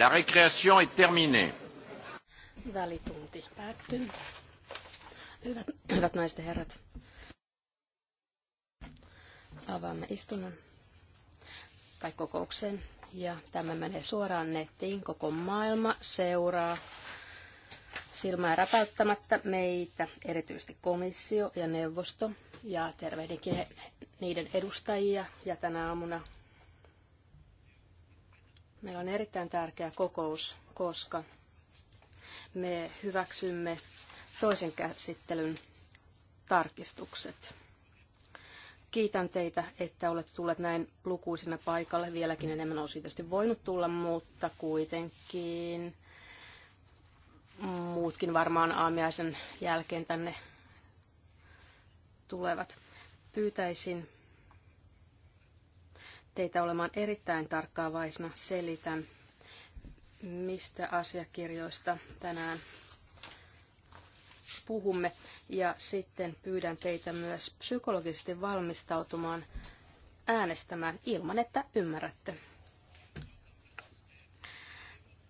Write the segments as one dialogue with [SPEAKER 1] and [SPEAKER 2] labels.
[SPEAKER 1] La récréation est terminée.
[SPEAKER 2] Välitunti päättyy. Hyvät, hyvät naiset ja herrat, avaamme istunnon tai kokouksen. Ja tämä menee suoraan nettiin. Koko maailma seuraa silmää räpäyttämättä meitä, erityisesti komissio ja neuvosto. Ja tervehdinkin niiden edustajia ja tänä aamuna Meillä on erittäin tärkeä kokous, koska me hyväksymme toisen käsittelyn tarkistukset. Kiitän teitä, että olette tulleet näin lukuisina paikalle. Vieläkin enemmän olisi tietysti voinut tulla, mutta kuitenkin muutkin varmaan aamiaisen jälkeen tänne tulevat. Pyytäisin teitä olemaan erittäin tarkkaavaisena. Selitän, mistä asiakirjoista tänään puhumme. Ja sitten pyydän teitä myös psykologisesti valmistautumaan äänestämään ilman, että ymmärrätte.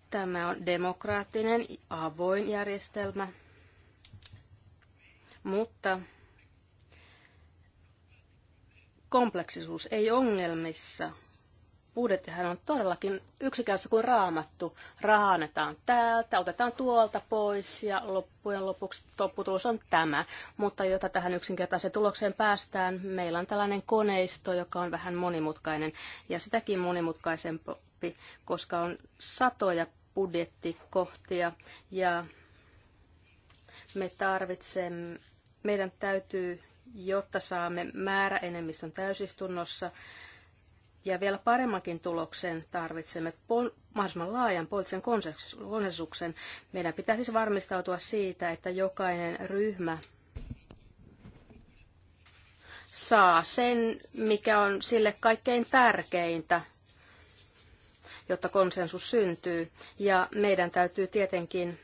[SPEAKER 2] Tämä on demokraattinen, avoin järjestelmä, mutta kompleksisuus, ei ongelmissa. Budjettihan on todellakin yksikäistä kuin raamattu. Rahanetaan täältä, otetaan tuolta pois ja loppujen lopuksi topputulos on tämä. Mutta jotta tähän yksinkertaiseen tulokseen päästään, meillä on tällainen koneisto, joka on vähän monimutkainen ja sitäkin monimutkaisempi, koska on satoja budjettikohtia ja me tarvitsemme, meidän täytyy jotta saamme määräenemmistön täysistunnossa. Ja vielä paremmankin tuloksen tarvitsemme mahdollisimman laajan poliittisen konsensuksen. Meidän pitää siis varmistautua siitä, että jokainen ryhmä saa sen, mikä on sille kaikkein tärkeintä, jotta konsensus syntyy. Ja meidän täytyy tietenkin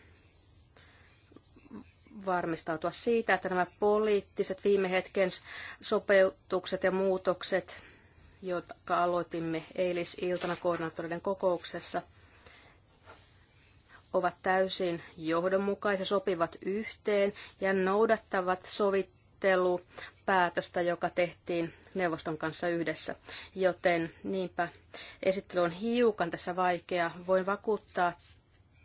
[SPEAKER 2] varmistautua siitä, että nämä poliittiset viime hetken sopeutukset ja muutokset, jotka aloitimme eilisiltana koordinaattoreiden kokouksessa, ovat täysin johdonmukaisia, sopivat yhteen ja noudattavat sovittelupäätöstä, joka tehtiin neuvoston kanssa yhdessä. Joten niinpä esittely on hiukan tässä vaikea. Voin vakuuttaa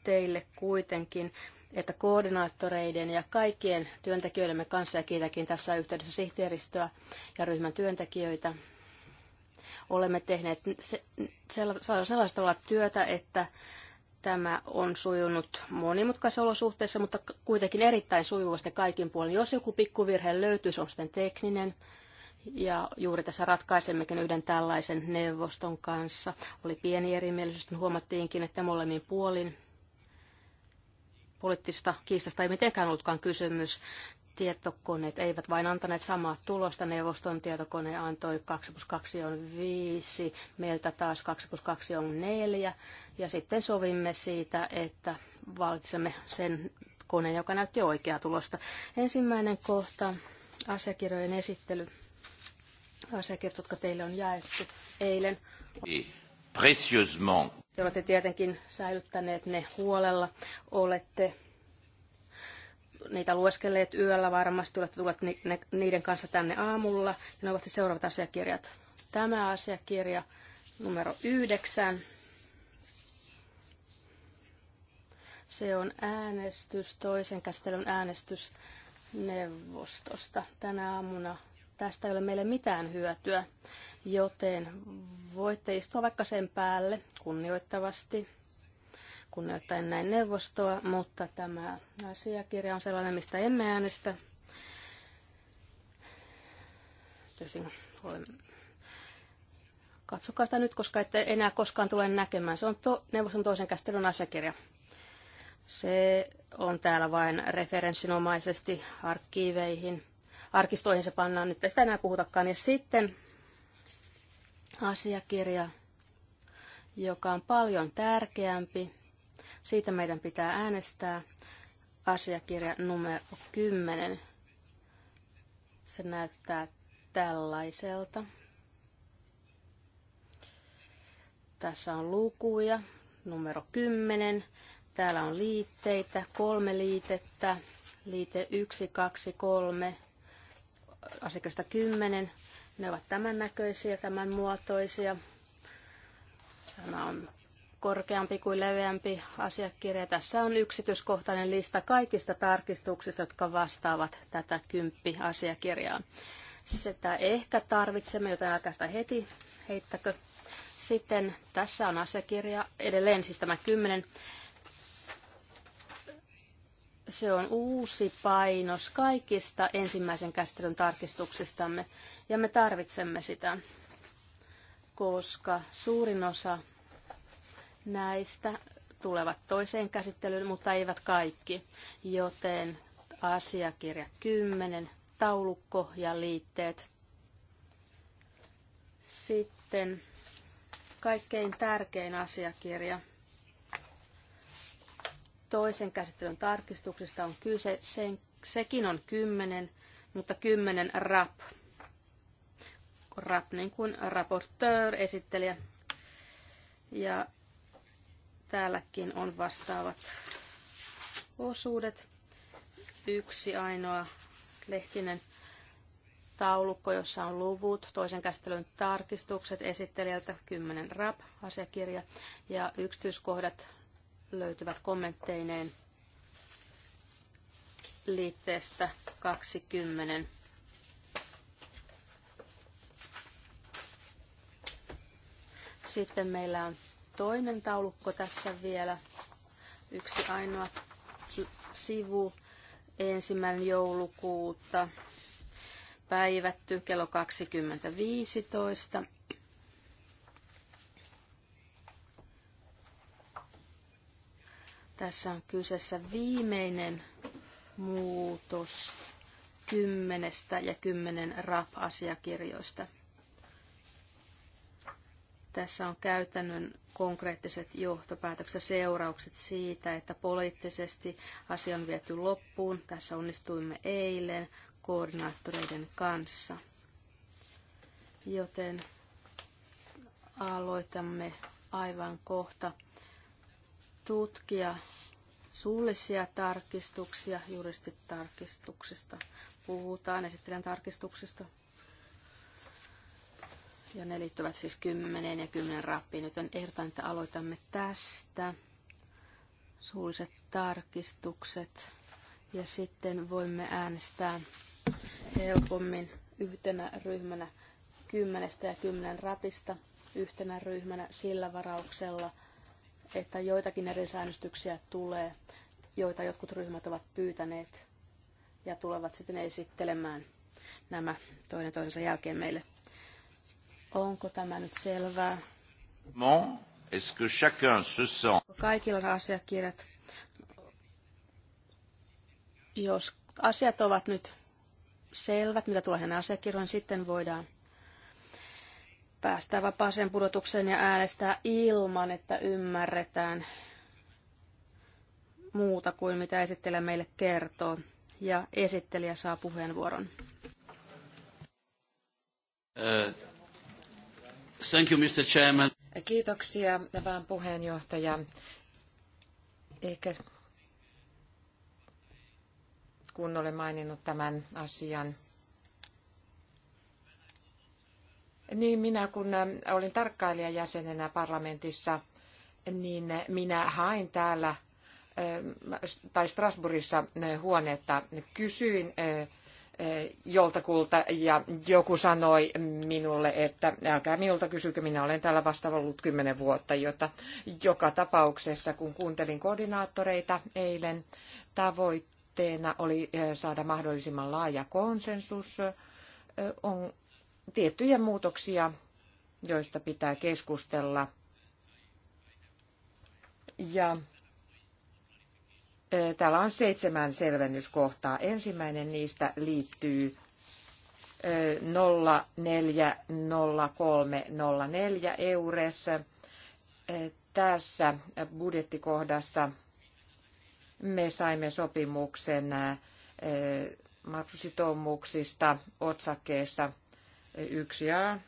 [SPEAKER 2] teille kuitenkin, että koordinaattoreiden ja kaikkien työntekijöidemme kanssa, ja kiitäkin tässä yhteydessä sihteeristöä ja ryhmän työntekijöitä, olemme tehneet sellaista tavalla työtä, että tämä on sujunut monimutkaisissa olosuhteissa, mutta kuitenkin erittäin sujuvasti kaikin puolin. Jos joku pikkuvirhe löytyy, se on sitten tekninen, ja juuri tässä ratkaisemmekin yhden tällaisen neuvoston kanssa. Oli pieni erimielisyys, niin huomattiinkin, että molemmin puolin poliittista kiistasta ei mitenkään ollutkaan kysymys. Tietokoneet eivät vain antaneet samaa tulosta. Neuvoston tietokone antoi 2 plus 2 on 5, meiltä taas 2 plus 2 on 4. Ja sitten sovimme siitä, että valitsemme sen koneen, joka näytti oikeaa tulosta. Ensimmäinen kohta, asiakirjojen esittely. Asiakirjat, jotka teille on jaettu eilen.
[SPEAKER 1] Précieusement
[SPEAKER 2] te olette tietenkin säilyttäneet ne huolella. Olette niitä lueskelleet yöllä varmasti, olette tulleet niiden kanssa tänne aamulla. Ja ne ovat seuraavat asiakirjat. Tämä asiakirja numero yhdeksän. Se on äänestys, toisen käsittelyn äänestys neuvostosta tänä aamuna Tästä ei ole meille mitään hyötyä, joten voitte istua vaikka sen päälle kunnioittavasti, kunnioittaen näin neuvostoa, mutta tämä asiakirja on sellainen, mistä emme äänestä. Tosin katsokaa sitä nyt, koska ette enää koskaan tule näkemään. Se on to, neuvoston toisen käsittelyn asiakirja. Se on täällä vain referenssinomaisesti arkkiiveihin arkistoihin se pannaan, nyt ei sitä enää puhutakaan. Ja sitten asiakirja, joka on paljon tärkeämpi. Siitä meidän pitää äänestää asiakirja numero 10. Se näyttää tällaiselta. Tässä on lukuja, numero 10. Täällä on liitteitä, kolme liitettä, liite 1, 2, 3, asiakasta 10. Ne ovat tämän näköisiä, tämän muotoisia. Tämä on korkeampi kuin leveämpi asiakirja. Tässä on yksityiskohtainen lista kaikista tarkistuksista, jotka vastaavat tätä kymppi-asiakirjaa. Sitä ehkä tarvitsemme, joten älkää sitä heti heittäkö. Sitten tässä on asiakirja, edelleen siis tämä kymmenen se on uusi painos kaikista ensimmäisen käsittelyn tarkistuksistamme, ja me tarvitsemme sitä, koska suurin osa näistä tulevat toiseen käsittelyyn, mutta eivät kaikki, joten asiakirja 10, taulukko ja liitteet. Sitten kaikkein tärkein asiakirja – Toisen käsittelyn tarkistuksista on kyse, sen, sekin on kymmenen, mutta kymmenen rap. Rap niin kuin raporteur, esittelijä. Ja täälläkin on vastaavat osuudet. Yksi ainoa lehtinen taulukko, jossa on luvut, toisen käsittelyn tarkistukset esittelijältä, 10 RAP-asiakirja ja yksityiskohdat löytyvät kommentteineen liitteestä 20. Sitten meillä on toinen taulukko tässä vielä, yksi ainoa sivu, ensimmäinen joulukuuta päivätty kello 20.15 Tässä on kyseessä viimeinen muutos kymmenestä ja kymmenen RAP-asiakirjoista. Tässä on käytännön konkreettiset johtopäätökset ja seuraukset siitä, että poliittisesti asia on viety loppuun. Tässä onnistuimme eilen koordinaattoreiden kanssa. Joten aloitamme aivan kohta tutkia suullisia tarkistuksia, juristitarkistuksista puhutaan, esittelen tarkistuksista. Ja ne liittyvät siis 10 ja 10 rappiin. Nyt on ehdotan, että aloitamme tästä. Suulliset tarkistukset. Ja sitten voimme äänestää helpommin yhtenä ryhmänä 10 ja 10 rapista yhtenä ryhmänä sillä varauksella, että joitakin eri säännöstyksiä tulee, joita jotkut ryhmät ovat pyytäneet ja tulevat sitten esittelemään nämä toinen toisensa jälkeen meille. Onko tämä nyt selvää?
[SPEAKER 1] Mon, est-ce que chacun se sent?
[SPEAKER 2] Kaikilla on asiakirjat. Jos asiat ovat nyt selvät, mitä tulee näihin asiakirjoihin, sitten voidaan päästää vapaaseen pudotukseen ja äänestää ilman, että ymmärretään muuta kuin mitä esittelijä meille kertoo. Ja esittelijä saa puheenvuoron.
[SPEAKER 1] Uh, thank you, Mr. Chairman.
[SPEAKER 3] Kiitoksia, vaan puheenjohtaja. Ehkä kun olen maininnut tämän asian Niin minä kun äh, olin tarkkailijajäsenenä parlamentissa, niin äh, minä hain täällä äh, tai Strasbourgissa huonetta. Kysyin joltakulta ja joku sanoi minulle, että älkää minulta kysykö, minä olen täällä vasta ollut kymmenen vuotta, jota joka tapauksessa, kun kuuntelin koordinaattoreita eilen, tavoitteena oli saada mahdollisimman laaja konsensus on tiettyjä muutoksia, joista pitää keskustella. Ja e, Täällä on seitsemän selvennyskohtaa. Ensimmäinen niistä liittyy 040304 e, EURES. E, tässä budjettikohdassa me saimme sopimuksen maksusitoumuksista otsakkeessa
[SPEAKER 2] 1A.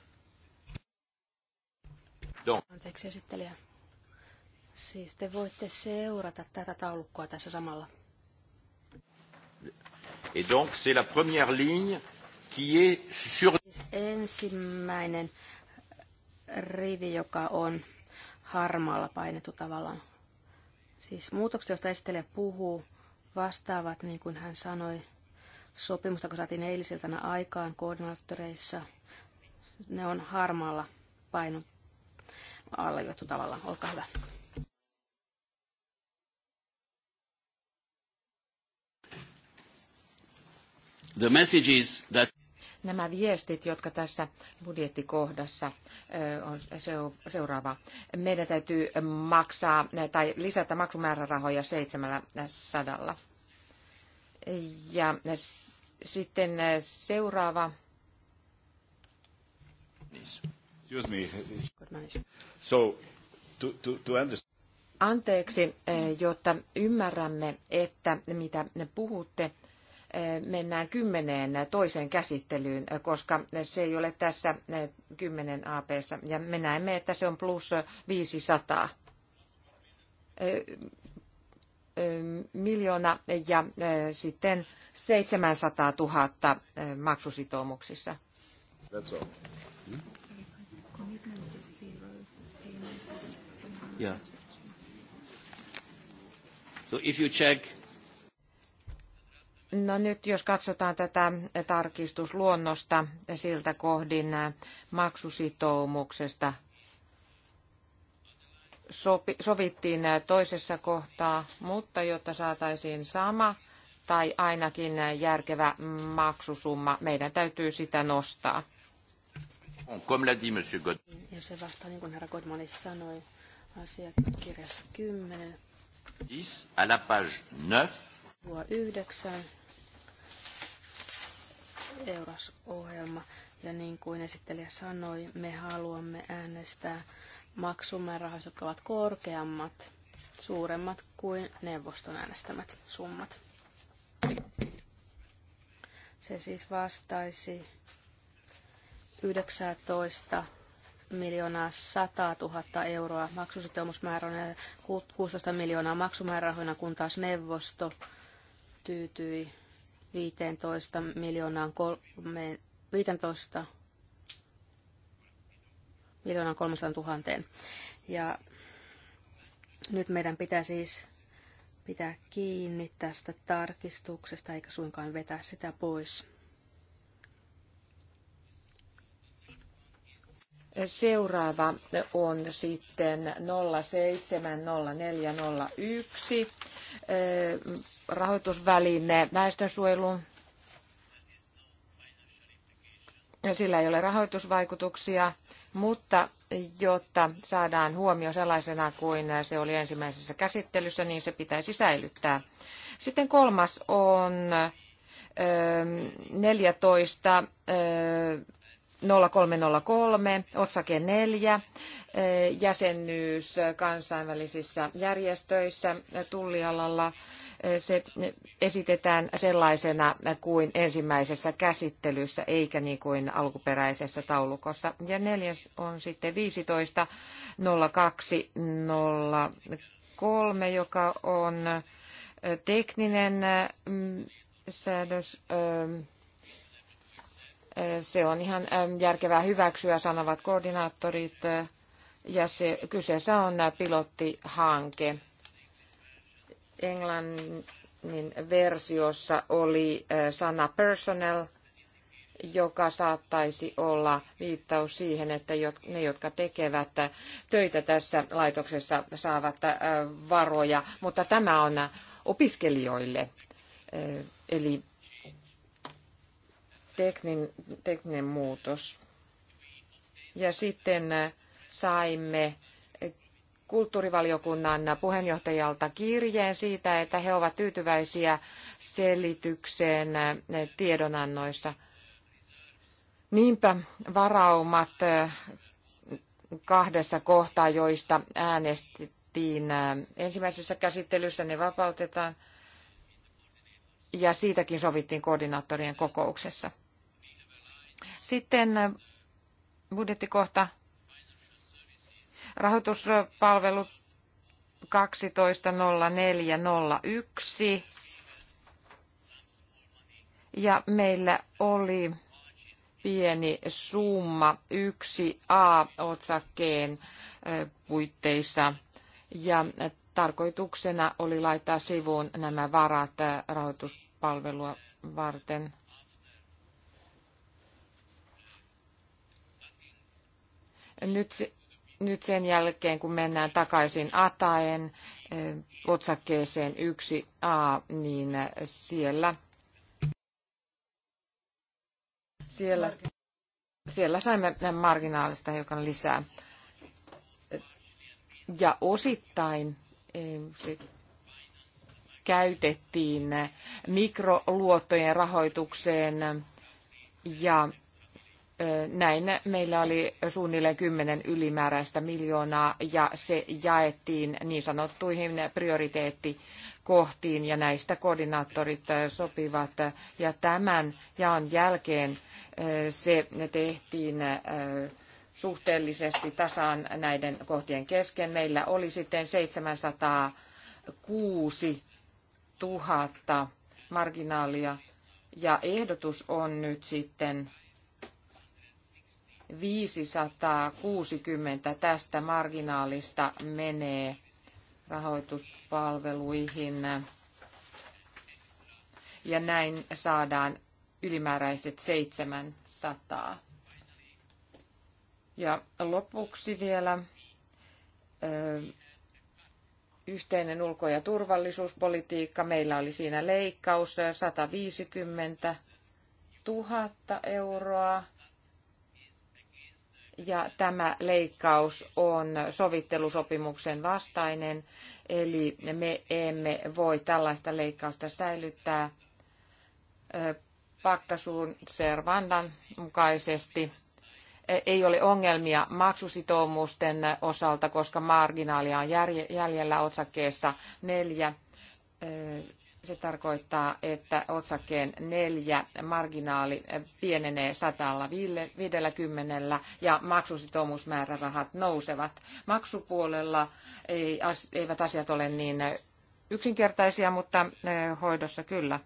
[SPEAKER 2] Anteeksi esittelijä. Siis te voitte seurata tätä taulukkoa tässä samalla.
[SPEAKER 1] Et donc c'est la première ligne qui est sur... Siis
[SPEAKER 2] ensimmäinen rivi, joka on harmaalla painettu tavallaan. Siis muutokset, joista esittelijä puhuu, vastaavat, niin kuin hän sanoi, sopimusta, kun saatiin eilisiltänä aikaan koordinaattoreissa. Ne on harmaalla paino alleviivattu tavalla. Olkaa hyvä.
[SPEAKER 1] The message is that
[SPEAKER 2] nämä
[SPEAKER 3] viestit, jotka tässä budjettikohdassa on seuraava. Meidän täytyy maksaa tai lisätä maksumäärärahoja 700 ja sitten äh, seuraava.
[SPEAKER 1] Excuse me. So, to, to, to understand.
[SPEAKER 3] Anteeksi, äh, jotta ymmärrämme, että mitä puhutte, äh, mennään kymmeneen toiseen käsittelyyn, koska se ei ole tässä kymmenen ap ja me näemme, että se on plus 500 miljoona ja sitten 700 000 maksusitoumuksissa.
[SPEAKER 1] That's all. Yeah. So if you check
[SPEAKER 3] No nyt jos katsotaan tätä tarkistusluonnosta siltä kohdin maksusitoumuksesta sopi, sovittiin toisessa kohtaa, mutta jotta saataisiin sama tai ainakin järkevä maksusumma, meidän täytyy sitä nostaa.
[SPEAKER 1] Comme l'a dit Monsieur God...
[SPEAKER 2] Ja se vastaa, niin kuin herra Godmanis sanoi, asiakirjassa 10. 10
[SPEAKER 1] à la page 9.
[SPEAKER 2] Vuo 9. Euros-ohjelma. Ja niin kuin esittelijä sanoi, me haluamme äänestää maksumäärärahoissa, jotka ovat korkeammat, suuremmat kuin neuvoston äänestämät summat. Se siis vastaisi 19 miljoonaa 100 000 euroa maksusitoumusmääränä ja 16 miljoonaa maksumäärärahoina, kun taas neuvosto tyytyi 15 miljoonaan 3, 15 miljoonaan 300 tuhanteen. Ja nyt meidän pitää siis pitää kiinni tästä tarkistuksesta eikä suinkaan vetää sitä pois. Seuraava on sitten
[SPEAKER 3] 070401 eh, rahoitusväline väestönsuojeluun. Sillä ei ole rahoitusvaikutuksia mutta jotta saadaan huomio sellaisena kuin se oli ensimmäisessä käsittelyssä, niin se pitäisi säilyttää. Sitten kolmas on 14 öö, 0303, öö, otsake 4, öö, jäsenyys kansainvälisissä järjestöissä tullialalla se esitetään sellaisena kuin ensimmäisessä käsittelyssä, eikä niin kuin alkuperäisessä taulukossa. Ja neljäs on sitten 15.02.03, joka on tekninen mm, säädös. Se on ihan järkevää hyväksyä, sanovat koordinaattorit, ja se, kyseessä on pilottihanke Englannin versiossa oli eh, sana personal, joka saattaisi olla viittaus siihen, että ne, jotka tekevät töitä tässä laitoksessa, saavat eh, varoja, mutta tämä on opiskelijoille. Eh, eli teknin, tekninen muutos. Ja sitten saimme kulttuurivaliokunnan puheenjohtajalta kirjeen siitä, että he ovat tyytyväisiä selitykseen tiedonannoissa. Niinpä varaumat kahdessa kohtaa, joista äänestettiin ensimmäisessä käsittelyssä, ne vapautetaan ja siitäkin sovittiin koordinaattorien kokouksessa. Sitten budjettikohta nolla 120401. Ja meillä oli pieni summa 1A-otsakkeen puitteissa. Ja tarkoituksena oli laittaa sivuun nämä varat rahoituspalvelua varten. Nyt nyt sen jälkeen, kun mennään takaisin Ataen eh, otsakkeeseen 1a, niin siellä, siellä, siellä saimme marginaalista hiukan lisää. Ja osittain eh, se käytettiin mikroluottojen rahoitukseen ja näin meillä oli suunnilleen 10 ylimääräistä miljoonaa ja se jaettiin niin sanottuihin prioriteettikohtiin ja näistä koordinaattorit sopivat. Ja tämän jaon jälkeen se tehtiin suhteellisesti tasaan näiden kohtien kesken. Meillä oli sitten 706 000 marginaalia ja ehdotus on nyt sitten 560 tästä marginaalista menee rahoituspalveluihin ja näin saadaan ylimääräiset 700. Ja lopuksi vielä yhteinen ulko- ja turvallisuuspolitiikka. Meillä oli siinä leikkaus 150 000 euroa ja tämä leikkaus on sovittelusopimuksen vastainen, eli me emme voi tällaista leikkausta säilyttää pakkasuun servandan mukaisesti. E, ei ole ongelmia maksusitoumusten osalta, koska marginaalia on jäljellä otsakkeessa neljä se tarkoittaa, että otsakkeen neljä marginaali pienenee 150 ja maksusitoumusmäärärahat nousevat. Maksupuolella ei, eivät asiat ole niin yksinkertaisia, mutta hoidossa kyllä.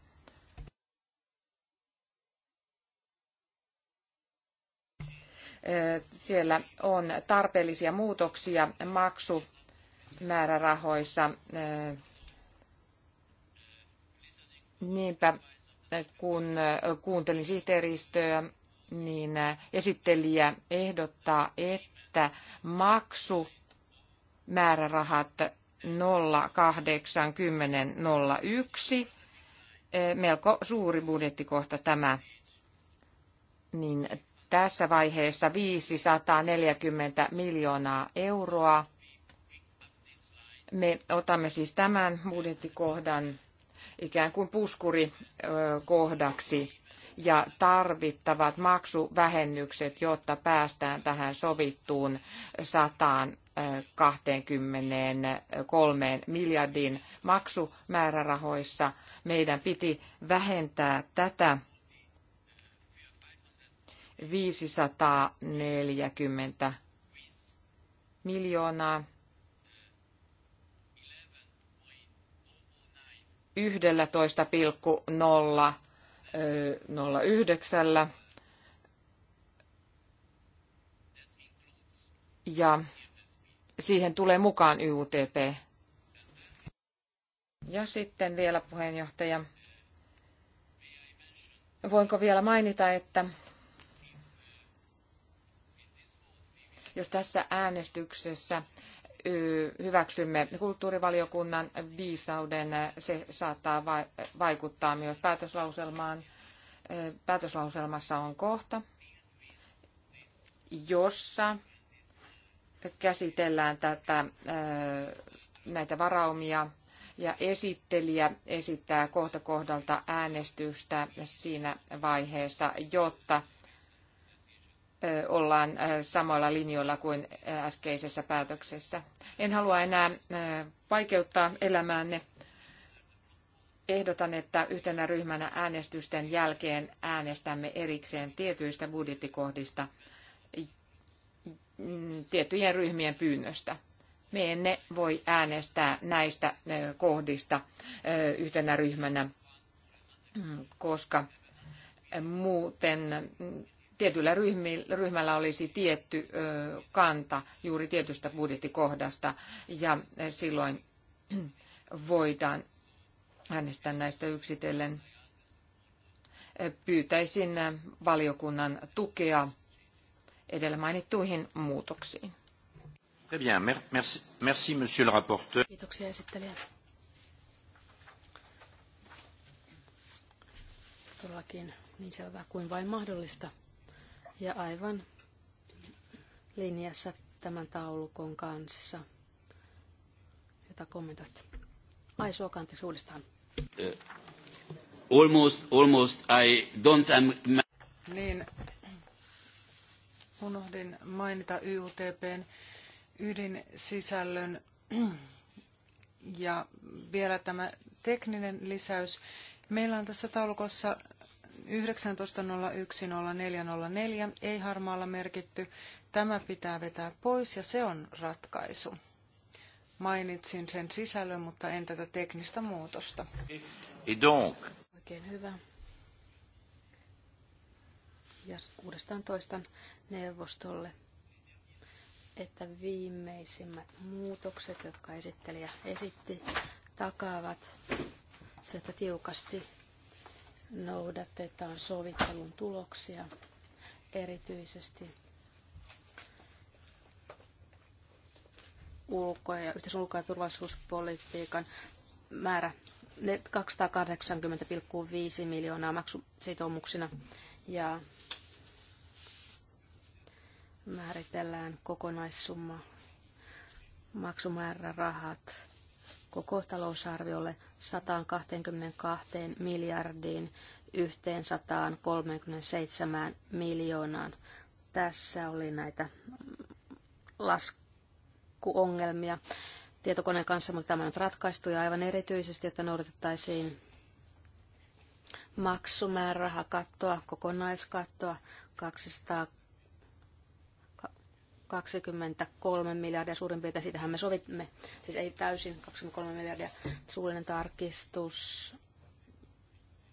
[SPEAKER 3] Siellä on tarpeellisia muutoksia maksumäärärahoissa Niinpä, kun kuuntelin sihteeristöä, niin esittelijä ehdottaa, että maksu määrärahat 08001, melko suuri budjettikohta tämä, niin tässä vaiheessa 540 miljoonaa euroa. Me otamme siis tämän budjettikohdan ikään kuin puskurikohdaksi ja tarvittavat maksuvähennykset, jotta päästään tähän sovittuun 123 miljardin maksumäärärahoissa. Meidän piti vähentää tätä 540 miljoonaa yhdeksällä ja siihen tulee mukaan YUTP. Ja sitten vielä puheenjohtaja. Voinko vielä mainita, että jos tässä äänestyksessä hyväksymme kulttuurivaliokunnan viisauden, se saattaa vaikuttaa myös päätöslauselmaan. Päätöslauselmassa on kohta, jossa käsitellään tätä, näitä varaumia ja esittelijä esittää kohta kohdalta äänestystä siinä vaiheessa, jotta ollaan samoilla linjoilla kuin äskeisessä päätöksessä. En halua enää vaikeuttaa elämäänne. Ehdotan, että yhtenä ryhmänä äänestysten jälkeen äänestämme erikseen tietyistä budjettikohdista mm, tiettyjen ryhmien pyynnöstä. Me emme voi äänestää näistä kohdista yhtenä ryhmänä, mm, koska muuten tietyllä ryhmällä olisi tietty kanta juuri tietystä budjettikohdasta ja silloin voidaan äänestää näistä yksitellen. Pyytäisin valiokunnan tukea edellä mainittuihin muutoksiin.
[SPEAKER 1] Très bien, merci, merci monsieur le rapporteur.
[SPEAKER 2] Kiitoksia esittelijä. Todellakin niin selvää kuin vain mahdollista ja aivan linjassa tämän taulukon kanssa, jota kommentoit. Ai suokanti uudestaan.
[SPEAKER 1] Eh, almost, almost, I don't...
[SPEAKER 2] Niin,
[SPEAKER 4] unohdin mainita YUTPn ydinsisällön ja vielä tämä tekninen lisäys. Meillä on tässä taulukossa 19.01.0404 ei harmaalla merkitty. Tämä pitää vetää pois ja se on ratkaisu. Mainitsin sen sisällön, mutta en tätä teknistä muutosta.
[SPEAKER 1] Et donc.
[SPEAKER 2] Oikein hyvä. Ja uudestaan toistan neuvostolle, että viimeisimmät muutokset, jotka esittelijä esitti, takaavat sitä tiukasti noudatetaan sovittelun tuloksia erityisesti ulko- ja yhteisen ulko- ja turvallisuuspolitiikan määrä 280,5 miljoonaa maksusitoumuksina ja määritellään kokonaissumma maksumäärärahat koko talousarviolle 122 miljardiin 137 miljoonaan. Tässä oli näitä laskuongelmia tietokoneen kanssa, mutta tämä on nyt ratkaistu ja aivan erityisesti, että noudatettaisiin maksumäärärahakattoa, kokonaiskattoa 200 23 miljardia suurin piirtein, siitähän me sovimme, siis ei täysin 23 miljardia suullinen tarkistus,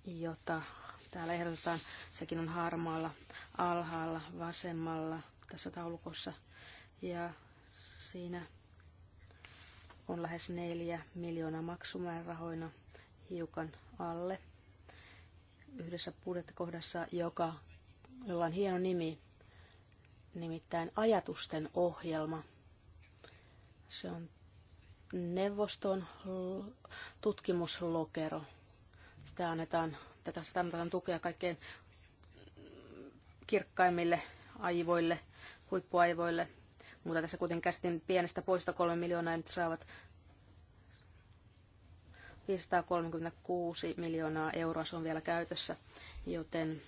[SPEAKER 2] jota täällä ehdotetaan, sekin on harmaalla alhaalla vasemmalla tässä taulukossa ja siinä on lähes neljä miljoonaa maksumäärärahoina hiukan alle yhdessä budjettikohdassa, joka, jolla on hieno nimi, nimittäin ajatusten ohjelma. Se on neuvoston tutkimuslokero. Sitä annetaan, tätä sitä annetaan tukea kaikkein kirkkaimmille aivoille, huippuaivoille. Mutta tässä kuitenkin käsitin pienestä poista kolme miljoonaa ja nyt saavat 536 miljoonaa euroa. Se on vielä käytössä, joten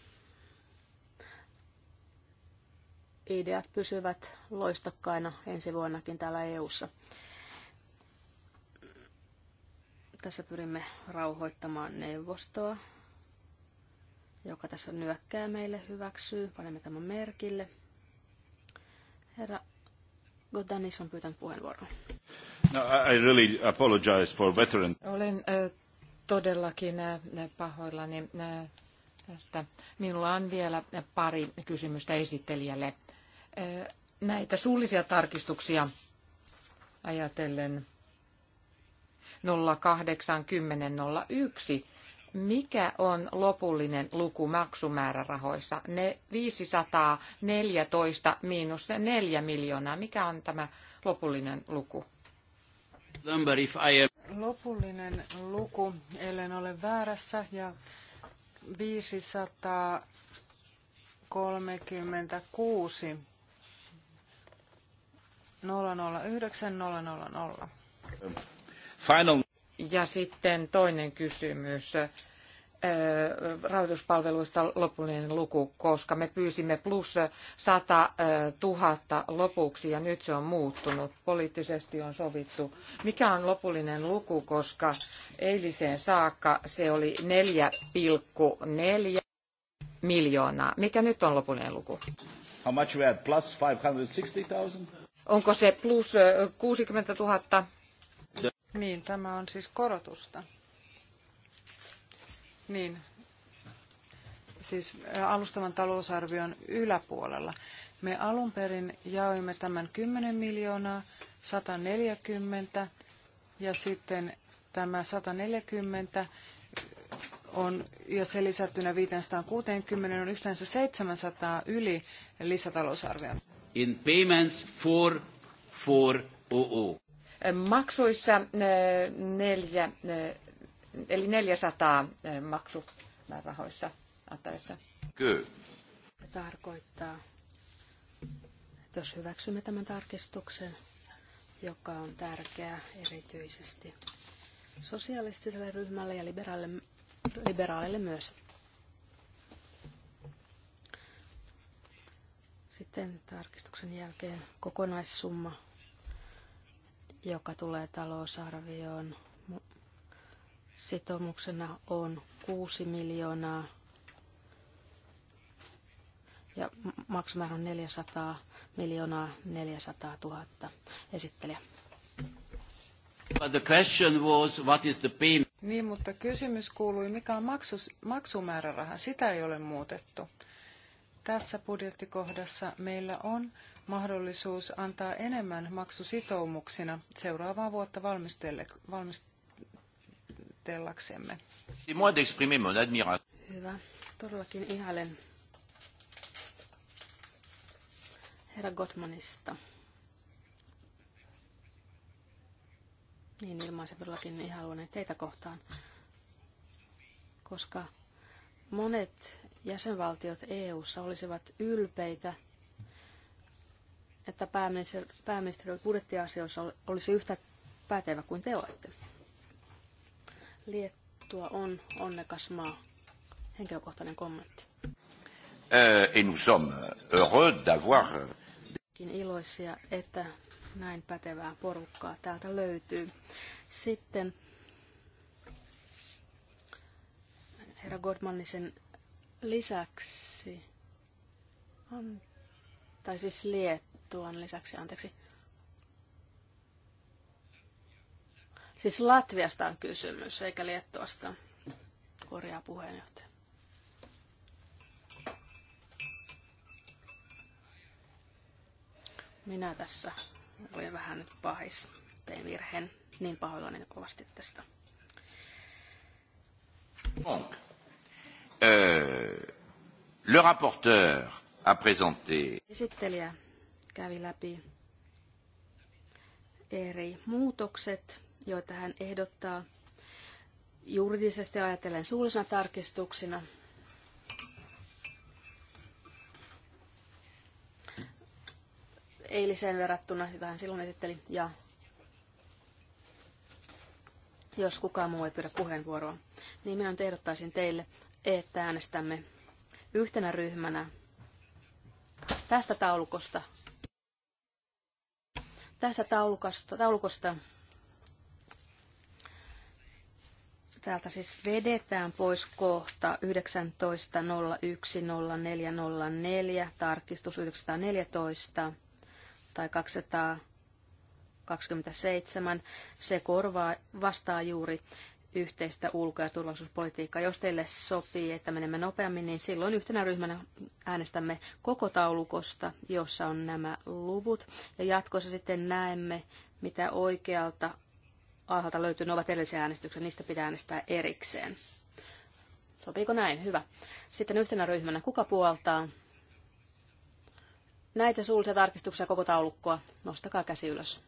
[SPEAKER 2] ideat pysyvät loistokkaina ensi vuonnakin täällä EU:ssa. Tässä pyrimme rauhoittamaan neuvostoa, joka tässä nyökkää meille hyväksyy. Panemme tämän merkille. Herra Godanis on pyytänyt puheenvuoron.
[SPEAKER 1] No, I really apologize for veteran.
[SPEAKER 2] Olen äh, todellakin äh,
[SPEAKER 3] pahoillani äh, tästä. Minulla on vielä pari kysymystä esittelijälle näitä suullisia tarkistuksia ajatellen 08001. Mikä on lopullinen luku maksumäärärahoissa? Ne 514 miinus 4 miljoonaa. Mikä on tämä lopullinen luku? Lopullinen luku, ellen ole väärässä,
[SPEAKER 4] ja 536 009
[SPEAKER 1] Final.
[SPEAKER 3] Ja sitten toinen kysymys äh, rahoituspalveluista lopullinen luku, koska me pyysimme plus 100 000 äh, lopuksi ja nyt se on muuttunut. Poliittisesti on sovittu. Mikä on lopullinen luku, koska eiliseen saakka se oli 4,4 miljoonaa. Mikä nyt on lopullinen luku?
[SPEAKER 1] How much we had? Plus 560 000?
[SPEAKER 3] Onko se plus 60
[SPEAKER 4] 000? Niin, tämä on siis korotusta. Niin, siis alustavan talousarvion yläpuolella. Me alun perin jaoimme tämän 10 miljoonaa, 140 ja sitten tämä 140 on, ja se lisättynä 560 on yhteensä 700 yli
[SPEAKER 3] lisätalousarvion
[SPEAKER 1] in payments 4400.
[SPEAKER 3] Maksuissa eh, neljä, eh, eli 400
[SPEAKER 2] eh, maksumäärärahoissa antaessa. Kyllä. Tarkoittaa, että jos hyväksymme tämän tarkistuksen, joka on tärkeä erityisesti sosialistiselle ryhmälle ja liberaalille, liberaalille myös. Sitten tarkistuksen jälkeen kokonaissumma, joka tulee talousarvioon sitoumuksena on 6 miljoonaa ja maksumäärä on 400 miljoonaa 400 000 esittelijä.
[SPEAKER 1] But the question was, what is the payment?
[SPEAKER 2] Niin, mutta kysymys kuului,
[SPEAKER 4] mikä on maksus, maksumääräraha? Sitä ei ole muutettu tässä budjettikohdassa meillä on mahdollisuus antaa enemmän maksusitoumuksina seuraavaa vuotta valmistellaksemme.
[SPEAKER 2] Hyvä. Todellakin ihailen herra Gottmanista. Niin ilmaisen todellakin ihailuinen teitä kohtaan, koska monet jäsenvaltiot EU:ssa olisivat ylpeitä, että pääministeri, pääministeri budjettiasioissa olisi yhtä pätevä kuin te olette. Liettua on onnekas maa. Henkilökohtainen kommentti.
[SPEAKER 1] Euh, et nous sommes heureux d'avoir... Euh,
[SPEAKER 2] iloisia, että näin pätevää porukkaa täältä löytyy. Sitten herra Godmannisen lisäksi, an, tai siis Liettuan lisäksi, anteeksi. Siis Latviasta on kysymys, eikä Liettuasta, korjaa puheenjohtaja. Minä tässä olin vähän nyt pahis. Tein virheen. Niin pahoillani kovasti tästä.
[SPEAKER 1] Monk. Euh, le rapporteur a présenté.
[SPEAKER 2] Esittelijä kävi läpi eri muutokset, joita hän ehdottaa juridisesti ajatellen suullisena tarkistuksina. Eiliseen verrattuna, jota hän silloin esitteli, ja jos kukaan muu ei pyydä puheenvuoroa, niin minä nyt ehdottaisin teille että äänestämme yhtenä ryhmänä tästä taulukosta. Tästä taulukosta, taulukosta täältä siis vedetään pois kohta 19.01.0404, tarkistus 914 tai 227. Se korvaa, vastaa juuri yhteistä ulko- ja turvallisuuspolitiikkaa. Jos teille sopii, että menemme nopeammin, niin silloin yhtenä ryhmänä äänestämme koko taulukosta, jossa on nämä luvut. Ja jatkossa sitten näemme, mitä oikealta alhaalta löytyy. Ne ovat edellisiä äänestyksiä, niistä pitää äänestää erikseen. Sopiiko näin? Hyvä. Sitten yhtenä ryhmänä, kuka puoltaa näitä suullisia tarkistuksia koko taulukkoa? Nostakaa käsi ylös.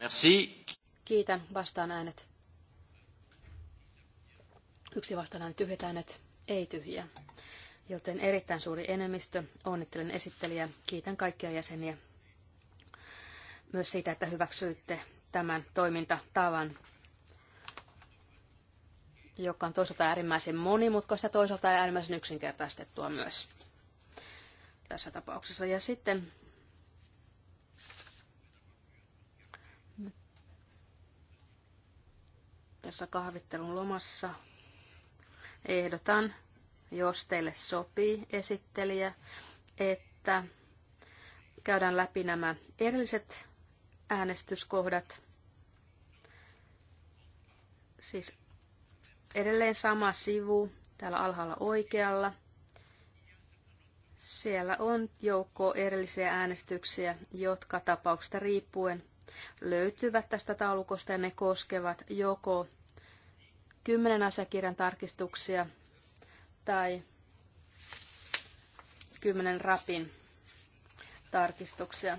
[SPEAKER 1] Merci.
[SPEAKER 2] Kiitän. Vastaan äänet. Yksi vastaan tyhjät äänet, ei tyhjiä. Joten erittäin suuri enemmistö. Onnittelen esittelijä. Kiitän kaikkia jäseniä myös siitä, että hyväksyitte tämän toimintatavan, joka on toisaalta äärimmäisen monimutkaista, toisaalta äärimmäisen yksinkertaistettua myös tässä tapauksessa. Ja sitten tässä kahvittelun lomassa Ehdotan, jos teille sopii esittelijä, että käydään läpi nämä erilliset äänestyskohdat. Siis edelleen sama sivu täällä alhaalla oikealla. Siellä on joukko erillisiä äänestyksiä, jotka tapauksesta riippuen löytyvät tästä taulukosta ja ne koskevat joko kymmenen asiakirjan tarkistuksia tai kymmenen rapin tarkistuksia.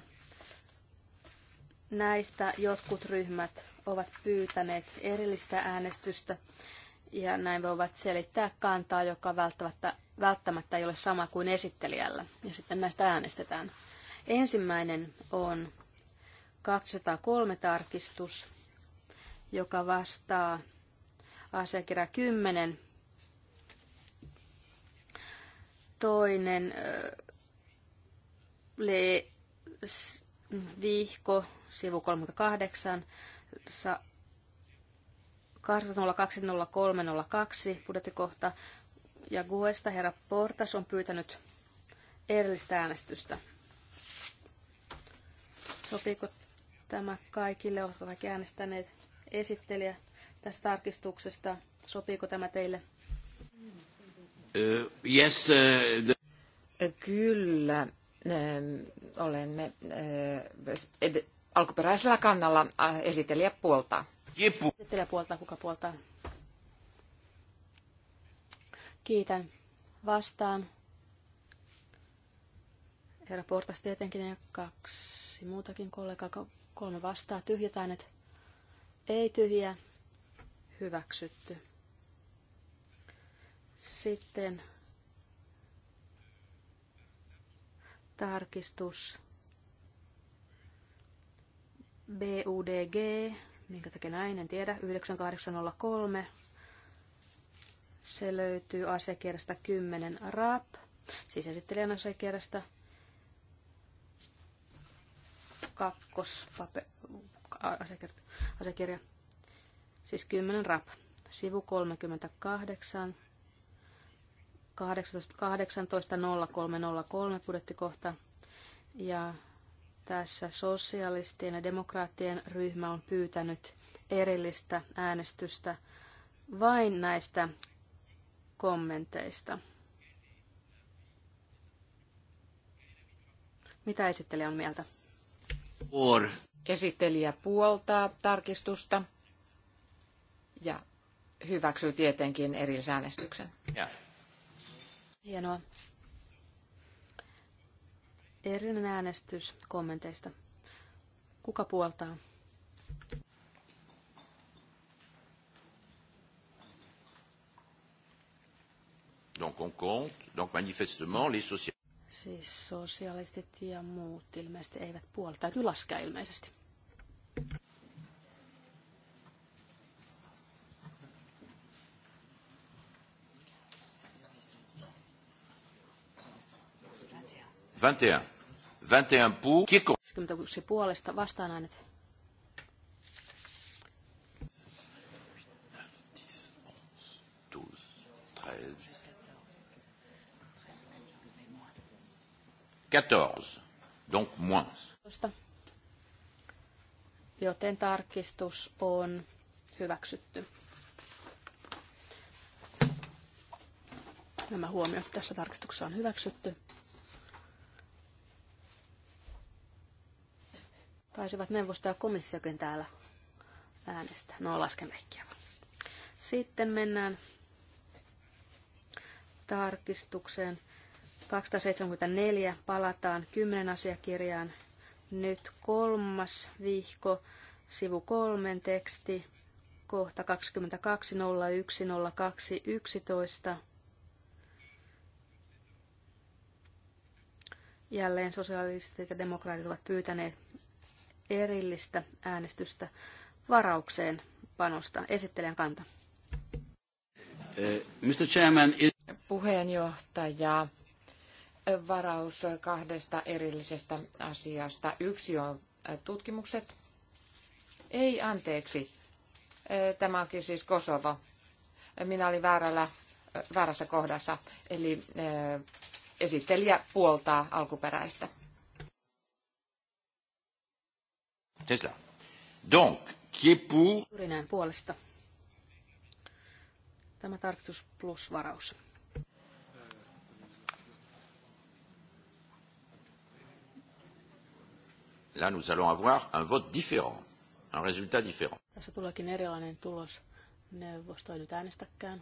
[SPEAKER 2] Näistä jotkut ryhmät ovat pyytäneet erillistä äänestystä ja näin voivat selittää kantaa, joka välttämättä, välttämättä ei ole sama kuin esittelijällä. Ja sitten näistä äänestetään. Ensimmäinen on 203 tarkistus, joka vastaa asiakirja 10. Toinen äh, le, s, vihko, sivu 38, 8020302 budjettikohta ja Guesta herra Portas on pyytänyt erillistä äänestystä. Sopiiko tämä kaikille? ovatko kaikki äänestäneet? Esittelijä tästä tarkistuksesta. Sopiiko tämä teille?
[SPEAKER 1] Uh, yes, uh, the...
[SPEAKER 3] Kyllä, ähm, olemme äh, ed- alkuperäisellä kannalla äh, esitelijä puolta. Jipu. Esitelijä puolta, kuka puolta?
[SPEAKER 2] Kiitän. Vastaan. Herra Portas tietenkin ja kaksi muutakin kollegaa. Kolme vastaa. Tyhjät äänet. Ei tyhjiä hyväksytty. Sitten tarkistus BUDG, minkä takia näin, en tiedä, 9803. Se löytyy asiakirjasta 10 RAP, siis esittelijän asiakirjasta asiakirja Siis 10 rap. Sivu 38. 18.03.03 budjettikohta. Ja tässä sosialistien ja demokraattien ryhmä on pyytänyt erillistä äänestystä vain näistä kommenteista. Mitä esittelijä on mieltä? Or. Esittelijä
[SPEAKER 3] puoltaa tarkistusta ja hyväksyy tietenkin
[SPEAKER 2] erillisäänestyksen. Ja. Hienoa. Erillinen äänestys kommenteista. Kuka puoltaa?
[SPEAKER 1] Donc on compte, donc manifestement les socialistes.
[SPEAKER 2] Siis sosialistit ja muut ilmeisesti eivät puolta. Täytyy laskea ilmeisesti.
[SPEAKER 1] 21. 21 puu, Qui est 21 puolesta vastaan äänet. Quatorze, donc moins.
[SPEAKER 2] Joten tarkistus on hyväksytty. Nämä huomiot tässä tarkistuksessa on hyväksytty. Taisivat neuvosto ja komissiokin täällä äänestää. No, lasken leikkiä. Sitten mennään tarkistukseen. 274 palataan 10 asiakirjaan. Nyt kolmas vihko, sivu kolmen teksti, kohta 22.01.02.11. Jälleen sosialistit ja demokraatit ovat pyytäneet erillistä äänestystä varaukseen panosta. Esittelijän kanta.
[SPEAKER 1] Eh, Mr. Chairman,
[SPEAKER 2] Puheenjohtaja, varaus
[SPEAKER 3] kahdesta erillisestä asiasta. Yksi on eh, tutkimukset. Ei, anteeksi. Eh, tämä onkin siis Kosovo. Minä olin väärällä, väärässä kohdassa, eli esittelijä puoltaa alkuperäistä.
[SPEAKER 1] C'est cela. Donc, qui est pour?
[SPEAKER 2] Juuri puolesta. Tämä tarkistus plus varaus.
[SPEAKER 1] Là, nous allons avoir un vote différent, un résultat différent.
[SPEAKER 2] Tässä tuleekin erilainen tulos. Neuvosto ei nyt äänestäkään.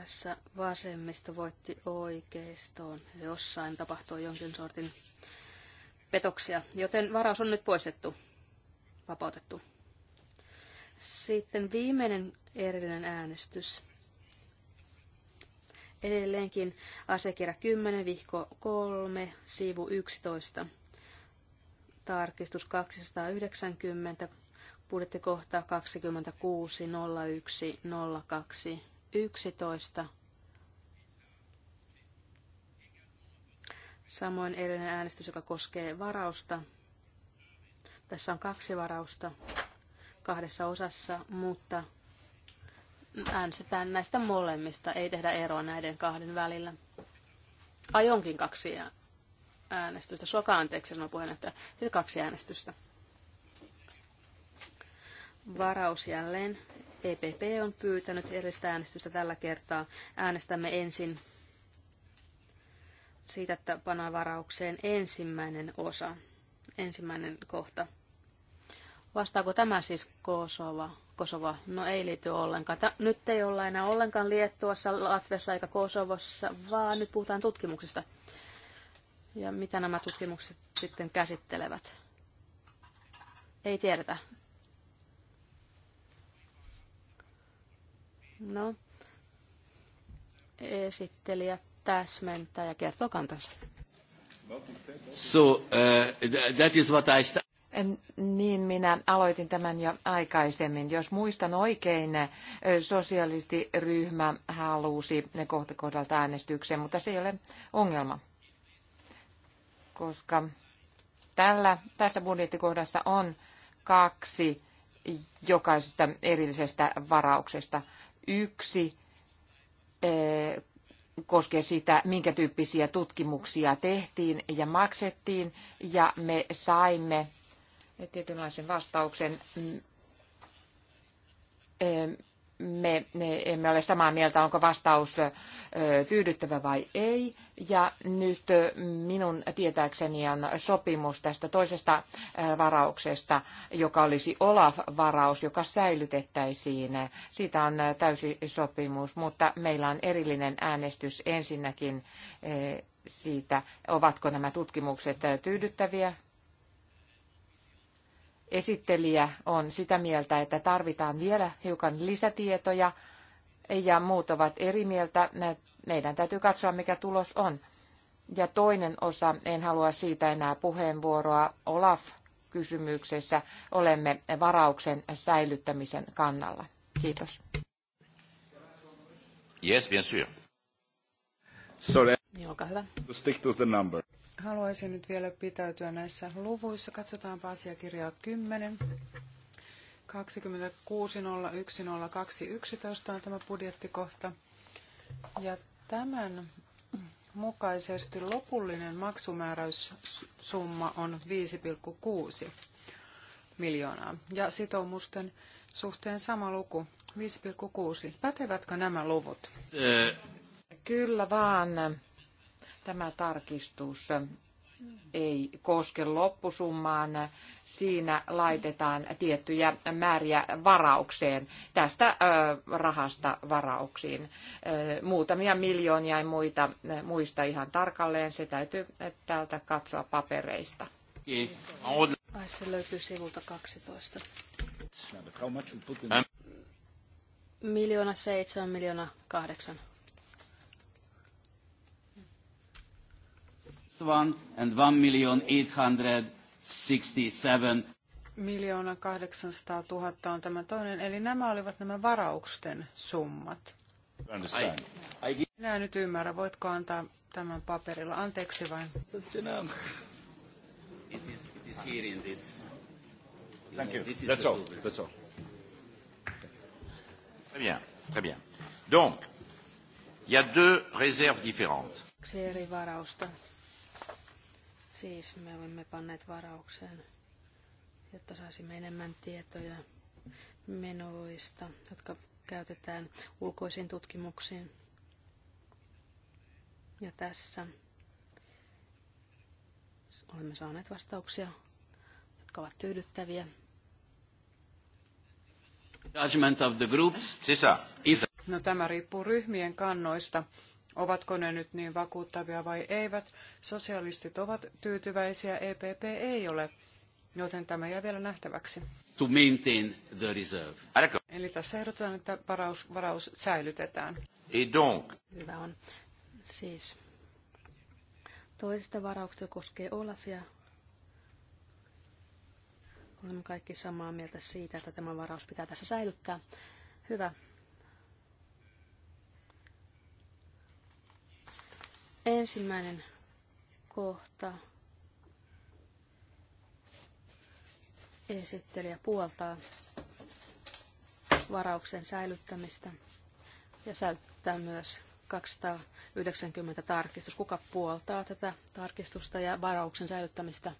[SPEAKER 2] Tässä vasemmisto voitti oikeistoon. Jossain tapahtui jonkin sortin petoksia, joten varaus on nyt poistettu, vapautettu. Sitten viimeinen erillinen äänestys. Edelleenkin asiakirja 10, vihko 3, sivu 11. Tarkistus 290, budjettikohta 26, 01, 02. 11. Samoin edellinen äänestys, joka koskee varausta. Tässä on kaksi varausta kahdessa osassa, mutta äänestetään näistä molemmista. Ei tehdä eroa näiden kahden välillä. Ai onkin kaksi äänestystä. Suoka anteeksi, sanoi puheenjohtaja. Siis kaksi äänestystä. Varaus jälleen EPP on pyytänyt erillistä äänestystä tällä kertaa. Äänestämme ensin siitä, että pannaan varaukseen ensimmäinen osa, ensimmäinen kohta. Vastaako tämä siis Kosova? Kosova, no ei liity ollenkaan. Ta- nyt ei olla enää ollenkaan Liettuassa, latvessa eikä Kosovossa, vaan nyt puhutaan tutkimuksista. Ja mitä nämä tutkimukset sitten käsittelevät? Ei tiedetä. No, esittelijä täsmentää ja kertoo kantansa.
[SPEAKER 1] So, uh, that is what I
[SPEAKER 2] niin, minä aloitin
[SPEAKER 3] tämän jo aikaisemmin. Jos muistan oikein, eh, sosialistiryhmä halusi kohta kohdalta äänestykseen, mutta se ei ole ongelma, koska tällä, tässä budjettikohdassa on kaksi jokaisesta erillisestä varauksesta. Yksi eh, koskee sitä, minkä tyyppisiä tutkimuksia tehtiin ja maksettiin, ja me saimme tietynlaisen vastauksen mm, eh, me emme ole samaa mieltä, onko vastaus tyydyttävä vai ei. Ja nyt minun tietääkseni on sopimus tästä toisesta varauksesta, joka olisi Olaf-varaus, joka säilytettäisiin. Siitä on täysi sopimus, mutta meillä on erillinen äänestys ensinnäkin siitä, ovatko nämä tutkimukset tyydyttäviä esittelijä on sitä mieltä, että tarvitaan vielä hiukan lisätietoja ja muut ovat eri mieltä. Meidän täytyy katsoa, mikä tulos on. Ja toinen osa, en halua siitä enää puheenvuoroa, Olaf-kysymyksessä olemme varauksen säilyttämisen kannalla. Kiitos.
[SPEAKER 1] Yes, bien sûr. So niin,
[SPEAKER 3] Olkaa
[SPEAKER 4] hyvä.
[SPEAKER 1] Stick to the number.
[SPEAKER 4] Haluaisin nyt vielä pitäytyä näissä luvuissa. Katsotaanpa asiakirjaa 10. 26.01.02.11 on tämä budjettikohta. Ja tämän mukaisesti lopullinen maksumääräyssumma on 5,6 miljoonaa. Ja sitoumusten suhteen sama luku, 5,6. Pätevätkö nämä luvut?
[SPEAKER 3] Kyllä vaan. Tämä tarkistus ei koske loppusummaan. Siinä laitetaan tiettyjä määriä varaukseen, tästä rahasta varauksiin. Muutamia miljoonia ja muita, muista ihan tarkalleen. Se täytyy täältä
[SPEAKER 2] katsoa papereista. Ai se löytyy sivulta 12. Miljoona seitsemän, miljoona kahdeksan.
[SPEAKER 1] one and 1 million 867
[SPEAKER 4] miljoona 800 000 on tämä toinen. Eli nämä olivat nämä varauksen summat. Minä nyt ymmärrä. Voitko antaa tämän paperilla? Anteeksi vain.
[SPEAKER 1] Thank you. That's all. bien. Donc, il y a deux réserves différentes.
[SPEAKER 2] Kaksi eri varausta. Siis me olemme panneet varaukseen, jotta saisimme enemmän tietoja menoista, jotka käytetään ulkoisiin tutkimuksiin. Ja tässä olemme saaneet vastauksia, jotka ovat tyydyttäviä.
[SPEAKER 1] Judgment of the groups. Sisä.
[SPEAKER 2] No, tämä riippuu ryhmien
[SPEAKER 4] kannoista. Ovatko ne nyt niin vakuuttavia vai eivät? Sosialistit ovat tyytyväisiä, EPP ei ole, joten tämä jää vielä nähtäväksi.
[SPEAKER 1] To maintain the reserve.
[SPEAKER 4] Eli tässä ehdotetaan, että varaus, varaus säilytetään.
[SPEAKER 1] Et donc.
[SPEAKER 2] Hyvä on. Siis toisesta varauksesta koskee Olafia. Olemme kaikki samaa mieltä siitä, että tämä varaus pitää tässä säilyttää. Hyvä. Ensimmäinen kohta. Esittelijä puoltaa varauksen säilyttämistä ja säilyttää myös 290 tarkistus. Kuka puoltaa tätä tarkistusta ja varauksen säilyttämistä?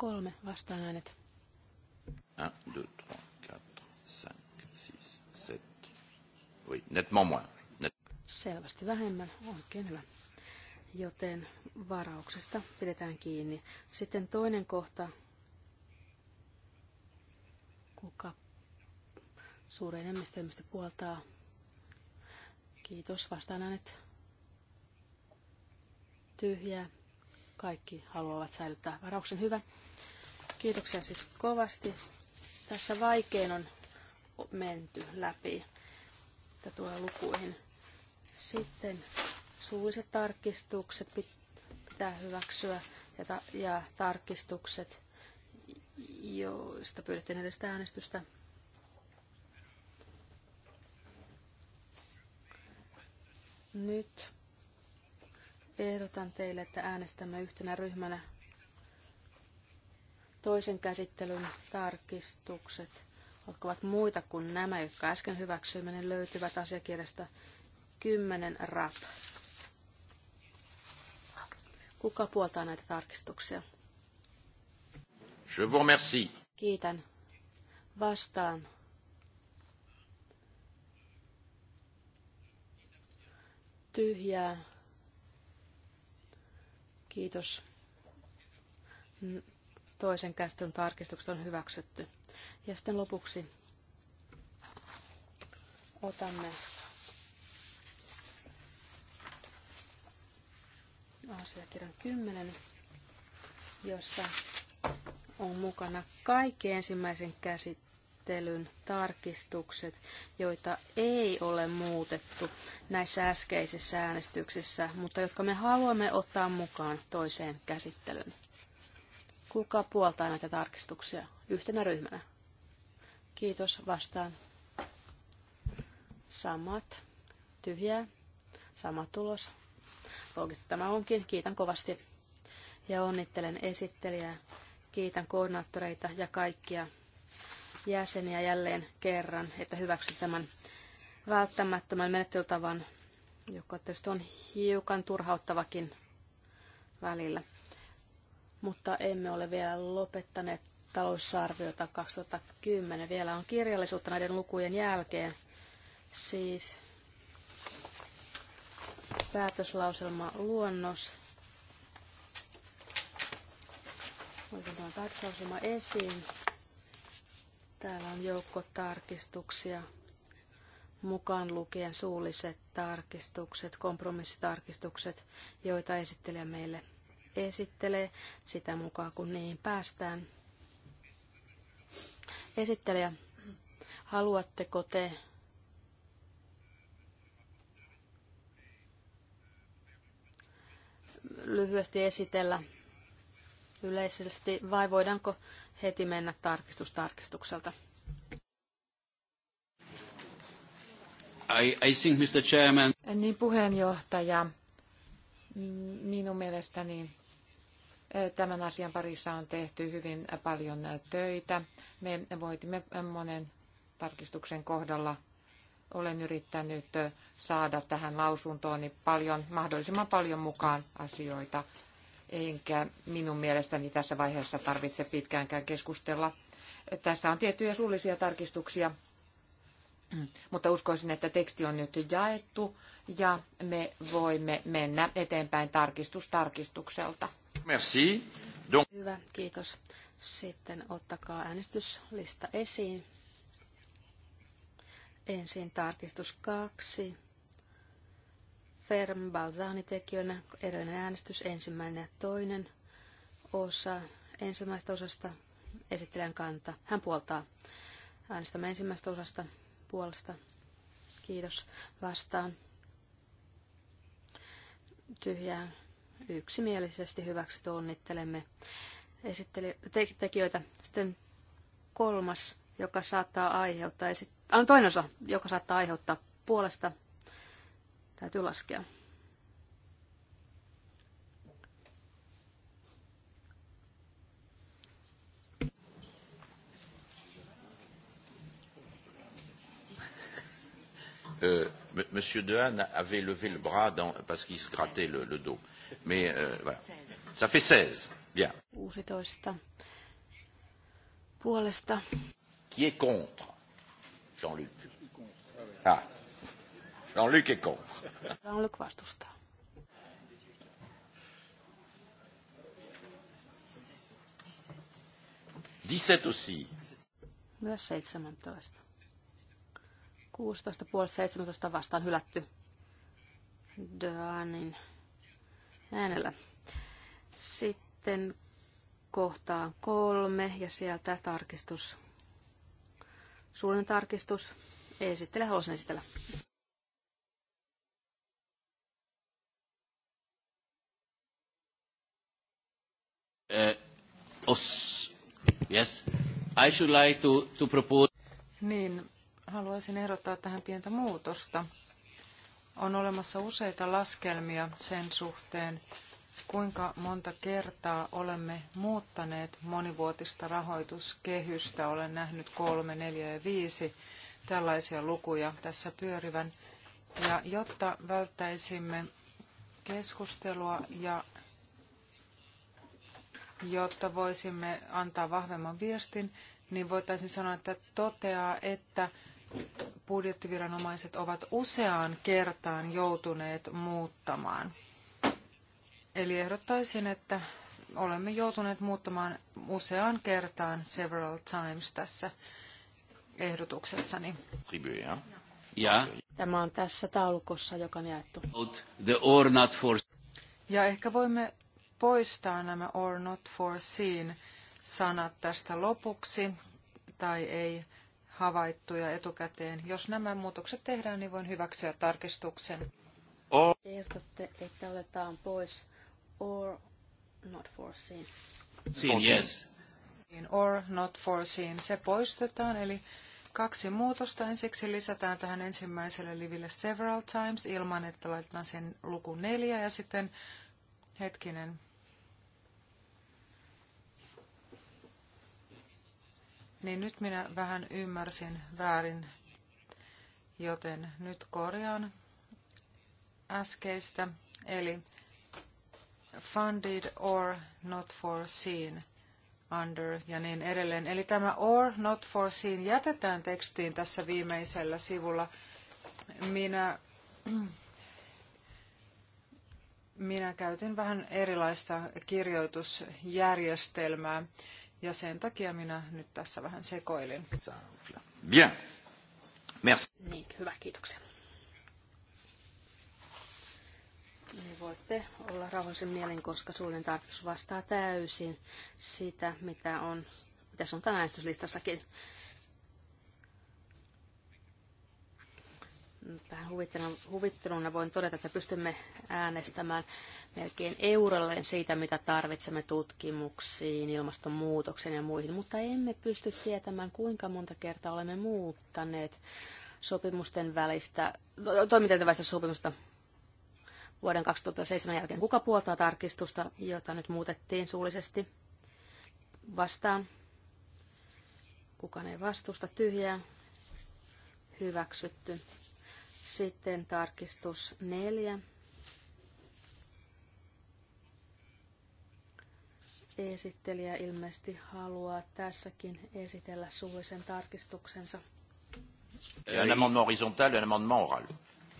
[SPEAKER 2] kolme vastaan äänet.
[SPEAKER 1] 1, 2, 3, 4, 5, 6, 7.
[SPEAKER 2] Selvästi vähemmän, oikein hyvä. Joten varauksesta pidetään kiinni. Sitten toinen kohta. Kuka suuri enemmistö puoltaa? Kiitos, vastaan äänet tyhjää, kaikki haluavat säilyttää varauksen hyvä. Kiitoksia siis kovasti. Tässä vaikein on menty läpi mitä tulee lukuihin. Sitten suulliset tarkistukset pitää hyväksyä ja, ta- ja tarkistukset, joista pyydettiin edestä äänestystä. Nyt Ehdotan teille, että äänestämme yhtenä ryhmänä toisen käsittelyn tarkistukset, jotka ovat muita kuin nämä, jotka äsken hyväksyminen löytyvät asiakirjasta 10 rap. Kuka puoltaa näitä tarkistuksia?
[SPEAKER 1] Je vous remercie.
[SPEAKER 2] Kiitän. Vastaan. Tyhjää. Kiitos. Toisen käsittelyn tarkistukset on hyväksytty. Ja sitten lopuksi otamme asiakirjan 10, jossa on mukana kaikki ensimmäisen käsittelyn menettelyn tarkistukset, joita ei ole muutettu näissä äskeisissä äänestyksissä, mutta jotka me haluamme ottaa mukaan toiseen käsittelyyn. Kuka puoltaa näitä tarkistuksia yhtenä ryhmänä? Kiitos, vastaan. Samat, tyhjää, sama tulos. Loogista tämä onkin. Kiitän kovasti ja onnittelen esittelijää. Kiitän koordinaattoreita ja kaikkia jäseniä jälleen kerran, että hyväksy tämän välttämättömän menettelytavan, joka tietysti on hiukan turhauttavakin välillä. Mutta emme ole vielä lopettaneet talousarviota 2010. Vielä on kirjallisuutta näiden lukujen jälkeen. Siis päätöslauselma luonnos. Otetaan päätöslauselma esiin Täällä on joukko tarkistuksia, mukaan lukien suulliset tarkistukset, kompromissitarkistukset, joita esittelijä meille esittelee sitä mukaan, kun niihin päästään. Esittelijä, haluatteko te lyhyesti esitellä yleisesti vai voidaanko heti mennä tarkistustarkistukselta.
[SPEAKER 1] I, I think, Mr. Chairman.
[SPEAKER 2] Niin puheenjohtaja,
[SPEAKER 3] minun mielestäni eh, tämän asian parissa on tehty hyvin paljon eh, töitä. Me voitimme monen tarkistuksen kohdalla. Olen yrittänyt eh, saada tähän lausuntooni paljon, mahdollisimman paljon mukaan asioita, enkä minun mielestäni tässä vaiheessa tarvitse pitkäänkään keskustella. Tässä on tiettyjä suullisia tarkistuksia, mutta uskoisin, että teksti on nyt jaettu ja me voimme mennä eteenpäin
[SPEAKER 2] tarkistustarkistukselta.
[SPEAKER 1] Merci. Donc...
[SPEAKER 2] Hyvä, kiitos. Sitten ottakaa äänestyslista esiin. Ensin tarkistus kaksi Ferm Balzani-tekijönä edellinen äänestys, ensimmäinen ja toinen osa ensimmäistä osasta esittelijän kanta. Hän puoltaa. Äänestämme ensimmäistä osasta puolesta. Kiitos. Vastaan. Tyhjää. Yksimielisesti hyväksytty. Onnittelemme esitteli- te- tekijöitä. Sitten kolmas, joka saattaa aiheuttaa, esi- on äh, toinen osa, joka saattaa aiheuttaa puolesta Täytyy laskea.
[SPEAKER 1] Euh, Monsieur Dehaene avait levé le bras dans, parce qu'il se grattait le, le dos. Mais euh, voilà. Ça fait 16. Bien.
[SPEAKER 2] 16. Puolesta.
[SPEAKER 1] Qui est contre Jean-Luc Ah. ah. Jean-Luc est contre.
[SPEAKER 2] Jean-Luc vastustaa.
[SPEAKER 1] Dix-sept aussi.
[SPEAKER 2] Myös 17. 16 puoli 17 vastaan hylätty. Daanin äänellä. Sitten kohtaan kolme ja sieltä tarkistus. Suullinen tarkistus. Esittele, haluaisin esitellä.
[SPEAKER 1] Uh, yes. I should like to, to propose...
[SPEAKER 4] Niin, haluaisin ehdottaa tähän pientä muutosta. On olemassa useita laskelmia sen suhteen, kuinka monta kertaa olemme muuttaneet monivuotista rahoituskehystä. Olen nähnyt kolme, neljä ja viisi tällaisia lukuja tässä pyörivän. Ja jotta välttäisimme keskustelua ja jotta voisimme antaa vahvemman viestin, niin voitaisiin sanoa, että toteaa, että budjettiviranomaiset ovat useaan kertaan joutuneet muuttamaan. Eli ehdottaisin, että olemme joutuneet muuttamaan useaan kertaan
[SPEAKER 2] several times tässä ehdotuksessani. Ja. Tämä on tässä taulukossa, joka on jaettu.
[SPEAKER 4] Ja ehkä voimme poistaa nämä or not foreseen sanat tästä lopuksi tai ei havaittuja etukäteen. Jos nämä muutokset tehdään, niin voin hyväksyä tarkistuksen. Ehdotatte, että otetaan pois or not foreseen.
[SPEAKER 1] Seen, yes.
[SPEAKER 4] Niin, or not foreseen. Se poistetaan, eli kaksi muutosta. Ensiksi lisätään tähän ensimmäiselle liville several times ilman, että laitetaan sen luku neljä ja sitten hetkinen niin nyt minä vähän ymmärsin väärin, joten nyt korjaan äskeistä, eli funded or not foreseen under ja niin edelleen. Eli tämä or not foreseen jätetään tekstiin tässä viimeisellä sivulla. Minä, minä käytin vähän erilaista kirjoitusjärjestelmää. Ja sen takia minä nyt tässä vähän sekoilin.
[SPEAKER 1] Bien. Merci.
[SPEAKER 4] Niin,
[SPEAKER 2] hyvä, kiitoksia. Niin voitte olla rauhallisen mielen, koska suullinen tarkoitus vastaa täysin sitä, mitä on, mitä sanotaan äänestyslistassakin. vähän huvitteluna, voin todeta, että pystymme äänestämään melkein eurolleen siitä, mitä tarvitsemme tutkimuksiin, ilmastonmuutokseen ja muihin, mutta emme pysty tietämään, kuinka monta kertaa olemme muuttaneet sopimusten välistä, toimintojen välistä sopimusta vuoden 2007 jälkeen. Kuka puoltaa tarkistusta, jota nyt muutettiin suullisesti vastaan? Kukaan ei vastusta tyhjää. Hyväksytty. Sitten tarkistus neljä. Esittelijä ilmeisesti haluaa tässäkin esitellä suullisen tarkistuksensa.
[SPEAKER 1] Un amendement horizontal, un amendement oral.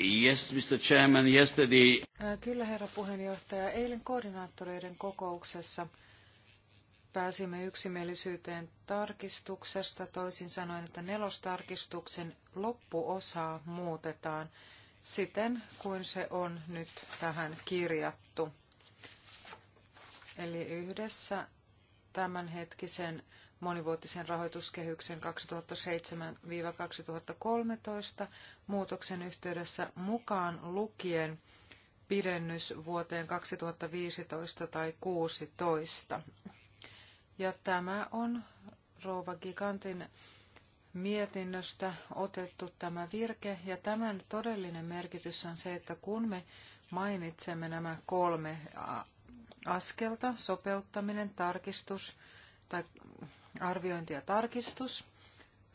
[SPEAKER 1] Yes, Mr. Chairman, yesterday...
[SPEAKER 2] Kyllä, herra puheenjohtaja.
[SPEAKER 4] Eilen koordinaattoreiden kokouksessa pääsimme yksimielisyyteen tarkistuksesta, toisin sanoen, että nelostarkistuksen loppuosaa muutetaan siten kuin se on nyt tähän kirjattu. Eli yhdessä tämänhetkisen monivuotisen rahoituskehyksen 2007-2013 muutoksen yhteydessä mukaan lukien pidennys vuoteen 2015 tai 2016. Ja tämä on Rouva Gigantin mietinnöstä otettu tämä virke, ja tämän todellinen merkitys on se, että kun me mainitsemme nämä kolme askelta, sopeuttaminen, tarkistus tai arviointi ja tarkistus,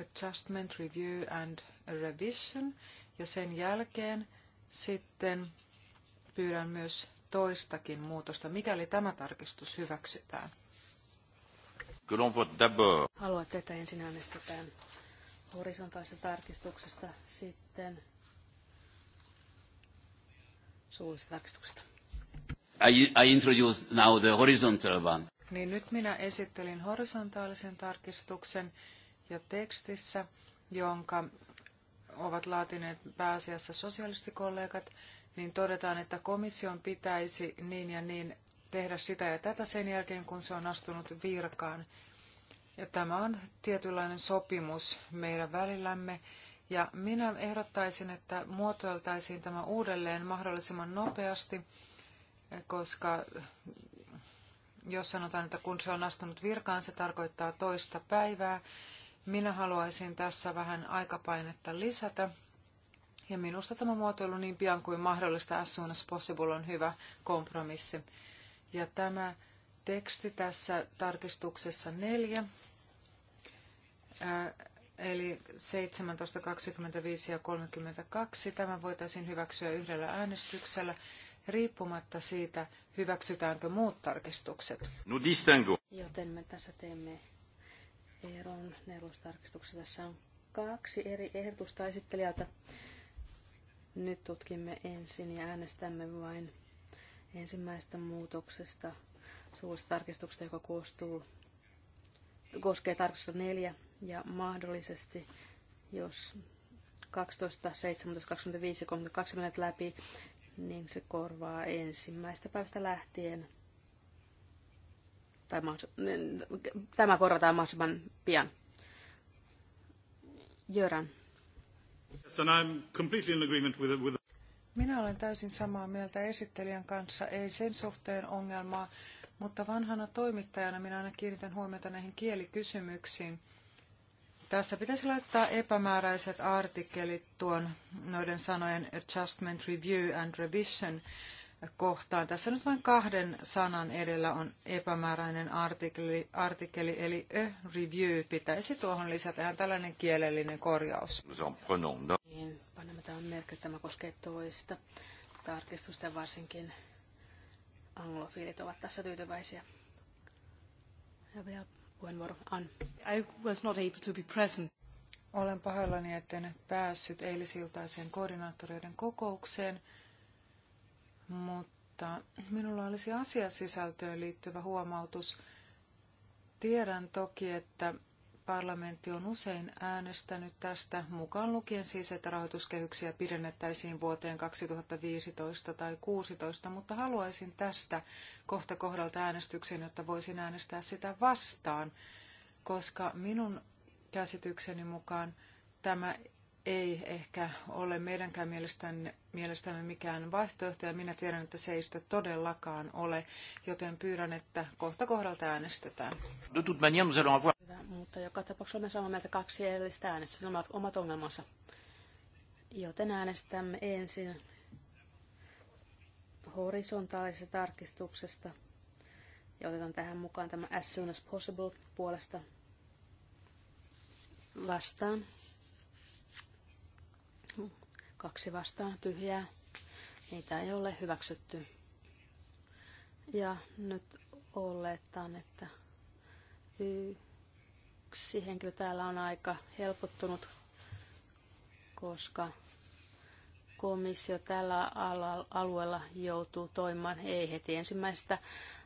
[SPEAKER 4] adjustment, review and revision, ja sen jälkeen sitten pyydän myös toistakin muutosta, mikäli tämä tarkistus hyväksytään
[SPEAKER 1] que l'on vote d'abord.
[SPEAKER 2] Haluatte, että ensin äänestetään horisontaalista tarkistuksesta, sitten suullisesta tarkistuksesta.
[SPEAKER 1] I, I introduce now the horizontal one.
[SPEAKER 4] Niin nyt minä esittelin horisontaalisen tarkistuksen ja tekstissä, jonka ovat laatineet pääasiassa sosialistikollegat, niin todetaan, että komission pitäisi niin ja niin tehdä sitä ja tätä sen jälkeen, kun se on astunut virkaan. Ja tämä on tietynlainen sopimus meidän välillämme. Ja minä ehdottaisin, että muotoiltaisiin tämä uudelleen mahdollisimman nopeasti, koska jos sanotaan, että kun se on astunut virkaan, se tarkoittaa toista päivää. Minä haluaisin tässä vähän aikapainetta lisätä. Ja minusta tämä muotoilu niin pian kuin mahdollista as soon as possible on hyvä kompromissi. Ja tämä teksti tässä tarkistuksessa neljä, eli 17, 25 ja 32, tämä voitaisiin hyväksyä yhdellä äänestyksellä riippumatta siitä,
[SPEAKER 2] hyväksytäänkö muut tarkistukset.
[SPEAKER 1] No distingo.
[SPEAKER 2] Joten me tässä teemme eron neuvostarkistuksessa. Tässä on kaksi eri ehdotusta esittelijältä. Nyt tutkimme ensin ja äänestämme vain ensimmäisestä muutoksesta, suurista tarkistuksesta, joka koostuu, koskee tarkistusta neljä ja mahdollisesti, jos 12, 17, 25, ja 32 menet läpi, niin se korvaa ensimmäistä päivästä lähtien. Tai tämä korvataan mahdollisimman pian. Jöran.
[SPEAKER 1] Yes, and I'm
[SPEAKER 2] completely in agreement with, with
[SPEAKER 4] minä olen täysin samaa mieltä esittelijän kanssa, ei sen suhteen ongelmaa, mutta vanhana toimittajana minä aina kiinnitän huomiota näihin kielikysymyksiin. Tässä pitäisi laittaa epämääräiset artikkelit tuon noiden sanojen adjustment, review and revision kohtaan. Tässä nyt vain kahden sanan edellä on epämääräinen artikkeli, artikkeli eli a e review pitäisi tuohon lisätä ihan tällainen kielellinen korjaus. Niin,
[SPEAKER 2] panemme tämän merkki, tämä koskee toista tarkistusta varsinkin anglofiilit ovat tässä tyytyväisiä. Ja vielä puheenvuoro
[SPEAKER 4] I was not able to be present. Olen pahoillani, etten päässyt eilisiltaiseen koordinaattoreiden kokoukseen mutta minulla olisi asiasisältöön liittyvä huomautus. Tiedän toki, että parlamentti on usein äänestänyt tästä, mukaan lukien siis, että rahoituskehyksiä pidennettäisiin vuoteen 2015 tai 2016, mutta haluaisin tästä kohta kohdalta äänestyksen, jotta voisin äänestää sitä vastaan, koska minun käsitykseni mukaan tämä ei ehkä ole meidänkään mielestämme, mielestämme mikään vaihtoehto, ja minä tiedän, että se ei sitä todellakaan
[SPEAKER 2] ole, joten pyydän, että kohta kohdalta äänestetään.
[SPEAKER 1] De toute manière, nous allons avoir... Hyvä,
[SPEAKER 2] mutta joka tapauksessa olemme samaa mieltä kaksi edellistä äänestä, ne omat ongelmansa. Joten äänestämme ensin horisontaalisesta tarkistuksesta, ja otetaan tähän mukaan tämä as soon as possible puolesta vastaan Kaksi vastaan tyhjää. Niitä ei ole hyväksytty. Ja nyt oletan, että yksi henkilö täällä on aika helpottunut, koska komissio tällä alueella joutuu toimimaan ei heti ensimmäisestä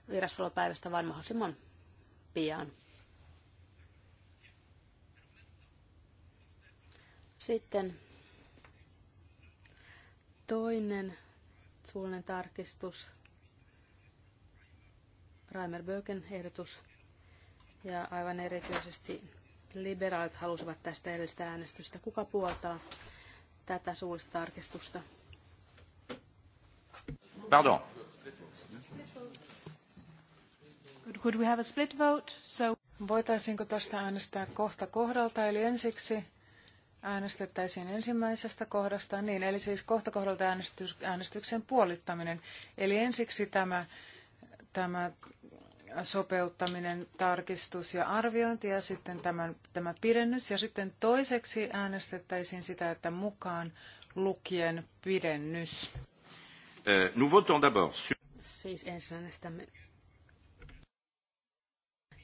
[SPEAKER 2] virastolopäivästä, vaan mahdollisimman pian. Sitten Toinen suullinen tarkistus, Raimer Böken ehdotus, ja aivan erityisesti liberaalit halusivat tästä edellistä äänestystä. Kuka puoltaa tätä suullista tarkistusta?
[SPEAKER 1] Pardon.
[SPEAKER 4] Could we have a split vote? So... Voitaisiinko tästä äänestää kohta kohdalta, eli ensiksi Äänestettäisiin ensimmäisestä kohdasta, niin, eli siis kohtakohdalta äänestys, äänestyksen puolittaminen. Eli ensiksi tämä, tämä sopeuttaminen, tarkistus ja arviointi ja sitten tämän, tämä pidennys. Ja sitten toiseksi äänestettäisiin sitä, että mukaan
[SPEAKER 2] lukien pidennys.
[SPEAKER 1] Uh, nous votons d'abord
[SPEAKER 2] Siis ensin äänestämme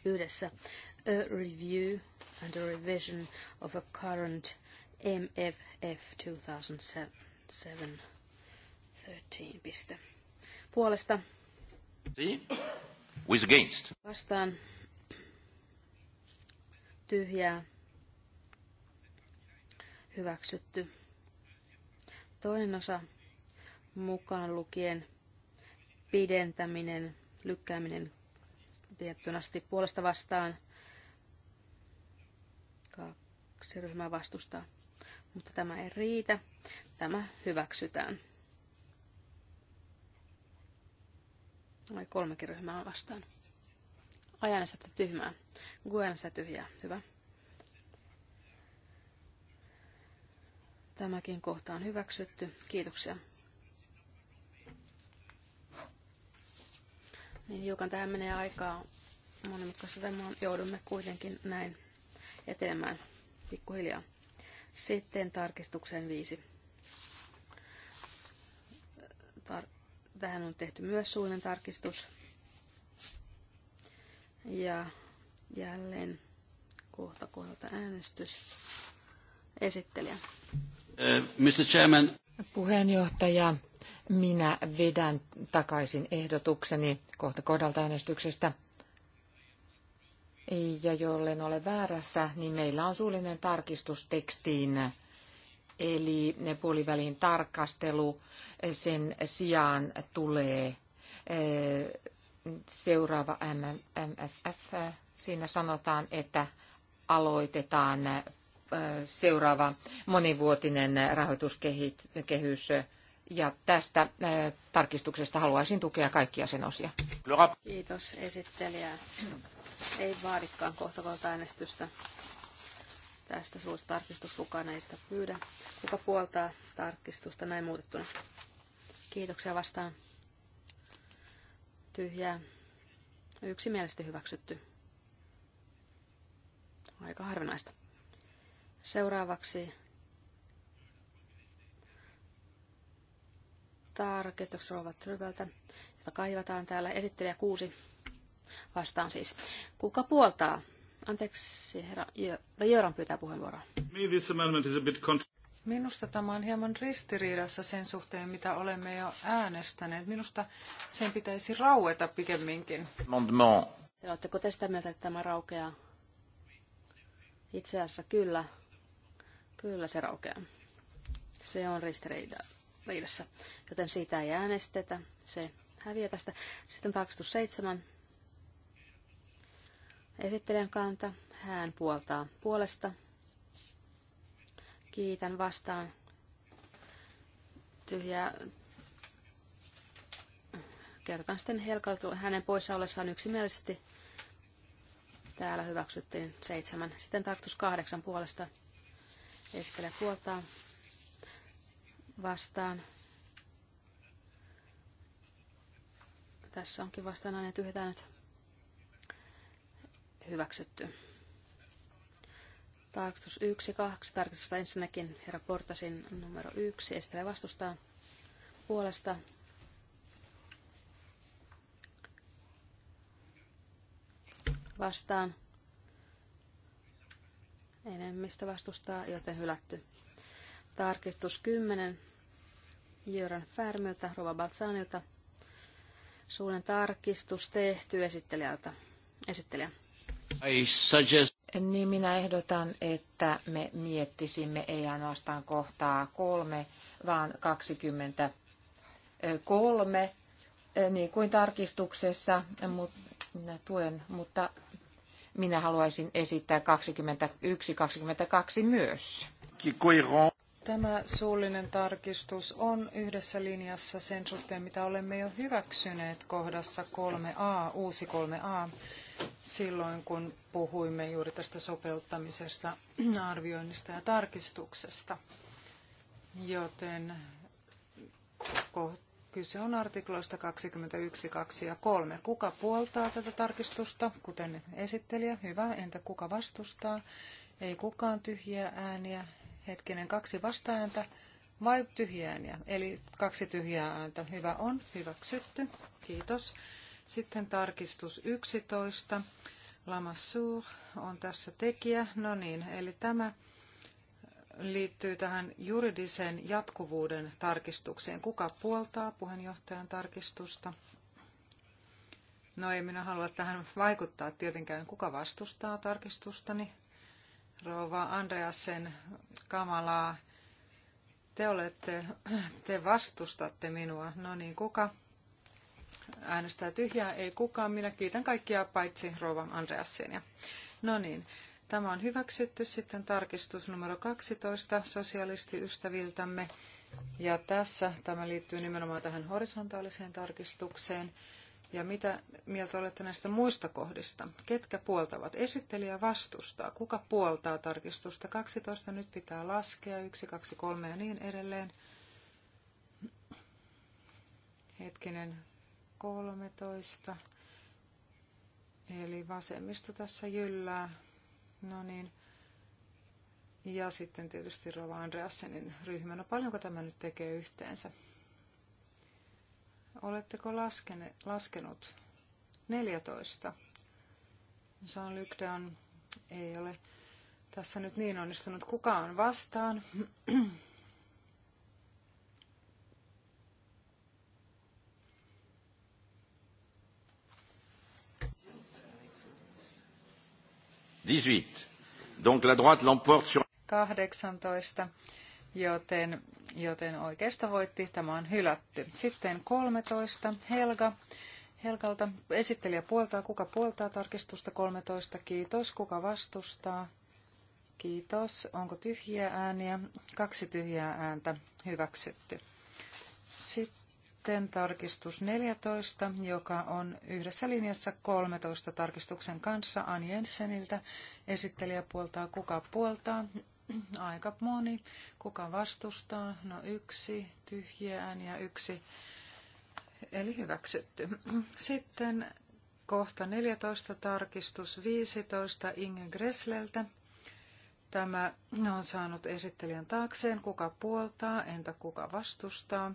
[SPEAKER 2] yhdessä. A review and a revision of a current MFF 2007 13 piste. Puolesta. against. Vastaan. Tyhjää. Hyväksytty. Toinen osa mukaan lukien pidentäminen, lykkääminen tiettyyn asti puolesta vastaan. Kaksi ryhmää vastustaa mutta tämä ei riitä. Tämä hyväksytään. Oli kolmekin ryhmää vastaan. sitä tyhmää. sitä tyhjää. Hyvä. Tämäkin kohta on hyväksytty. Kiitoksia. Niin hiukan tähän menee aikaa monimutkaista tämä on. Joudumme kuitenkin näin etenemään pikkuhiljaa. Sitten tarkistukseen viisi. Tar- tähän on tehty myös suunnan tarkistus. Ja jälleen kohta kohdalta äänestys. Esittelijä.
[SPEAKER 1] Eh, Mr. Chairman.
[SPEAKER 3] Puheenjohtaja, minä vedän takaisin ehdotukseni kohta kohdalta äänestyksestä. Ja jollen ole väärässä, niin meillä on suullinen tarkistus tekstiin, eli puolivälin tarkastelu eh, sen sijaan tulee eh, seuraava MFF. Siinä sanotaan, että aloitetaan eh, seuraava monivuotinen rahoituskehys. Ja tästä tarkistuksesta haluaisin tukea kaikkia sen osia.
[SPEAKER 2] Kiitos esittelijä ei vaadikaan kohtavalta äänestystä tästä suosta tarkistus. Kukaan ei sitä pyydä. Kuka puoltaa tarkistusta näin muutettuna? Kiitoksia vastaan. Tyhjää. Yksimielisesti hyväksytty. Aika harvinaista. Seuraavaksi tarkistukset ovat ryvältä, jota kaivataan täällä. Esittelijä kuusi vastaan siis. Kuka puoltaa? Anteeksi, herra Jöran pyytää puheenvuoroa. Minusta tämä on hieman
[SPEAKER 4] ristiriidassa sen suhteen, mitä olemme jo äänestäneet. Minusta sen pitäisi raueta pikemminkin.
[SPEAKER 2] Oletteko te sitä mieltä, että tämä raukeaa? Itse asiassa kyllä. Kyllä se raukeaa. Se on ristiriidassa. Joten siitä ei äänestetä. Se häviää tästä. Sitten tarkistus seitsemän Esittelijän kanta, hän puoltaa puolesta. Kiitän vastaan. Tyhjää. Kerrotaan sitten Helkaltu hänen poissa ollessaan yksimielisesti. Täällä hyväksyttiin seitsemän. Sitten tarkoitus kahdeksan puolesta. Esittelijä puoltaa vastaan. Tässä onkin vastaan aina tyhjätä hyväksytty. Tarkistus 1, 2 tarkistusta ensinnäkin herra Portasin numero 1, esittelee vastustaa puolesta. Vastaan. Enemmistö vastustaa, joten hylätty. Tarkistus 10. Jöran Färmiltä, Rova Baltsanilta. Suunnan tarkistus tehty esittelijältä. Esittelijä
[SPEAKER 1] I suggest...
[SPEAKER 3] Niin minä ehdotan, että me miettisimme ei ainoastaan kohtaa kolme, vaan 23, eh, niin kuin tarkistuksessa, mutta minä tuen, mutta minä haluaisin esittää 21-22 myös. Tämä suullinen
[SPEAKER 4] tarkistus on yhdessä linjassa sen suhteen, mitä olemme jo hyväksyneet kohdassa 3a, uusi 3a silloin, kun puhuimme juuri tästä sopeuttamisesta, arvioinnista ja tarkistuksesta. Joten kyse on artikloista 21, 2 ja 3. Kuka puoltaa tätä tarkistusta, kuten esittelijä? Hyvä. Entä kuka vastustaa? Ei kukaan tyhjiä ääniä. Hetkinen, kaksi vastaääntä vai tyhjiä ääniä? Eli kaksi tyhjää ääntä. Hyvä on, hyväksytty. Kiitos. Sitten tarkistus 11. Lamassur on tässä tekijä. No niin, eli tämä liittyy tähän juridisen jatkuvuuden tarkistukseen. Kuka puoltaa puheenjohtajan tarkistusta? No ei minä halua tähän vaikuttaa tietenkään. Kuka vastustaa tarkistustani? Rouva Andreasen kamalaa. Te olette, te vastustatte minua. No niin, kuka äänestää tyhjää, ei kukaan. Minä kiitän kaikkia paitsi rouva Andreassenia. No niin, tämä on hyväksytty. Sitten tarkistus numero 12 sosialistiystäviltämme. Ja tässä tämä liittyy nimenomaan tähän horisontaaliseen tarkistukseen. Ja mitä mieltä olette näistä muista kohdista? Ketkä puoltavat? Esittelijä vastustaa. Kuka puoltaa tarkistusta? 12 nyt pitää laskea. 1, 2, 3 ja niin edelleen. Hetkinen, 13. Eli vasemmisto tässä jyllää. No niin. Ja sitten tietysti Rova Andreassenin ryhmä. No paljonko tämä nyt tekee yhteensä? Oletteko laskene, laskenut? 14. Jean-Luc Dan ei ole tässä nyt niin onnistunut kukaan vastaan.
[SPEAKER 1] 18. Donc la droite l'emporte sur...
[SPEAKER 4] 18, joten, joten oikeisto voitti. Tämä on hylätty. Sitten 13, Helga. Helgalta esittelijä puoltaa. Kuka puoltaa tarkistusta 13? Kiitos. Kuka vastustaa? Kiitos. Onko tyhjiä ääniä? Kaksi tyhjää ääntä. Hyväksytty. Sitten sitten tarkistus 14, joka on yhdessä linjassa 13 tarkistuksen kanssa Ann Jensseniltä. Esittelijä puoltaa, kuka puoltaa. Aika moni. Kuka vastustaa? No yksi. Tyhjiä ääniä yksi. Eli hyväksytty. Sitten kohta 14 tarkistus 15 Inge Gresleltä. Tämä on saanut esittelijän taakseen, kuka puoltaa, entä kuka vastustaa.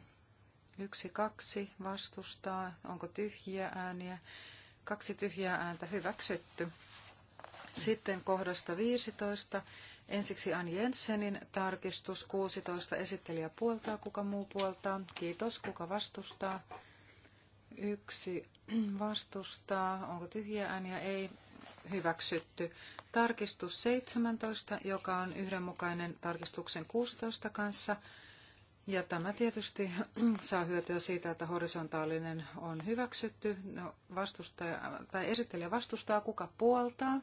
[SPEAKER 4] Yksi, kaksi vastustaa. Onko tyhjiä ääniä? Kaksi tyhjää ääntä hyväksytty. Sitten kohdasta 15. Ensiksi Ann Jensenin tarkistus 16. Esittelijä puoltaa, kuka muu puoltaa. Kiitos, kuka vastustaa. Yksi vastustaa. Onko tyhjiä ääniä? Ei. Hyväksytty. Tarkistus 17, joka on yhdenmukainen tarkistuksen 16 kanssa. Ja tämä tietysti saa hyötyä siitä, että horisontaalinen on hyväksytty. No, vastustaja, tai esittelijä vastustaa, kuka puoltaa.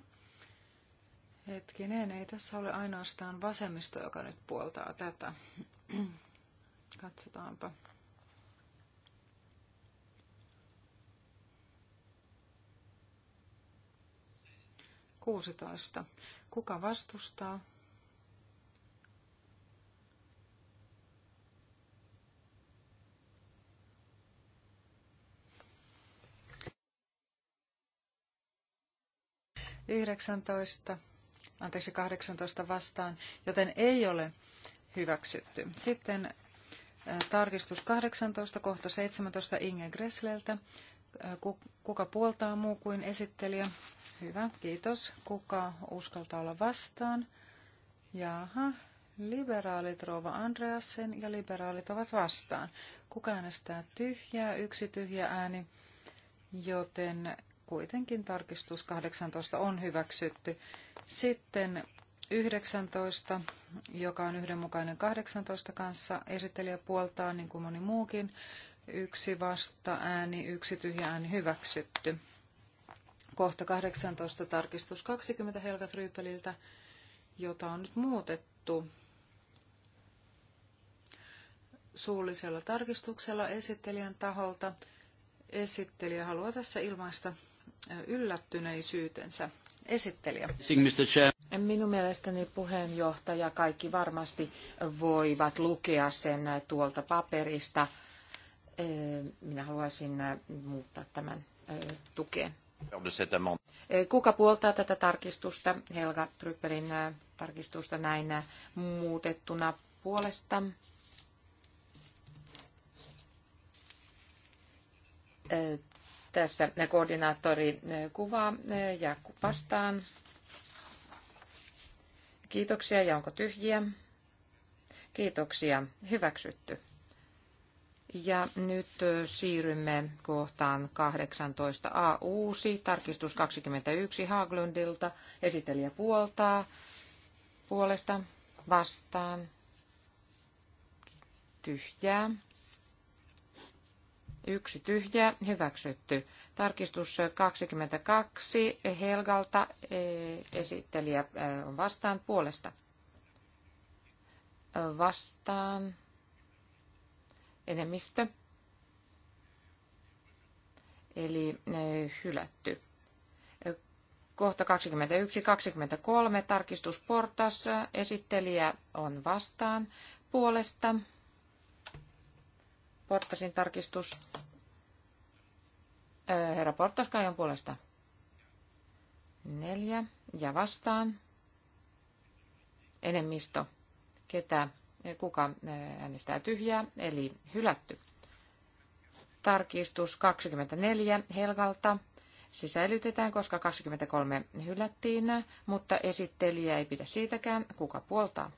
[SPEAKER 4] Hetkinen, ei tässä ole ainoastaan vasemmisto, joka nyt puoltaa tätä. Katsotaanpa. Kuusitoista. Kuka vastustaa? 19, anteeksi 18 vastaan, joten ei ole hyväksytty. Sitten tarkistus 18, kohta 17 Inge Gressleltä. Kuka puoltaa muu kuin esittelijä? Hyvä, kiitos. Kuka uskaltaa olla vastaan? Jaha, liberaalit Rova Andreasen ja liberaalit ovat vastaan. Kuka äänestää tyhjää? Yksi tyhjä ääni, joten kuitenkin tarkistus 18 on hyväksytty. Sitten 19, joka on yhdenmukainen 18 kanssa, esittelijä puoltaa niin kuin moni muukin, yksi vasta ääni, yksi tyhjä ääni hyväksytty. Kohta 18 tarkistus 20 Helga Trypeliltä, jota on nyt muutettu suullisella tarkistuksella esittelijän taholta. Esittelijä haluaa
[SPEAKER 3] tässä ilmaista yllättyneisyytensä. Esittelijä. Minun mielestäni puheenjohtaja kaikki varmasti voivat lukea sen tuolta paperista. Eh, minä haluaisin eh, muuttaa tämän eh, tukeen. Kuka puoltaa tätä tarkistusta? Helga Tryppelin tarkistusta näin muutettuna puolesta. Tässä koordinaattori eh, kuvaa eh, ja vastaan. Kiitoksia ja onko tyhjiä? Kiitoksia. Hyväksytty. Ja nyt eh, siirrymme kohtaan 18a uusi, tarkistus 21 Haglundilta, esittelijä puoltaa, puolesta vastaan, tyhjää, Yksi tyhjä, hyväksytty. Tarkistus 22 Helgalta, e, e, e, esittelijä on vastaan puolesta. Vastaan enemmistö, eli hylätty. Kohta 21-23 tarkistusportas, esittelijä on vastaan puolesta. Portasin tarkistus. Äh, herra Portas Kajon puolesta. Neljä. Ja vastaan. Enemmistö. Ketä, äh, kuka äh, äänestää tyhjää, eli hylätty. Tarkistus 24 Helgalta sisäilytetään, koska 23 hylättiin, mutta esittelijä ei pidä siitäkään, kuka puoltaa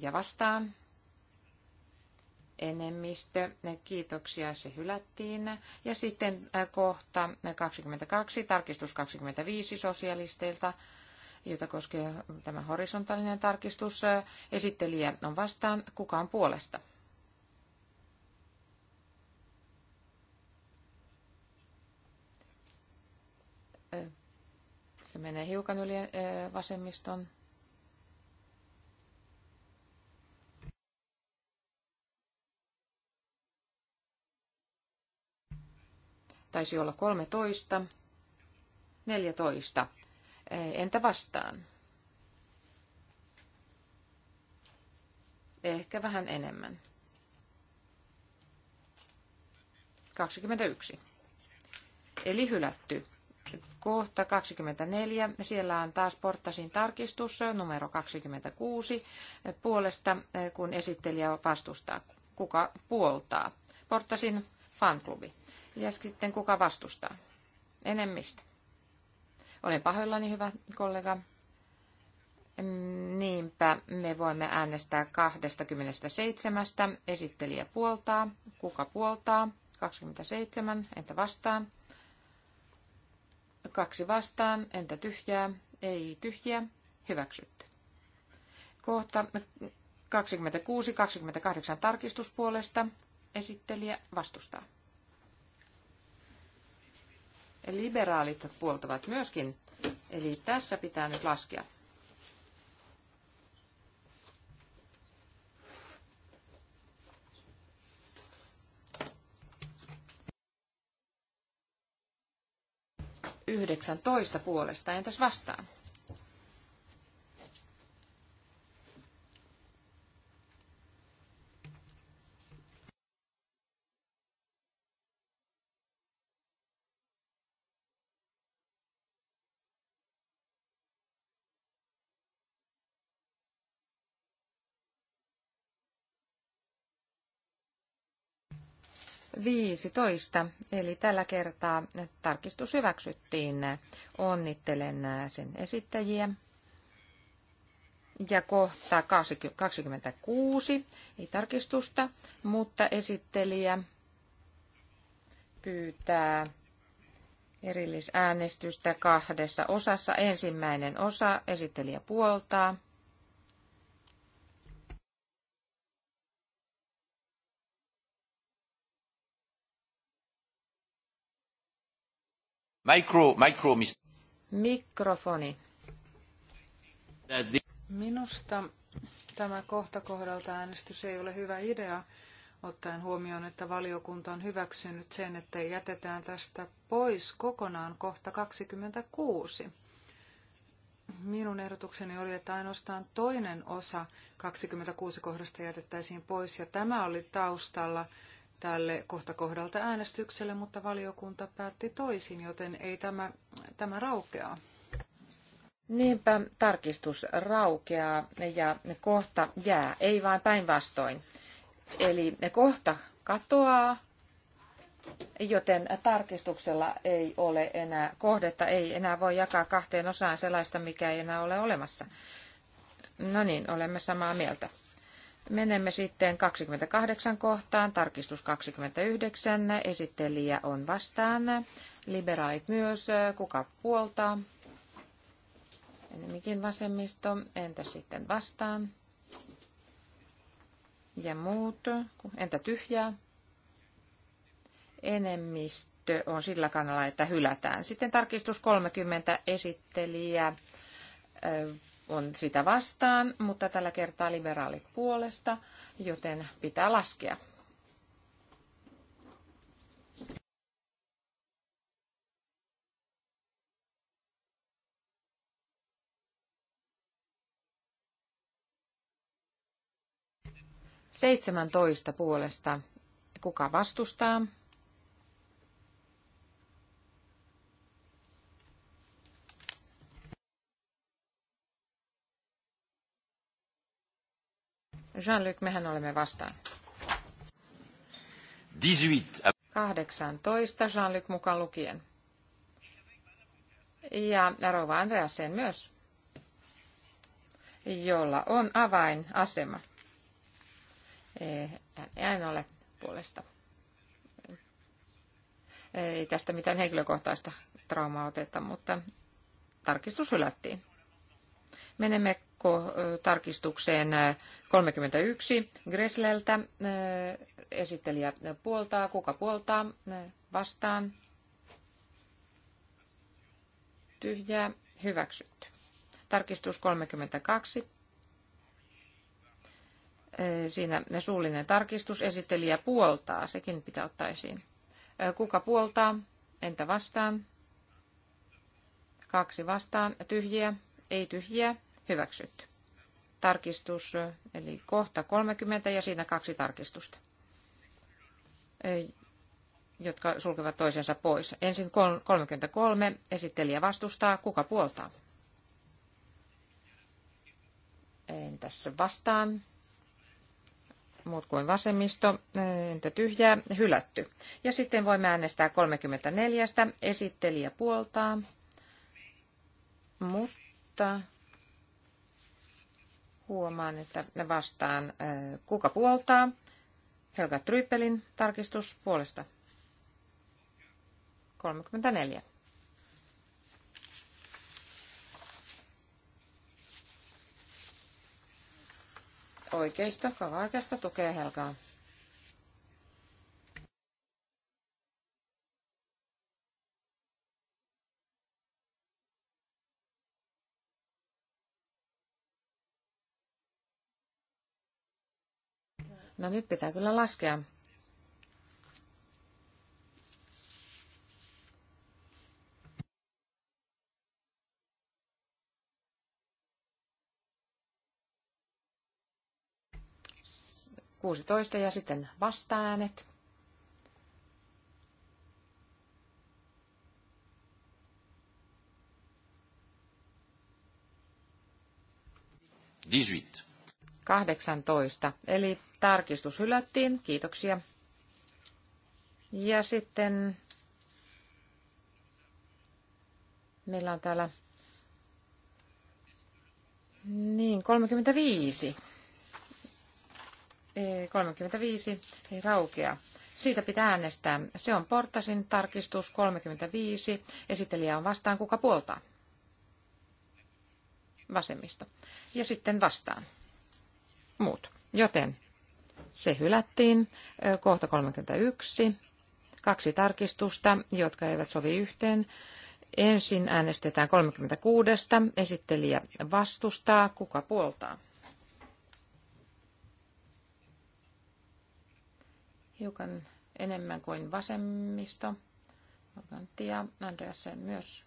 [SPEAKER 3] ja vastaan. Enemmistö, kiitoksia, se hylättiin. Ja sitten kohta 22, tarkistus 25 sosialisteilta, jota koskee tämä horisontaalinen tarkistus. Esittelijä on vastaan, kukaan puolesta. Se menee hiukan yli vasemmiston Taisi olla 13. 14. Entä vastaan? Ehkä vähän enemmän. 21. Eli hylätty. Kohta 24. Siellä on taas porttasin tarkistus numero 26 puolesta, kun esittelijä vastustaa. Kuka puoltaa? Porttasin fanklubi. Ja sitten kuka vastustaa? Enemmistö. Olen pahoillani, hyvä kollega. Niinpä me voimme äänestää 27. Esittelijä puoltaa. Kuka puoltaa? 27. Entä vastaan? Kaksi vastaan. Entä tyhjää? Ei tyhjää. Hyväksytty. Kohta 26-28 tarkistuspuolesta esittelijä vastustaa liberaalit puoltavat myöskin. Eli tässä pitää nyt laskea. toista puolesta. Entäs vastaan? 15, eli tällä kertaa tarkistus hyväksyttiin. Onnittelen sen esittäjiä. Ja kohta 26, ei tarkistusta, mutta esittelijä pyytää erillisäänestystä kahdessa osassa. Ensimmäinen osa esittelijä puoltaa.
[SPEAKER 1] Micro, micro, mis-
[SPEAKER 3] Mikrofoni.
[SPEAKER 4] Minusta tämä kohta kohdalta äänestys ei ole hyvä idea, ottaen huomioon, että valiokunta on hyväksynyt sen, että jätetään tästä pois kokonaan kohta 26. Minun ehdotukseni oli, että ainoastaan toinen osa 26 kohdasta jätettäisiin pois, ja tämä oli taustalla tälle kohta kohdalta äänestykselle, mutta valiokunta päätti toisin,
[SPEAKER 3] joten ei tämä,
[SPEAKER 4] tämä raukeaa.
[SPEAKER 3] Niinpä tarkistus raukeaa ja kohta jää, ei vain päinvastoin. Eli kohta katoaa, joten tarkistuksella ei ole enää kohdetta, ei enää voi jakaa kahteen osaan sellaista, mikä ei enää ole olemassa. No niin, olemme samaa mieltä. Menemme sitten 28 kohtaan, tarkistus 29, esittelijä on vastaan, liberaalit myös, kuka puoltaa, enemmänkin vasemmisto, entä sitten vastaan, ja muut, entä tyhjää, enemmistö on sillä kannalla, että hylätään. Sitten tarkistus 30, esittelijä on sitä vastaan, mutta tällä kertaa liberaalit puolesta, joten pitää laskea. Seitsemäntoista puolesta. Kuka vastustaa? Jean-Luc, mehän olemme vastaan.
[SPEAKER 1] 18.
[SPEAKER 3] 18, Jean-Luc mukaan lukien. Ja Rova Andreasen myös, jolla on avainasema. Ei ole puolesta. Ei tästä mitään henkilökohtaista traumaa oteta, mutta tarkistus hylättiin. Menemme tarkistukseen 31 Gresleltä. Esittelijä puoltaa. Kuka puoltaa? Vastaan. Tyhjää. Hyväksytty. Tarkistus 32. Siinä suullinen tarkistus. Esittelijä puoltaa. Sekin pitää ottaa esiin. Kuka puoltaa? Entä vastaan? Kaksi vastaan. Tyhjiä. Ei tyhjiä hyväksytty. Tarkistus, eli kohta 30 ja siinä kaksi tarkistusta, e, jotka sulkevat toisensa pois. Ensin 33, esittelijä vastustaa, kuka puoltaa? En tässä vastaan. Muut kuin vasemmisto, e, entä tyhjää, hylätty. Ja sitten voimme äänestää 34, esittelijä puoltaa, mutta Huomaan, että ne vastaan kuka puoltaa. Helga Tryppelin tarkistus puolesta. 34. Oikeisto, kova oikeisto tukee Helgaa. No nyt pitää kyllä laskea. Kuusitoista ja sitten vastaäänet. Dix-huit. 18. Eli tarkistus hylättiin. Kiitoksia. Ja sitten meillä on täällä niin, 35. 35 ei raukea. Siitä pitää äänestää. Se on Portasin tarkistus 35. Esittelijä on vastaan, kuka puoltaa? Vasemmisto. Ja sitten vastaan muut. Joten se hylättiin. Kohta 31. Kaksi tarkistusta, jotka eivät sovi yhteen. Ensin äänestetään 36. Esittelijä vastustaa. Kuka puoltaa? Hiukan enemmän kuin vasemmisto. Morgantia, Andreasen myös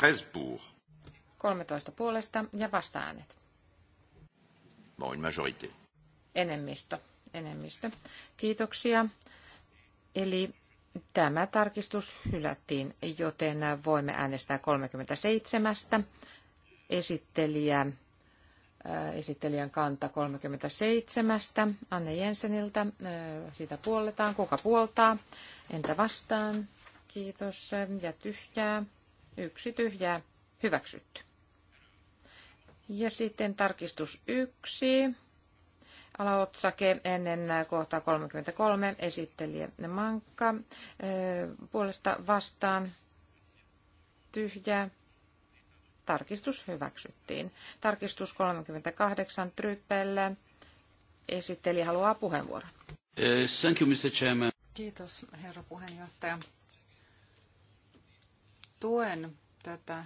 [SPEAKER 3] 13 pour. 13 puolesta ja vastaäänet.
[SPEAKER 1] Bon, majorité.
[SPEAKER 3] Enemmistö. Enemmistö. Kiitoksia. Eli tämä tarkistus hylättiin, joten voimme äänestää 37. Esittelijä, äh, esittelijän kanta 37. Anne Jenseniltä. Äh, Sitä puoletaan. Kuka puoltaa? Entä vastaan? Kiitos. Ja tyhjää. Yksi tyhjää. Hyväksytty. Ja sitten tarkistus yksi. Alaotsake ennen kohtaa 33 esittelijä Mankka. Puolesta vastaan tyhjää. Tarkistus hyväksyttiin. Tarkistus 38 tryppelle. Esittelijä haluaa puheenvuoron.
[SPEAKER 1] Thank you, Mr. Chairman.
[SPEAKER 3] Kiitos, herra puheenjohtaja
[SPEAKER 4] tuen tätä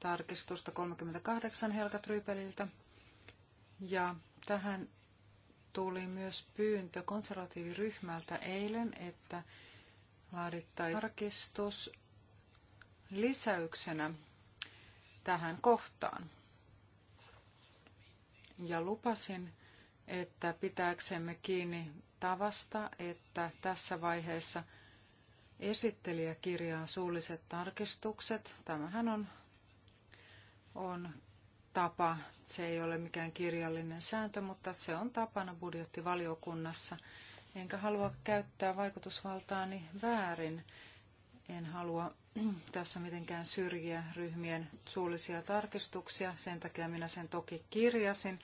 [SPEAKER 4] tarkistusta 38 helkatryypeliltä Ja tähän tuli myös pyyntö konservatiiviryhmältä eilen, että laadittaisiin tarkistus lisäyksenä tähän kohtaan. Ja lupasin, että pitääksemme kiinni tavasta, että tässä vaiheessa – esittelijä kirjaa suulliset tarkistukset. Tämähän on, on tapa. Se ei ole mikään kirjallinen sääntö, mutta se on tapana budjettivaliokunnassa. Enkä halua käyttää vaikutusvaltaani väärin. En halua tässä mitenkään syrjiä ryhmien suullisia tarkistuksia. Sen takia minä sen toki kirjasin.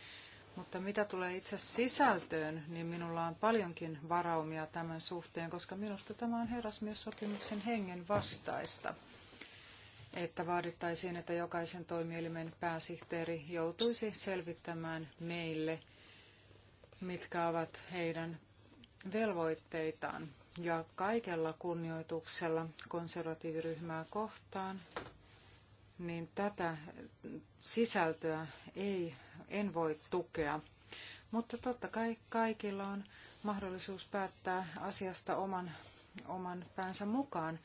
[SPEAKER 4] Mutta mitä tulee itse sisältöön, niin minulla on paljonkin varaumia tämän suhteen, koska minusta tämä on herrasmiessopimuksen hengen vastaista että vaadittaisiin, että jokaisen toimielimen pääsihteeri joutuisi selvittämään meille, mitkä ovat heidän velvoitteitaan. Ja kaikella kunnioituksella konservatiiviryhmää kohtaan, niin tätä sisältöä ei en voi tukea. Mutta totta kai kaikilla on mahdollisuus päättää asiasta oman, oman päänsä mukaan,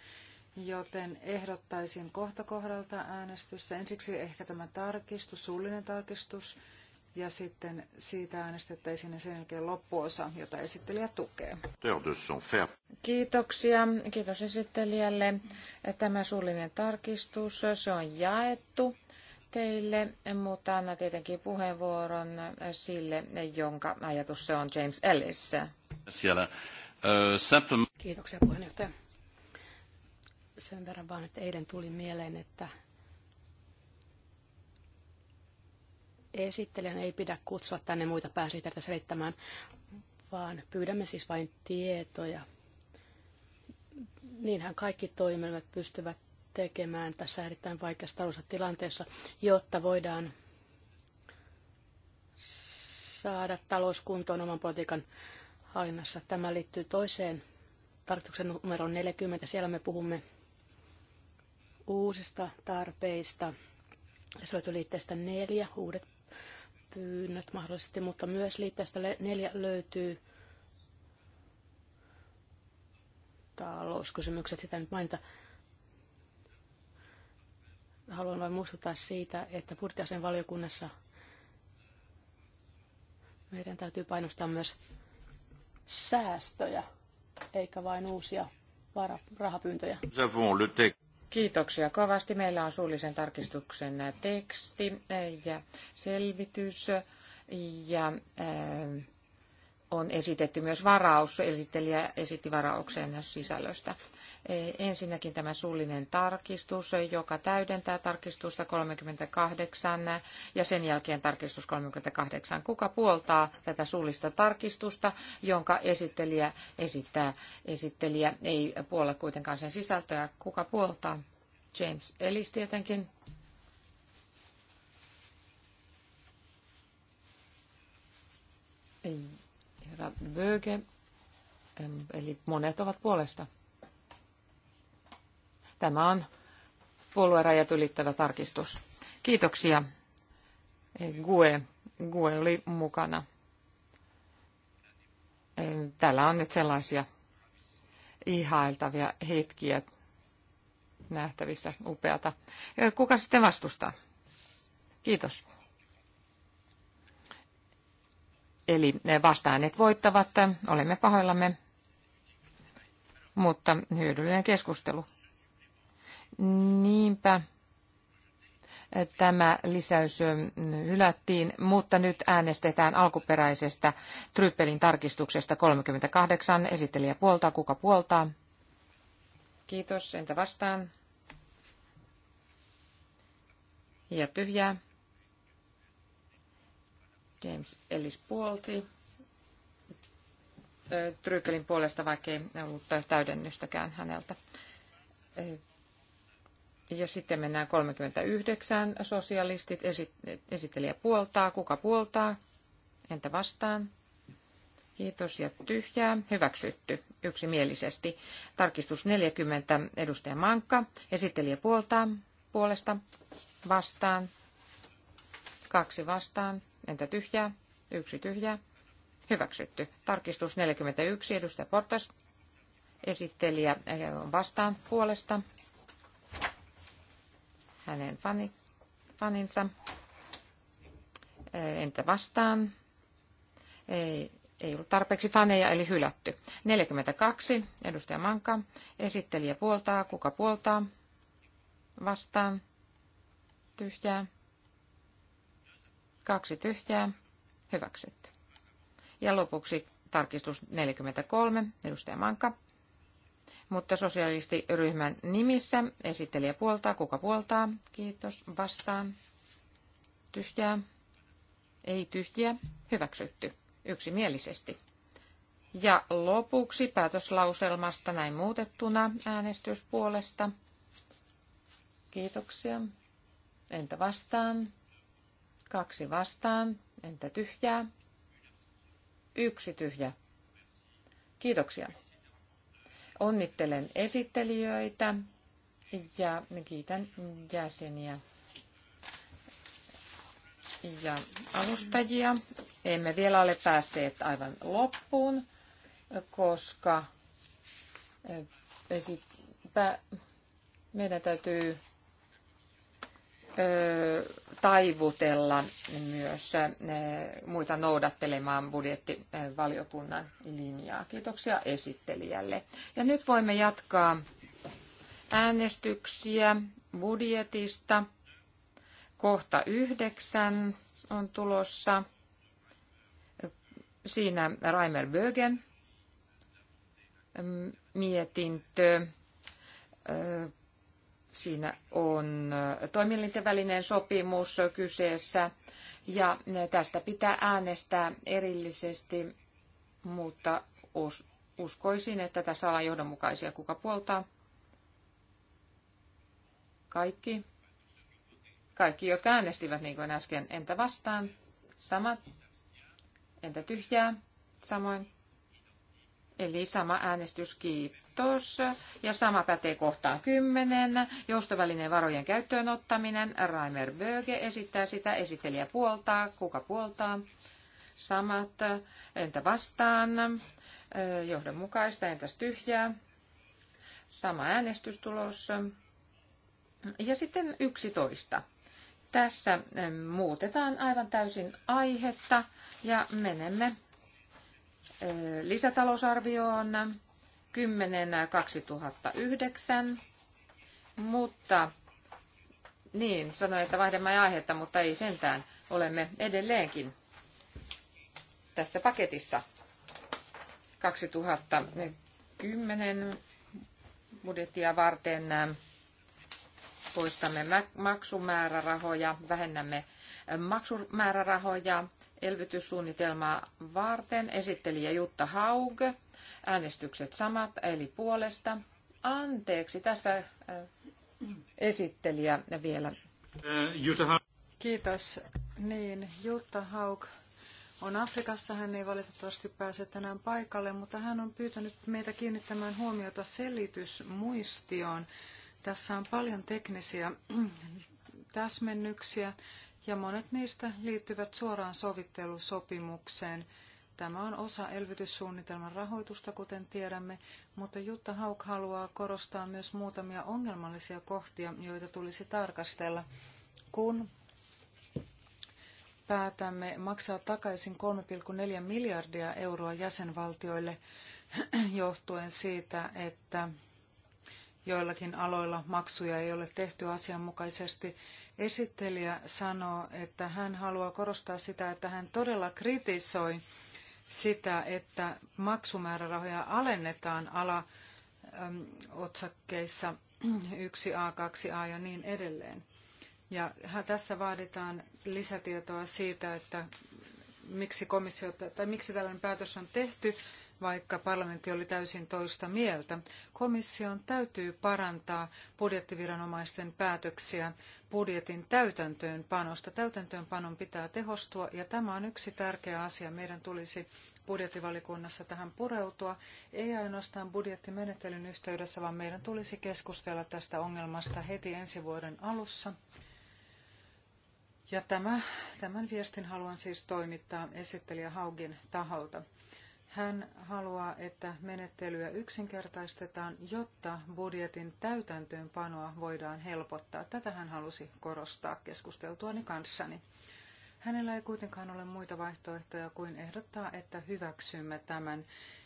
[SPEAKER 4] joten ehdottaisin kohta kohdalta äänestystä. Ensiksi ehkä tämä tarkistus, suullinen tarkistus, ja sitten siitä äänestettäisiin sen jälkeen loppuosa, jota esittelijä tukee.
[SPEAKER 3] Kiitoksia. Kiitos esittelijälle. Tämä suullinen tarkistus, se on jaettu teille, mutta anna tietenkin puheenvuoron sille, jonka ajatus se on James Ellis.
[SPEAKER 1] Siellä.
[SPEAKER 2] Kiitoksia puheenjohtaja. Sen verran vaan, että eilen tuli mieleen, että esittelijän ei pidä kutsua tänne muita pääsihteitä selittämään, vaan pyydämme siis vain tietoja. Niinhän kaikki toimivat pystyvät tekemään tässä erittäin vaikeassa taloudellisessa tilanteessa, jotta voidaan saada talouskuntoon oman politiikan hallinnassa. Tämä liittyy toiseen tarkoituksen numero 40. Siellä me puhumme uusista tarpeista. Se löytyy liitteestä neljä, uudet pyynnöt mahdollisesti, mutta myös liitteestä neljä löytyy talouskysymykset, sitä nyt mainita. Haluan vain muistuttaa siitä, että budjettiasian valiokunnassa meidän täytyy painostaa myös säästöjä, eikä vain uusia rahapyyntöjä. Kiitoksia
[SPEAKER 3] kovasti. Meillä on suullisen tarkistuksen teksti ja selvitys ja äh, on esitetty myös varaus, esittelijä esitti varauksen sisällöstä. E, ensinnäkin tämä suullinen tarkistus, joka täydentää tarkistusta 38 ja sen jälkeen tarkistus 38. Kuka puoltaa tätä suullista tarkistusta, jonka esittelijä esittää? Esittelijä ei puolla kuitenkaan sen sisältöä. Kuka puoltaa? James Ellis tietenkin. Ei herra Böge, eli monet ovat puolesta. Tämä on puoluerajat ylittävä tarkistus. Kiitoksia. Gue, Gue oli mukana. Täällä on nyt sellaisia ihailtavia hetkiä nähtävissä upeata. Kuka sitten vastustaa? Kiitos. Eli vastaanet voittavat, olemme pahoillamme, mutta hyödyllinen keskustelu. Niinpä tämä lisäys hylättiin, mutta nyt äänestetään alkuperäisestä Tryppelin tarkistuksesta 38. Esittelijä puoltaa, kuka puoltaa? Kiitos, entä vastaan? Ja tyhjää. James Ellis puolti Trykelin puolesta, vaikkei ollut täydennystäkään häneltä. Ja sitten mennään 39. Sosialistit esittelijä puoltaa. Kuka puoltaa? Entä vastaan? Kiitos ja tyhjää. Hyväksytty yksimielisesti. Tarkistus 40. Edustaja Mankka. Esittelijä puoltaa puolesta. Vastaan. Kaksi vastaan entä tyhjää, yksi tyhjää, hyväksytty. Tarkistus 41, edustaja Portas, esittelijä vastaan puolesta, hänen fani, faninsa, entä vastaan, ei, ei ollut tarpeeksi faneja, eli hylätty. 42, edustaja Manka, esittelijä puoltaa, kuka puoltaa, vastaan, tyhjää, Kaksi tyhjää. Hyväksytty. Ja lopuksi tarkistus 43, edustaja Manka. Mutta sosialistiryhmän nimissä esittelijä puoltaa. Kuka puoltaa? Kiitos. Vastaan. Tyhjää. Ei tyhjiä. Hyväksytty. Yksimielisesti. Ja lopuksi päätöslauselmasta näin muutettuna äänestyspuolesta. Kiitoksia. Entä vastaan? Kaksi vastaan. Entä tyhjää? Yksi tyhjä. Kiitoksia. Onnittelen esittelijöitä ja kiitän jäseniä ja alustajia. Emme vielä ole päässeet aivan loppuun, koska eh, meidän täytyy taivutella myös muita noudattelemaan budjettivaliokunnan linjaa. Kiitoksia esittelijälle. Ja nyt voimme jatkaa äänestyksiä budjetista. Kohta yhdeksän on tulossa. Siinä Raimer Bögen mm, mietintö Siinä on äh, toimielinten välinen sopimus kyseessä ja äh, tästä pitää äänestää erillisesti, mutta uskoisin, että tässä ollaan johdonmukaisia. Kuka puoltaa? Kaikki. Kaikki, jotka äänestivät niin kuin äsken. Entä vastaan? Samat. Entä tyhjää? Samoin. Eli sama äänestyskiip. Kiitos. Ja sama pätee kohtaan kymmenen. Joustovälineen varojen käyttöön ottaminen. Raimer Böge esittää sitä. Esittelijä puoltaa. Kuka puoltaa? Samat. Entä vastaan? Johdonmukaista. Entäs tyhjää? Sama äänestystulos. Ja sitten yksitoista. Tässä muutetaan aivan täysin aihetta ja menemme lisätalousarvioon 10. 2009, mutta niin, sanoin, että vaihdemme aihetta, mutta ei sentään. Olemme edelleenkin tässä paketissa 2010 budjettia varten poistamme maksumäärärahoja, vähennämme maksumäärärahoja elvytyssuunnitelmaa varten. Esittelijä Jutta Haug Äänestykset samat, eli puolesta. Anteeksi, tässä äh, esittelijä vielä.
[SPEAKER 1] Äh,
[SPEAKER 3] Kiitos. Niin, Jutta
[SPEAKER 4] Haug on Afrikassa. Hän ei valitettavasti pääse tänään paikalle, mutta hän on pyytänyt meitä kiinnittämään huomiota selitysmuistioon. Tässä on paljon teknisiä täsmennyksiä ja monet niistä liittyvät suoraan sovittelusopimukseen – Tämä on osa elvytyssuunnitelman rahoitusta, kuten tiedämme, mutta Jutta Hauk haluaa korostaa myös muutamia ongelmallisia kohtia, joita tulisi tarkastella, kun päätämme maksaa takaisin 3,4 miljardia euroa jäsenvaltioille johtuen siitä, että joillakin aloilla maksuja ei ole tehty asianmukaisesti. Esittelijä sanoo, että hän haluaa korostaa sitä, että hän todella kritisoi sitä, että maksumäärärahoja alennetaan alaotsakkeissa yksi 1a, 2a ja niin edelleen. Ja tässä vaaditaan lisätietoa siitä, että miksi, komissio, tai miksi tällainen päätös on tehty, vaikka parlamentti oli täysin toista mieltä. Komission täytyy parantaa budjettiviranomaisten päätöksiä budjetin täytäntöönpanosta. Täytäntöönpanon pitää tehostua ja tämä on yksi tärkeä asia. Meidän tulisi budjettivalikunnassa tähän pureutua, ei ainoastaan budjettimenettelyn yhteydessä, vaan meidän tulisi keskustella tästä ongelmasta heti ensi vuoden alussa. Ja tämä, tämän viestin haluan siis toimittaa esittelijä Haugin taholta. Hän haluaa, että menettelyä yksinkertaistetaan, jotta budjetin täytäntöönpanoa voidaan helpottaa. Tätä hän halusi korostaa keskusteltuani kanssani. Hänellä ei kuitenkaan ole muita vaihtoehtoja kuin ehdottaa, että hyväksymme tämän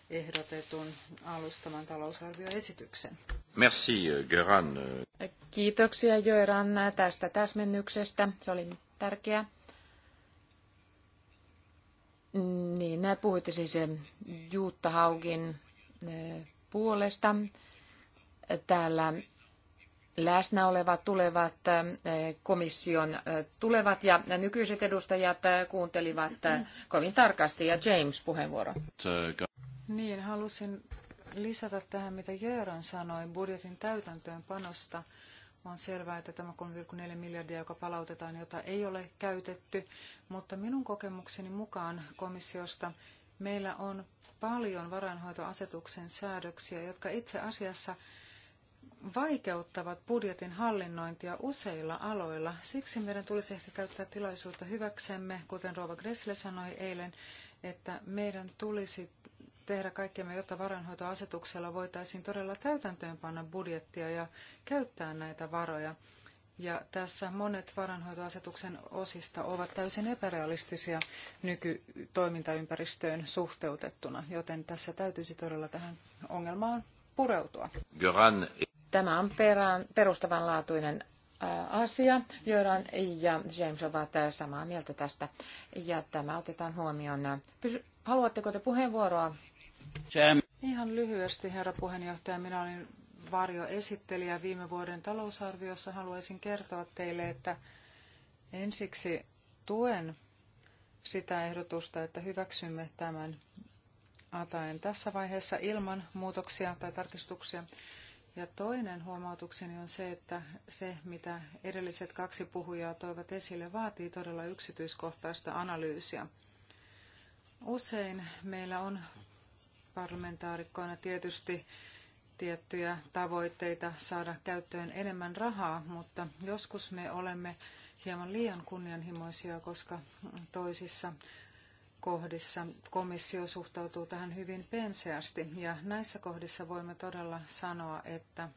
[SPEAKER 4] ehdotetun alustavan talousarvioesityksen.
[SPEAKER 1] Merci, Göran.
[SPEAKER 3] Kiitoksia Göran tästä täsmennyksestä. Se oli tärkeä. Niin, mä puhuitte siis eh, Juutta Haugin eh, puolesta. Täällä läsnä olevat tulevat eh, komission tulevat ja nykyiset edustajat kuuntelivat kovin tarkasti. Ja James puheenvuoro.
[SPEAKER 4] Niin, halusin lisätä tähän, mitä Jöran sanoi budjetin täytäntöönpanosta. panosta on selvää, että tämä 3,4 miljardia, joka palautetaan, jota ei ole käytetty, mutta minun kokemukseni mukaan komissiosta meillä on paljon varainhoitoasetuksen säädöksiä, jotka itse asiassa vaikeuttavat budjetin hallinnointia useilla aloilla. Siksi meidän tulisi ehkä käyttää tilaisuutta hyväksemme, kuten Rova Gressle sanoi eilen, että meidän tulisi tehdä kaikkemme, jotta varainhoitoasetuksella voitaisiin todella täytäntöönpanna budjettia ja käyttää näitä varoja. Ja tässä monet varainhoitoasetuksen osista ovat täysin epärealistisia nykytoimintaympäristöön suhteutettuna, joten tässä täytyisi todella tähän
[SPEAKER 3] ongelmaan pureutua. Tämä on perään, perustavanlaatuinen asia. Jöran ja James ovat samaa mieltä tästä. Ja tämä otetaan huomioon. Pysy, haluatteko te puheenvuoroa Ihan
[SPEAKER 4] lyhyesti, herra puheenjohtaja. Minä olin varjoesittelijä viime vuoden talousarviossa. Haluaisin kertoa teille, että ensiksi tuen sitä ehdotusta, että hyväksymme tämän ataen tässä vaiheessa ilman muutoksia tai tarkistuksia. Ja toinen huomautukseni on se, että se, mitä edelliset kaksi puhujaa toivat esille, vaatii todella yksityiskohtaista analyysiä. Usein meillä on parlamentaarikkoina tietysti tiettyjä tavoitteita saada käyttöön enemmän rahaa, mutta joskus me olemme hieman liian kunnianhimoisia, koska toisissa kohdissa komissio suhtautuu tähän hyvin penseästi. Ja näissä kohdissa voimme todella sanoa, että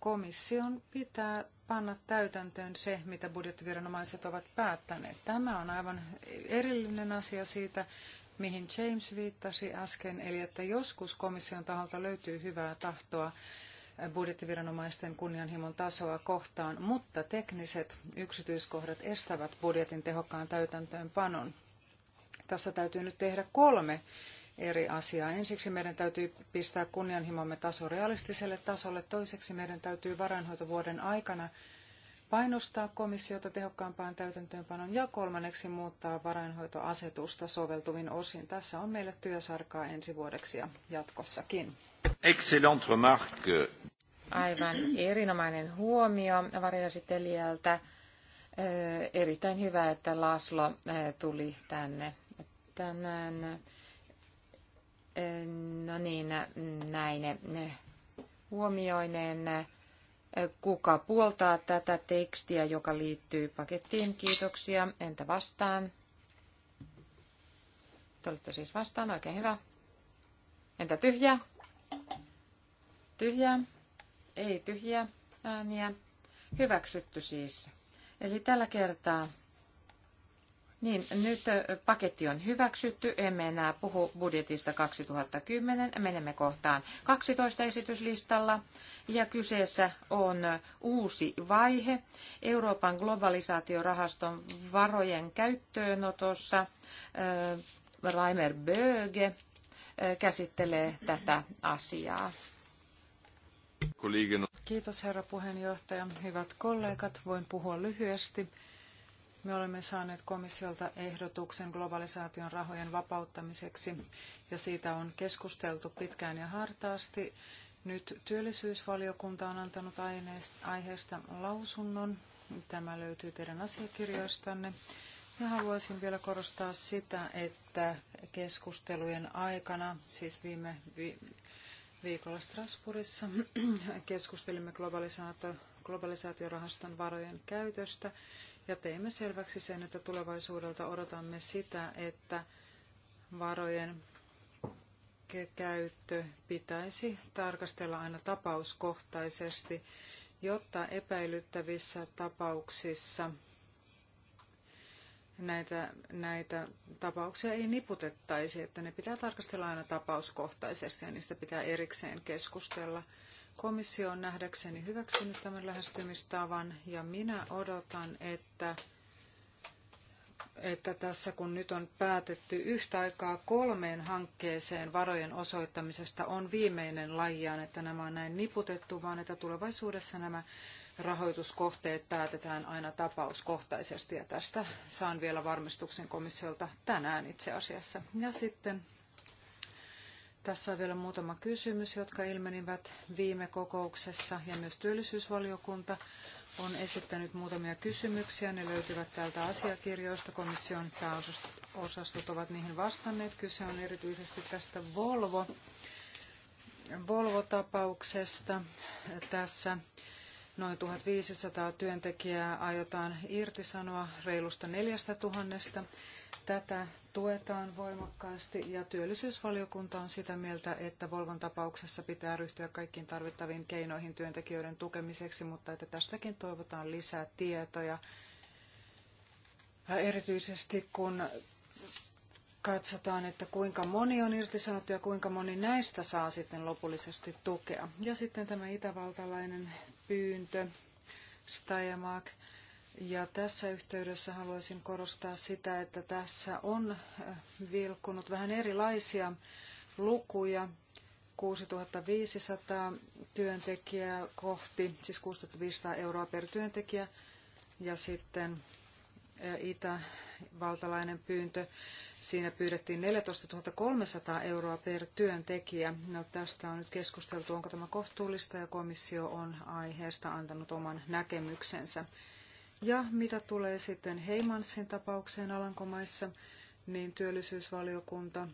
[SPEAKER 4] komission pitää panna täytäntöön se, mitä budjettiviranomaiset ovat päättäneet. Tämä on aivan erillinen asia siitä, mihin James viittasi äsken, eli että joskus komission taholta löytyy hyvää tahtoa budjettiviranomaisten kunnianhimon tasoa kohtaan, mutta tekniset yksityiskohdat estävät budjetin tehokkaan täytäntöönpanon. Tässä täytyy nyt tehdä kolme eri asiaa. Ensiksi meidän täytyy pistää kunnianhimomme taso realistiselle tasolle. Toiseksi meidän täytyy varainhoitovuoden aikana painostaa komissiota tehokkaampaan täytäntöönpanoon ja kolmanneksi muuttaa varainhoitoasetusta soveltuvin osin. Tässä on meille työsarkaa
[SPEAKER 3] ensi vuodeksi ja jatkossakin.
[SPEAKER 1] Excellent remarque. Aivan
[SPEAKER 3] erinomainen huomio varjoesittelijältä. Erittäin hyvä, että Laslo tuli tänne tänään. No niin, näin huomioineen Kuka puoltaa tätä tekstiä, joka liittyy pakettiin? Kiitoksia. Entä vastaan? Te olette siis vastaan. Oikein hyvä. Entä tyhjä? Tyhjä. Ei tyhjä ääniä. Hyväksytty siis. Eli tällä kertaa niin, nyt paketti on hyväksytty. Emme enää puhu budjetista 2010. Menemme kohtaan 12 esityslistalla. Ja kyseessä on uusi vaihe Euroopan globalisaatiorahaston varojen käyttöönotossa. Raimer Böge käsittelee tätä asiaa. Kiitos
[SPEAKER 4] herra puheenjohtaja. Hyvät kollegat, voin puhua lyhyesti. Me olemme saaneet komissiolta ehdotuksen globalisaation rahojen vapauttamiseksi ja siitä on keskusteltu pitkään ja hartaasti. Nyt työllisyysvaliokunta on antanut aiheesta lausunnon. Tämä löytyy teidän asiakirjoistanne. Ja haluaisin vielä korostaa sitä, että keskustelujen aikana, siis viime vi- viikolla Strasbourgissa, keskustelimme globalisaatio, globalisaatiorahaston varojen käytöstä ja teimme selväksi sen, että tulevaisuudelta odotamme sitä, että varojen käyttö pitäisi tarkastella aina tapauskohtaisesti, jotta epäilyttävissä tapauksissa näitä, näitä tapauksia ei niputettaisi, että ne pitää tarkastella aina tapauskohtaisesti ja niistä pitää erikseen keskustella – Komissio on nähdäkseni hyväksynyt tämän lähestymistavan ja minä odotan, että että tässä kun nyt on päätetty yhtä aikaa kolmeen hankkeeseen varojen osoittamisesta, on viimeinen lajiaan, että nämä on näin niputettu, vaan että tulevaisuudessa nämä rahoituskohteet päätetään aina tapauskohtaisesti. Ja tästä saan vielä varmistuksen komissiolta tänään itse asiassa. Ja sitten tässä on vielä muutama kysymys, jotka ilmenivät viime kokouksessa ja myös työllisyysvaliokunta on esittänyt muutamia kysymyksiä. Ne löytyvät täältä asiakirjoista. Komission pääosastot ovat niihin vastanneet. Kyse on erityisesti tästä Volvo, Volvo-tapauksesta. Tässä noin 1500 työntekijää aiotaan irtisanoa reilusta 4000. Tätä tuetaan voimakkaasti ja työllisyysvaliokunta on sitä mieltä, että Volvon tapauksessa pitää ryhtyä kaikkiin tarvittaviin keinoihin työntekijöiden tukemiseksi, mutta että tästäkin toivotaan lisää tietoja. Erityisesti kun katsotaan, että kuinka moni on irtisanottu ja kuinka moni näistä saa sitten lopullisesti tukea. Ja sitten tämä itävaltalainen pyyntö, Steiermark. Ja tässä yhteydessä haluaisin korostaa sitä, että tässä on äh, vilkkunut vähän erilaisia lukuja. 6500 työntekijää kohti, siis 6500 euroa per työntekijä. Ja sitten äh, itävaltalainen pyyntö, siinä pyydettiin 14 300 euroa per työntekijä. No, tästä on nyt keskusteltu, onko tämä kohtuullista, ja komissio on aiheesta antanut oman näkemyksensä. Ja mitä tulee sitten Heimansin tapaukseen Alankomaissa, niin työllisyysvaliokunta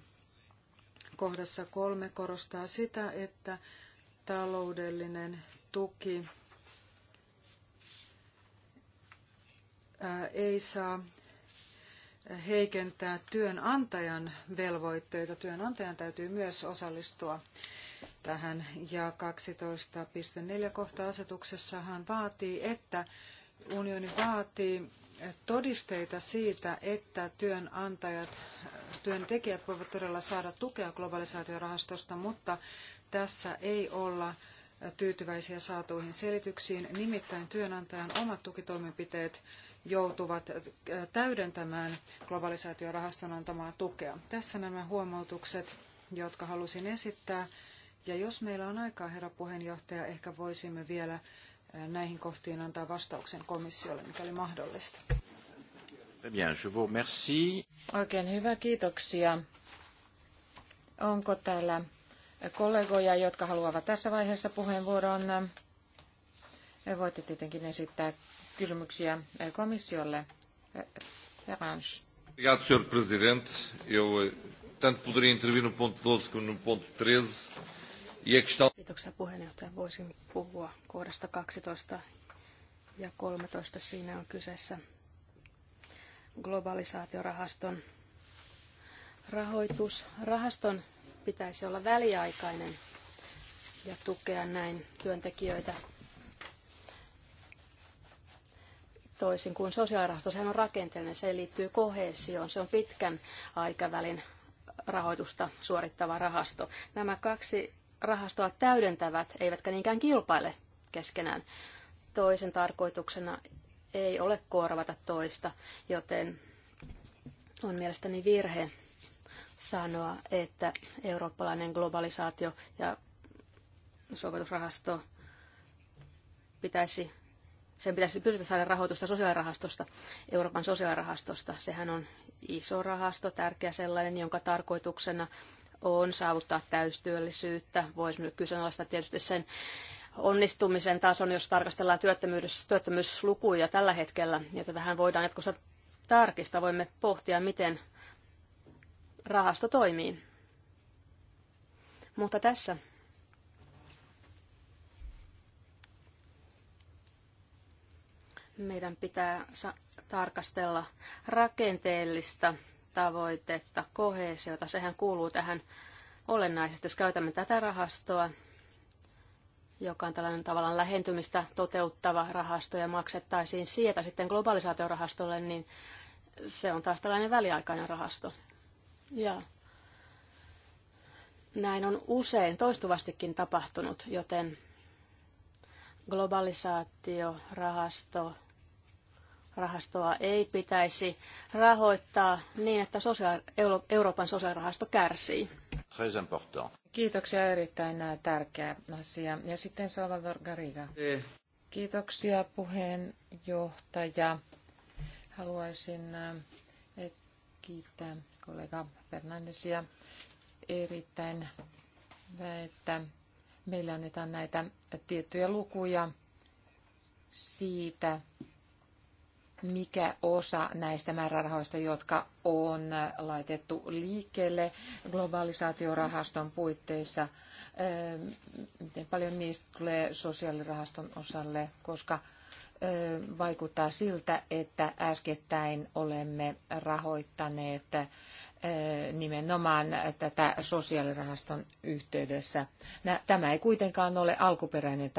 [SPEAKER 4] kohdassa kolme korostaa sitä, että taloudellinen tuki ei saa heikentää työnantajan velvoitteita. Työnantajan täytyy myös osallistua tähän. Ja 12.4 kohta asetuksessahan vaatii, että unioni vaatii todisteita siitä, että työnantajat, työntekijät voivat todella saada tukea globalisaatiorahastosta, mutta tässä ei olla tyytyväisiä saatuihin selityksiin. Nimittäin työnantajan omat tukitoimenpiteet joutuvat täydentämään globalisaatiorahaston antamaa tukea. Tässä nämä huomautukset, jotka halusin esittää. Ja jos meillä on aikaa, herra puheenjohtaja, ehkä voisimme vielä näihin kohtiin antaa vastauksen komissiolle, mikäli mahdollista.
[SPEAKER 1] Bien, je vous remercie.
[SPEAKER 3] Oikein hyvä, kiitoksia. Onko täällä kollegoja, jotka haluavat tässä vaiheessa puheenvuoron? Eh, voitte tietenkin esittää kysymyksiä eh, komissiolle.
[SPEAKER 2] Ferrange. Eh,
[SPEAKER 1] Obrigado, Sr. Presidente. Eu tanto poderia intervir no ponto 12 como no ponto 13. Kiitoksia
[SPEAKER 2] puheenjohtaja. Voisin puhua kohdasta 12 ja 13. Siinä on kyseessä globalisaatiorahaston rahoitus. Rahaston pitäisi olla väliaikainen ja tukea näin työntekijöitä toisin kuin sosiaalirahasto. Sehän on rakenteellinen, se liittyy kohesioon, se on pitkän aikavälin rahoitusta suorittava rahasto. Nämä kaksi rahastoa täydentävät, eivätkä niinkään kilpaile keskenään. Toisen tarkoituksena ei ole korvata toista, joten on mielestäni virhe sanoa, että eurooppalainen globalisaatio ja sovitusrahasto pitäisi, sen pitäisi pystyä saada rahoitusta sosiaalirahastosta, Euroopan sosiaalirahastosta. Sehän on iso rahasto, tärkeä sellainen, jonka tarkoituksena on saavuttaa täystyöllisyyttä. Voisimme kyseenalaistaa tietysti sen onnistumisen tason, jos tarkastellaan työttömyyslukuja tällä hetkellä. Ja tätähän voidaan jatkossa tarkistaa. Voimme pohtia, miten rahasto toimii. Mutta tässä meidän pitää tarkastella rakenteellista tavoitetta, kohesiota. Sehän kuuluu tähän olennaisesti, jos käytämme tätä rahastoa, joka on tällainen tavallaan lähentymistä toteuttava rahasto ja maksettaisiin sieltä sitten globalisaatiorahastolle, niin se on taas tällainen väliaikainen rahasto. Ja näin on usein toistuvastikin tapahtunut, joten globalisaatiorahasto rahastoa ei pitäisi rahoittaa niin, että sosiaali- Euroopan sosiaalirahasto kärsii.
[SPEAKER 1] Très important.
[SPEAKER 3] Kiitoksia, erittäin äh, tärkeä asia. Ja sitten Salvador Garriga. Eh. Kiitoksia puheenjohtaja. Haluaisin äh, kiittää kollega Fernandesia erittäin hyvä, että meillä annetaan näitä tiettyjä lukuja siitä, mikä osa näistä määrärahoista, jotka on laitettu liikkeelle globalisaatiorahaston puitteissa, ehm, miten paljon niistä tulee sosiaalirahaston osalle, koska vaikuttaa siltä, että äskettäin olemme rahoittaneet nimenomaan tätä sosiaalirahaston yhteydessä. Tämä ei kuitenkaan ole alkuperäinen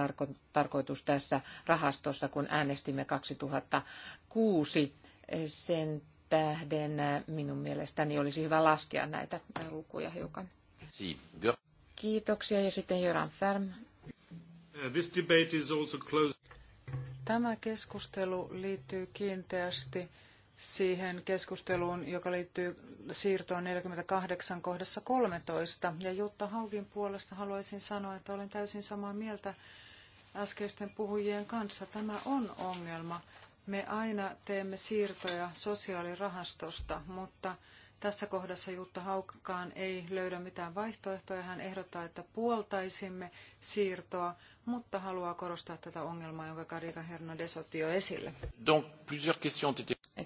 [SPEAKER 3] tarkoitus tässä rahastossa, kun äänestimme 2006 sen tähden minun mielestäni olisi hyvä laskea näitä lukuja hiukan. Kiitoksia ja sitten Jöran Färm.
[SPEAKER 1] Uh, this debate is also closed.
[SPEAKER 4] Tämä keskustelu liittyy kiinteästi siihen keskusteluun, joka liittyy siirtoon 48 kohdassa 13. Ja Jutta Haukin puolesta haluaisin sanoa, että olen täysin samaa mieltä äskeisten puhujien kanssa. Tämä on ongelma. Me aina teemme siirtoja sosiaalirahastosta, mutta tässä kohdassa Jutta Haukkaan ei löydä mitään vaihtoehtoja. Hän ehdottaa, että puoltaisimme siirtoa, mutta haluaa korostaa tätä
[SPEAKER 3] ongelmaa, jonka Karika Hernandez otti jo esille.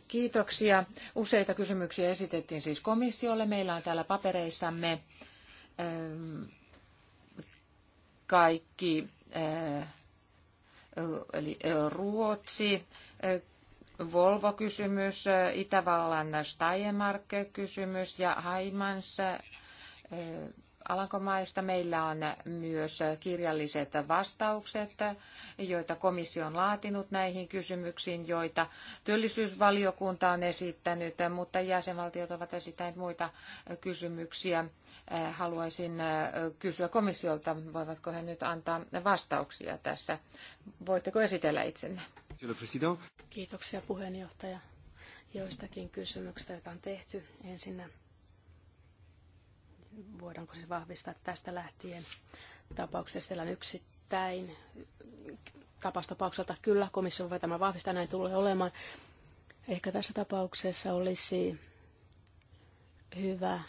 [SPEAKER 3] Kiitoksia. Useita kysymyksiä esitettiin siis komissiolle. Meillä on täällä papereissamme ähm, kaikki, äh, eli äh, Ruotsi, äh, Volvo-kysymys, Itävallan Steiermark-kysymys ja Haimans eh, Alankomaista. Meillä on myös kirjalliset vastaukset, joita komissio on laatinut näihin kysymyksiin, joita työllisyysvaliokunta on esittänyt, mutta jäsenvaltiot ovat esittäneet muita kysymyksiä. Haluaisin kysyä komissiolta, voivatko he nyt antaa vastauksia tässä.
[SPEAKER 2] Voitteko esitellä itsenne? Kiitoksia puheenjohtaja joistakin kysymyksistä, joita on tehty. Ensinnä voidaanko se vahvistaa tästä lähtien tapauksessa siellä yksittäin tapaustapaukselta. Kyllä, komissio voi tämä vahvistaa, näin tulee olemaan. Ehkä tässä tapauksessa olisi hyvä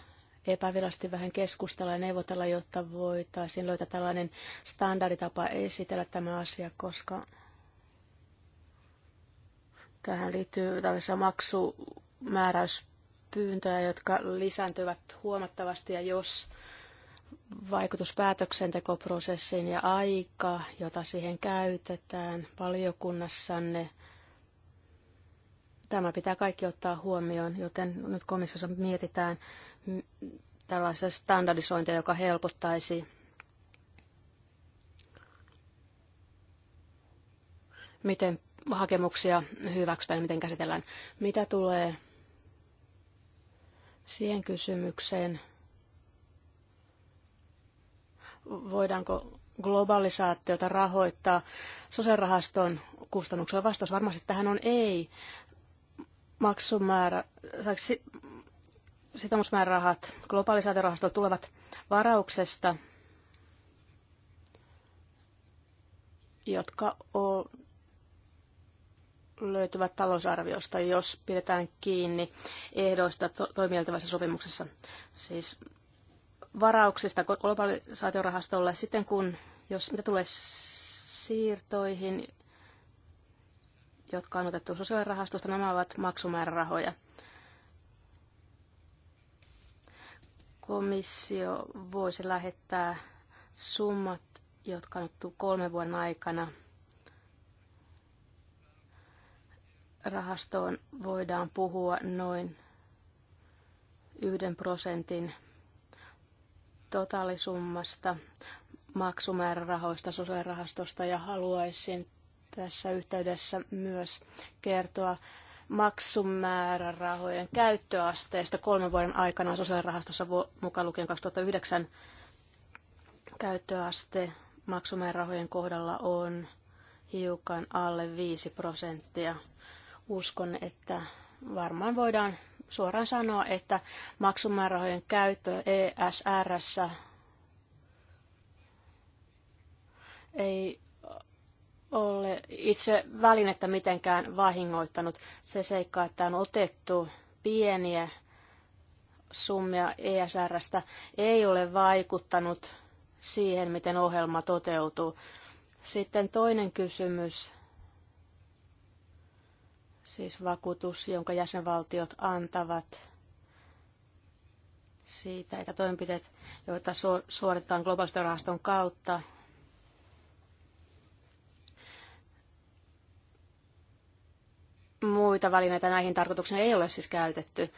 [SPEAKER 2] epävirallisesti vähän keskustella ja neuvotella, jotta voitaisiin löytää tällainen standarditapa esitellä tämä asia, koska tähän liittyy tällaisia maksumääräys pyyntöjä, jotka lisääntyvät huomattavasti ja jos vaikutus päätöksentekoprosessiin ja aika, jota siihen käytetään valiokunnassanne, tämä pitää kaikki ottaa huomioon, joten nyt komissiossa mietitään tällaista standardisointia, joka helpottaisi miten hakemuksia hyväksytään ja miten käsitellään. Mitä tulee siihen kysymykseen, voidaanko globalisaatiota rahoittaa sosiaalirahaston kustannuksella? Vastaus varmasti tähän on ei. Maksumäärä, saisi, sitoumusmäärärahat globalisaatiorahastot tulevat varauksesta, jotka on löytyvät talousarviosta, jos pidetään kiinni ehdoista to- toimialtavassa sopimuksessa, siis varauksista globalisaatiorahastolle. Sitten kun, jos mitä tulee siirtoihin, jotka on otettu sosiaalirahastosta, nämä ovat maksumäärärahoja. Komissio voisi lähettää summat, jotka on otettu kolmen vuoden aikana – rahastoon voidaan puhua noin yhden prosentin totaalisummasta maksumäärärahoista sosiaalirahastosta ja haluaisin tässä yhteydessä myös kertoa maksumäärärahojen käyttöasteesta kolmen vuoden aikana sosiaalirahastossa mukaan lukien 2009 käyttöaste maksumäärärahojen kohdalla on hiukan alle 5 prosenttia Uskon, että varmaan voidaan suoraan sanoa, että maksumäärärahojen käyttö ESR ei ole itse välinettä mitenkään vahingoittanut. Se seikka, että on otettu pieniä summia ESRstä, ei ole vaikuttanut siihen, miten ohjelma toteutuu. Sitten toinen kysymys siis vakuutus, jonka jäsenvaltiot antavat siitä, että toimenpiteet, joita suoritetaan globaalisten rahaston kautta, muita välineitä näihin tarkoituksiin ei ole siis käytetty.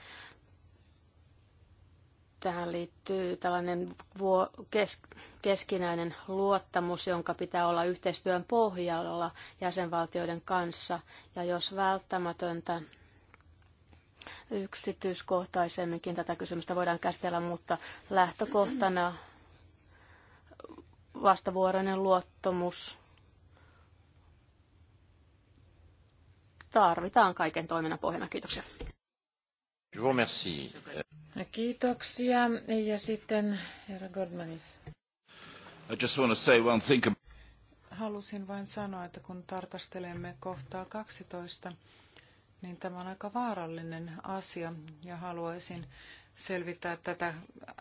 [SPEAKER 2] Tähän liittyy tällainen vuo, kes, keskinäinen luottamus, jonka pitää olla yhteistyön pohjalla jäsenvaltioiden kanssa. Ja jos välttämätöntä, yksityiskohtaisemminkin tätä kysymystä voidaan käsitellä, mutta lähtökohtana vastavuoroinen luottamus tarvitaan kaiken toiminnan pohjana. Kiitoksia.
[SPEAKER 1] Je vous remercie.
[SPEAKER 3] No, kiitoksia. Ja sitten herra Godmanis.
[SPEAKER 1] I just want to say one thing.
[SPEAKER 3] Halusin vain sanoa, että kun
[SPEAKER 4] tarkastelemme kohtaa 12, niin tämä on aika vaarallinen asia ja haluaisin selvittää tätä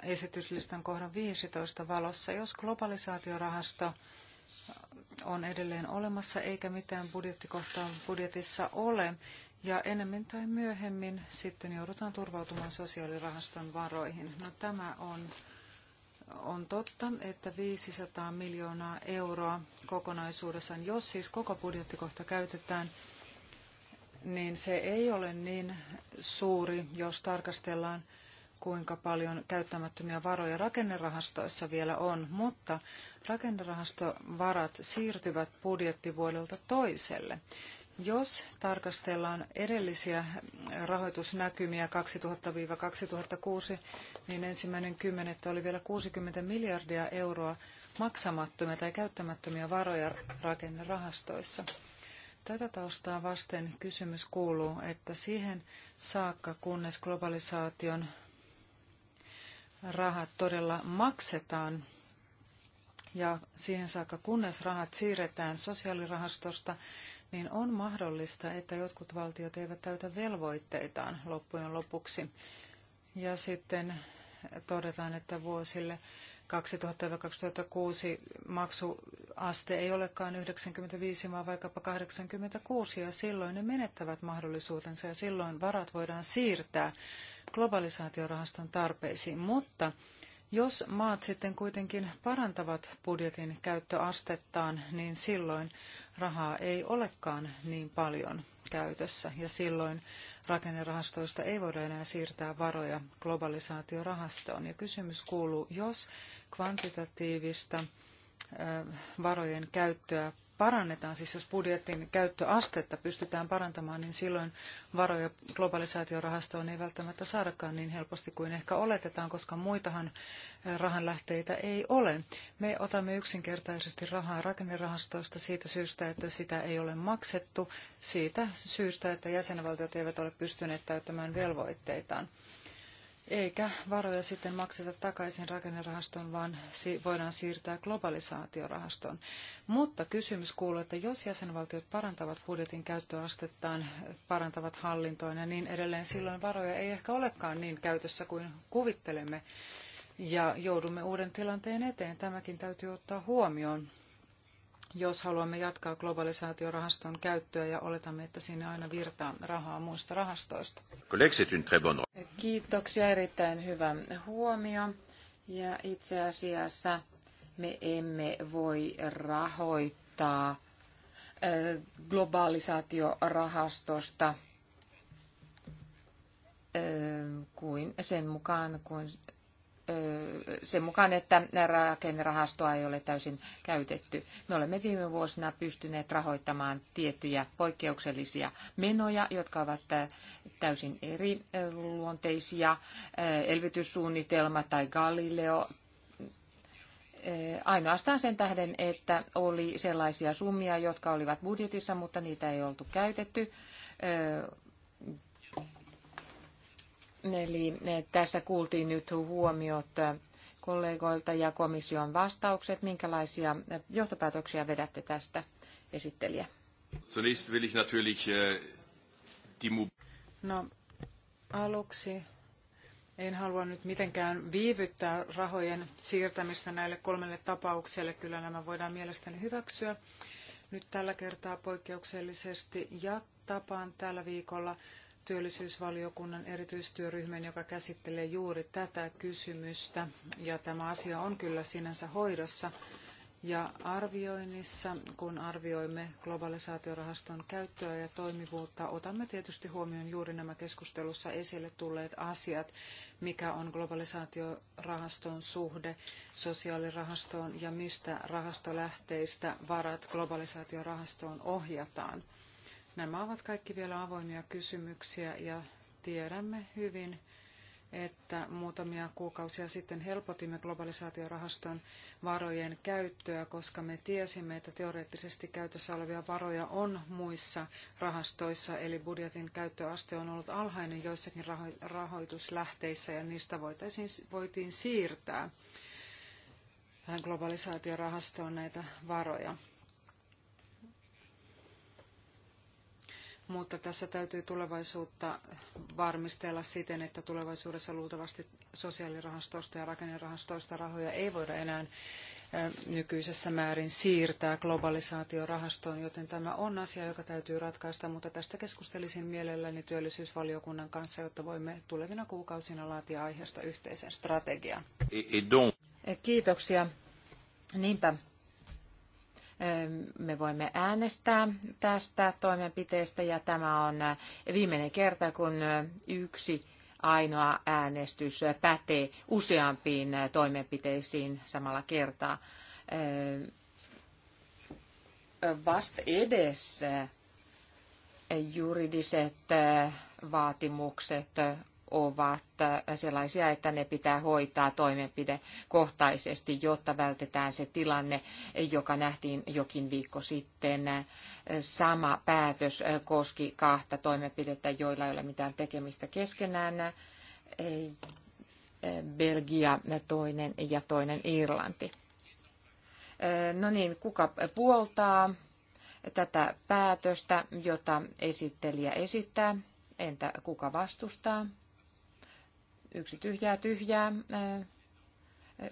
[SPEAKER 4] esityslistan kohdan 15 valossa. Jos globalisaatiorahasto on edelleen olemassa eikä mitään budjettikohtaa budjetissa ole, ja enemmän tai myöhemmin sitten joudutaan turvautumaan sosiaalirahaston varoihin. No tämä on, on totta, että 500 miljoonaa euroa kokonaisuudessaan, jos siis koko budjettikohta käytetään, niin se ei ole niin suuri, jos tarkastellaan kuinka paljon käyttämättömiä varoja rakennerahastoissa vielä on, mutta rakennerahastovarat siirtyvät budjettivuodelta toiselle. Jos tarkastellaan edellisiä rahoitusnäkymiä 2000-2006, niin ensimmäinen kymmenettä oli vielä 60 miljardia euroa maksamattomia tai käyttämättömiä varoja rakennerahastoissa. Tätä taustaa vasten kysymys kuuluu, että siihen saakka, kunnes globalisaation rahat todella maksetaan ja siihen saakka, kunnes rahat siirretään sosiaalirahastosta niin on mahdollista, että jotkut valtiot eivät täytä velvoitteitaan loppujen lopuksi. Ja sitten todetaan, että vuosille 2000-2006 maksuaste ei olekaan 95, vaan vaikkapa 86, ja silloin ne menettävät mahdollisuutensa, ja silloin varat voidaan siirtää globalisaatiorahaston tarpeisiin. Mutta jos maat sitten kuitenkin parantavat budjetin käyttöastettaan, niin silloin rahaa ei olekaan niin paljon käytössä ja silloin rakennerahastoista ei voida enää siirtää varoja globalisaatiorahastoon. Ja kysymys kuuluu, jos kvantitatiivista varojen käyttöä parannetaan, siis jos budjetin käyttöastetta pystytään parantamaan, niin silloin varoja globalisaatiorahastoon ei välttämättä saadakaan niin helposti kuin ehkä oletetaan, koska muitahan eh, rahanlähteitä ei ole. Me otamme yksinkertaisesti rahaa rakennerahastoista siitä syystä, että sitä ei ole maksettu, siitä syystä, että jäsenvaltiot eivät ole pystyneet täyttämään velvoitteitaan eikä varoja sitten makseta takaisin rakennerahastoon, vaan voidaan siirtää globalisaatiorahastoon. Mutta kysymys kuuluu, että jos jäsenvaltiot parantavat budjetin käyttöastettaan, parantavat hallintoa ja niin edelleen, silloin varoja ei ehkä olekaan niin käytössä kuin kuvittelemme ja joudumme uuden tilanteen eteen. Tämäkin täytyy ottaa huomioon jos haluamme jatkaa globalisaatiorahaston käyttöä ja oletamme, että sinne aina virtaa rahaa muista rahastoista.
[SPEAKER 3] Kiitoksia, erittäin hyvä huomio. Ja itse asiassa me emme voi rahoittaa globalisaatiorahastosta kuin sen mukaan, kun sen mukaan, että rakennerahastoa ei ole täysin käytetty. Me olemme viime vuosina pystyneet rahoittamaan tiettyjä poikkeuksellisia menoja, jotka ovat täysin eri luonteisia, elvytyssuunnitelma tai Galileo ainoastaan sen tähden, että oli sellaisia summia, jotka olivat budjetissa, mutta niitä ei oltu käytetty Eli eh, tässä kuultiin nyt huomiot eh, kollegoilta ja komission vastaukset. Minkälaisia eh, johtopäätöksiä vedätte tästä esittelijä?
[SPEAKER 1] Zunächst will ich natürlich
[SPEAKER 3] No,
[SPEAKER 4] aluksi en halua nyt mitenkään viivyttää rahojen siirtämistä näille kolmelle tapaukselle. Kyllä nämä voidaan mielestäni hyväksyä nyt tällä kertaa poikkeuksellisesti ja tapaan tällä viikolla työllisyysvaliokunnan erityistyöryhmän, joka käsittelee juuri tätä kysymystä. Ja tämä asia on kyllä sinänsä hoidossa. Ja arvioinnissa, kun arvioimme globalisaatiorahaston käyttöä ja toimivuutta, otamme tietysti huomioon juuri nämä keskustelussa esille tulleet asiat, mikä on globalisaatiorahaston suhde sosiaalirahastoon ja mistä rahastolähteistä varat globalisaatiorahastoon ohjataan. Nämä ovat kaikki vielä avoimia kysymyksiä ja tiedämme hyvin, että muutamia kuukausia sitten helpotimme globalisaatiorahaston varojen käyttöä, koska me tiesimme, että teoreettisesti käytössä olevia varoja on muissa rahastoissa, eli budjetin käyttöaste on ollut alhainen joissakin rahoituslähteissä ja niistä voitaisiin, voitiin siirtää globalisaatiorahastoon näitä varoja. mutta tässä täytyy tulevaisuutta varmistella siten, että tulevaisuudessa luultavasti sosiaalirahastoista ja rakennerahastoista rahoja ei voida enää nykyisessä määrin siirtää globalisaatiorahastoon, joten tämä on asia, joka täytyy ratkaista, mutta tästä keskustelisin mielelläni työllisyysvaliokunnan kanssa, jotta voimme tulevina kuukausina laatia aiheesta yhteisen strategian. Kiitoksia.
[SPEAKER 3] Niinpä me voimme äänestää tästä toimenpiteestä ja tämä on viimeinen kerta, kun yksi ainoa äänestys pätee useampiin toimenpiteisiin samalla kertaa. Vasta edessä juridiset vaatimukset ovat sellaisia, että ne pitää hoitaa toimenpidekohtaisesti, jotta vältetään se tilanne, joka nähtiin jokin viikko sitten. Sama päätös koski kahta toimenpidettä, joilla ei ole mitään tekemistä keskenään. Belgia toinen ja toinen Irlanti. No niin, kuka puoltaa tätä päätöstä, jota esittelijä esittää? Entä kuka vastustaa? Yksi tyhjää tyhjää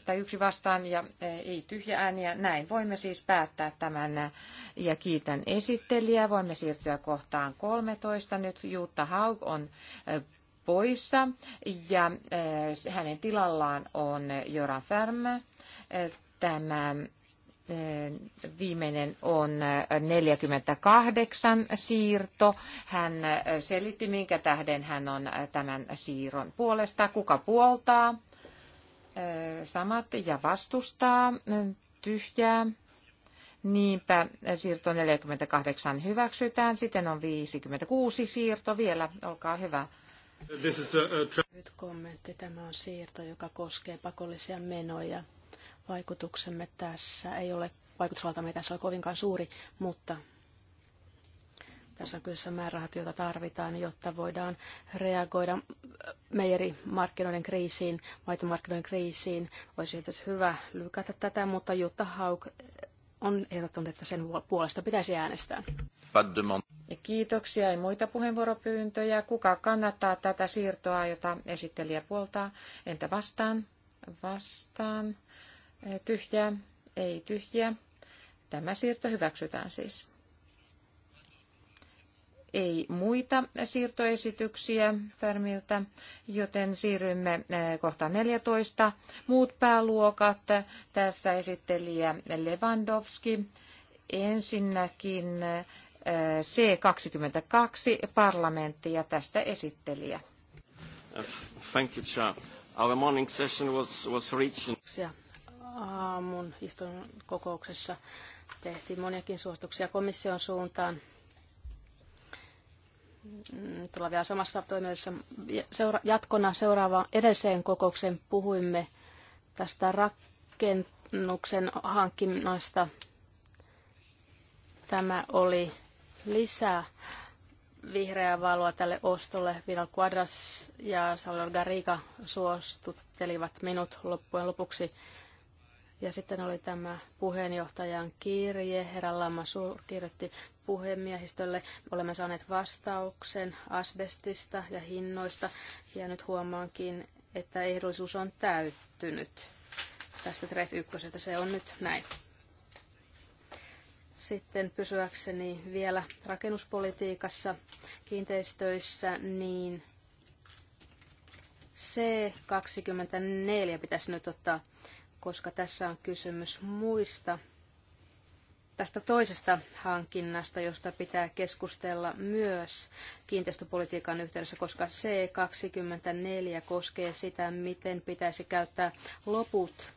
[SPEAKER 3] tai yksi vastaan ja ei tyhjä ääniä. Näin voimme siis päättää tämän ja kiitän esittelijää. Voimme siirtyä kohtaan 13. Nyt Jutta Haug on poissa ja hänen tilallaan on Joran Färmä. Tämä Viimeinen on 48 äh, siirto. Hän äh, selitti, minkä tähden hän on äh, tämän siirron puolesta, kuka puoltaa samat ja vastustaa tyhjää. Niinpä siirto 48
[SPEAKER 2] hyväksytään. Sitten on 56 siirto vielä. Olkaa hyvä. Nyt kommentti. Tämä on siirto, joka koskee pakollisia menoja vaikutuksemme tässä ei ole, vaikutusvaltamme tässä ole kovinkaan suuri, mutta tässä on kyseessä määrärahat, joita tarvitaan, jotta voidaan reagoida meijerimarkkinoiden kriisiin, maitomarkkinoiden kriisiin. Olisi tietysti hyvä lykätä tätä, mutta Jutta Hauk on ehdottanut, että sen puolesta pitäisi äänestää.
[SPEAKER 3] Kiitoksia. ja muita puheenvuoropyyntöjä. Kuka kannattaa tätä siirtoa, jota esittelijä puoltaa? Entä vastaan? Vastaan. Tyhjää, ei tyhjää. Tämä siirto hyväksytään siis. Ei muita siirtoesityksiä Färmiltä, joten siirrymme eh, kohta 14. Muut pääluokat. Tässä esittelijä Lewandowski. Ensinnäkin eh, C22 parlamentti ja tästä esittelijä.
[SPEAKER 1] Uh, thank you, Chair. Our morning session was, was reaching
[SPEAKER 2] aamun istunnon kokouksessa tehtiin moniakin suosituksia komission suuntaan. Mm, tullaan vielä samassa toimijoissa. Seura- jatkona seuraavaan edelliseen kokoukseen puhuimme tästä rakennuksen hankinnoista. Tämä oli lisää vihreää valoa tälle ostolle. Vidal Quadras ja Salor Garriga suostuttelivat minut loppujen lopuksi ja sitten oli tämä puheenjohtajan kirje, herra Lamassur kirjoitti puhemiehistölle. Olemme saaneet vastauksen asbestista ja hinnoista ja nyt huomaankin, että ehdollisuus on täyttynyt tästä TREF 1. Se on nyt näin. Sitten pysyäkseni vielä rakennuspolitiikassa kiinteistöissä, niin C24 pitäisi nyt ottaa koska tässä on kysymys muista tästä toisesta hankinnasta, josta pitää keskustella myös kiinteistöpolitiikan yhteydessä, koska C24 koskee sitä, miten pitäisi käyttää loput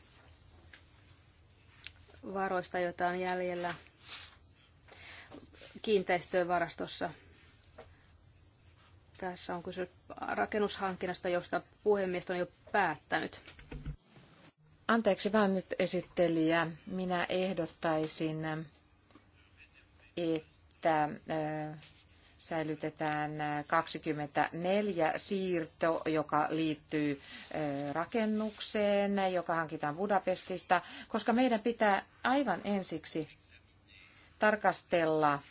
[SPEAKER 2] varoista, joita on jäljellä kiinteistöjen varastossa. Tässä on kysymys rakennushankinnasta, josta puhemies on jo päättänyt.
[SPEAKER 3] Anteeksi vaan nyt esittelijä, minä ehdottaisin, että säilytetään 24 siirto, joka liittyy rakennukseen, joka hankitaan Budapestista, koska meidän pitää aivan ensiksi tarkastella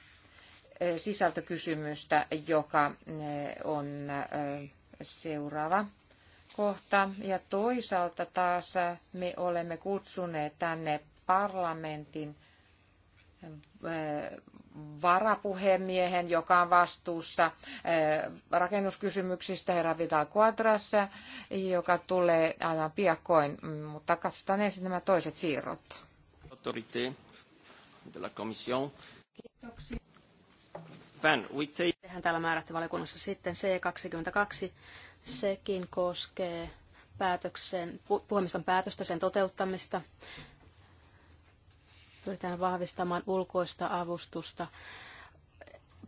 [SPEAKER 3] sisältökysymystä, joka on seuraava kohta ja toisaalta taas me olemme kutsuneet tänne parlamentin eh, varapuhemiehen, joka on vastuussa eh, rakennuskysymyksistä, herra Vidal Quadras, joka tulee aivan piakkoin, mm, mutta katsotaan ensin nämä toiset
[SPEAKER 1] siirrot.
[SPEAKER 2] Kiitoksia. we take... Tehän täällä määrätty valiokunnassa sitten C22 Sekin koskee päätöksen, puhemiston päätöstä, sen toteuttamista. Pyritään vahvistamaan ulkoista avustusta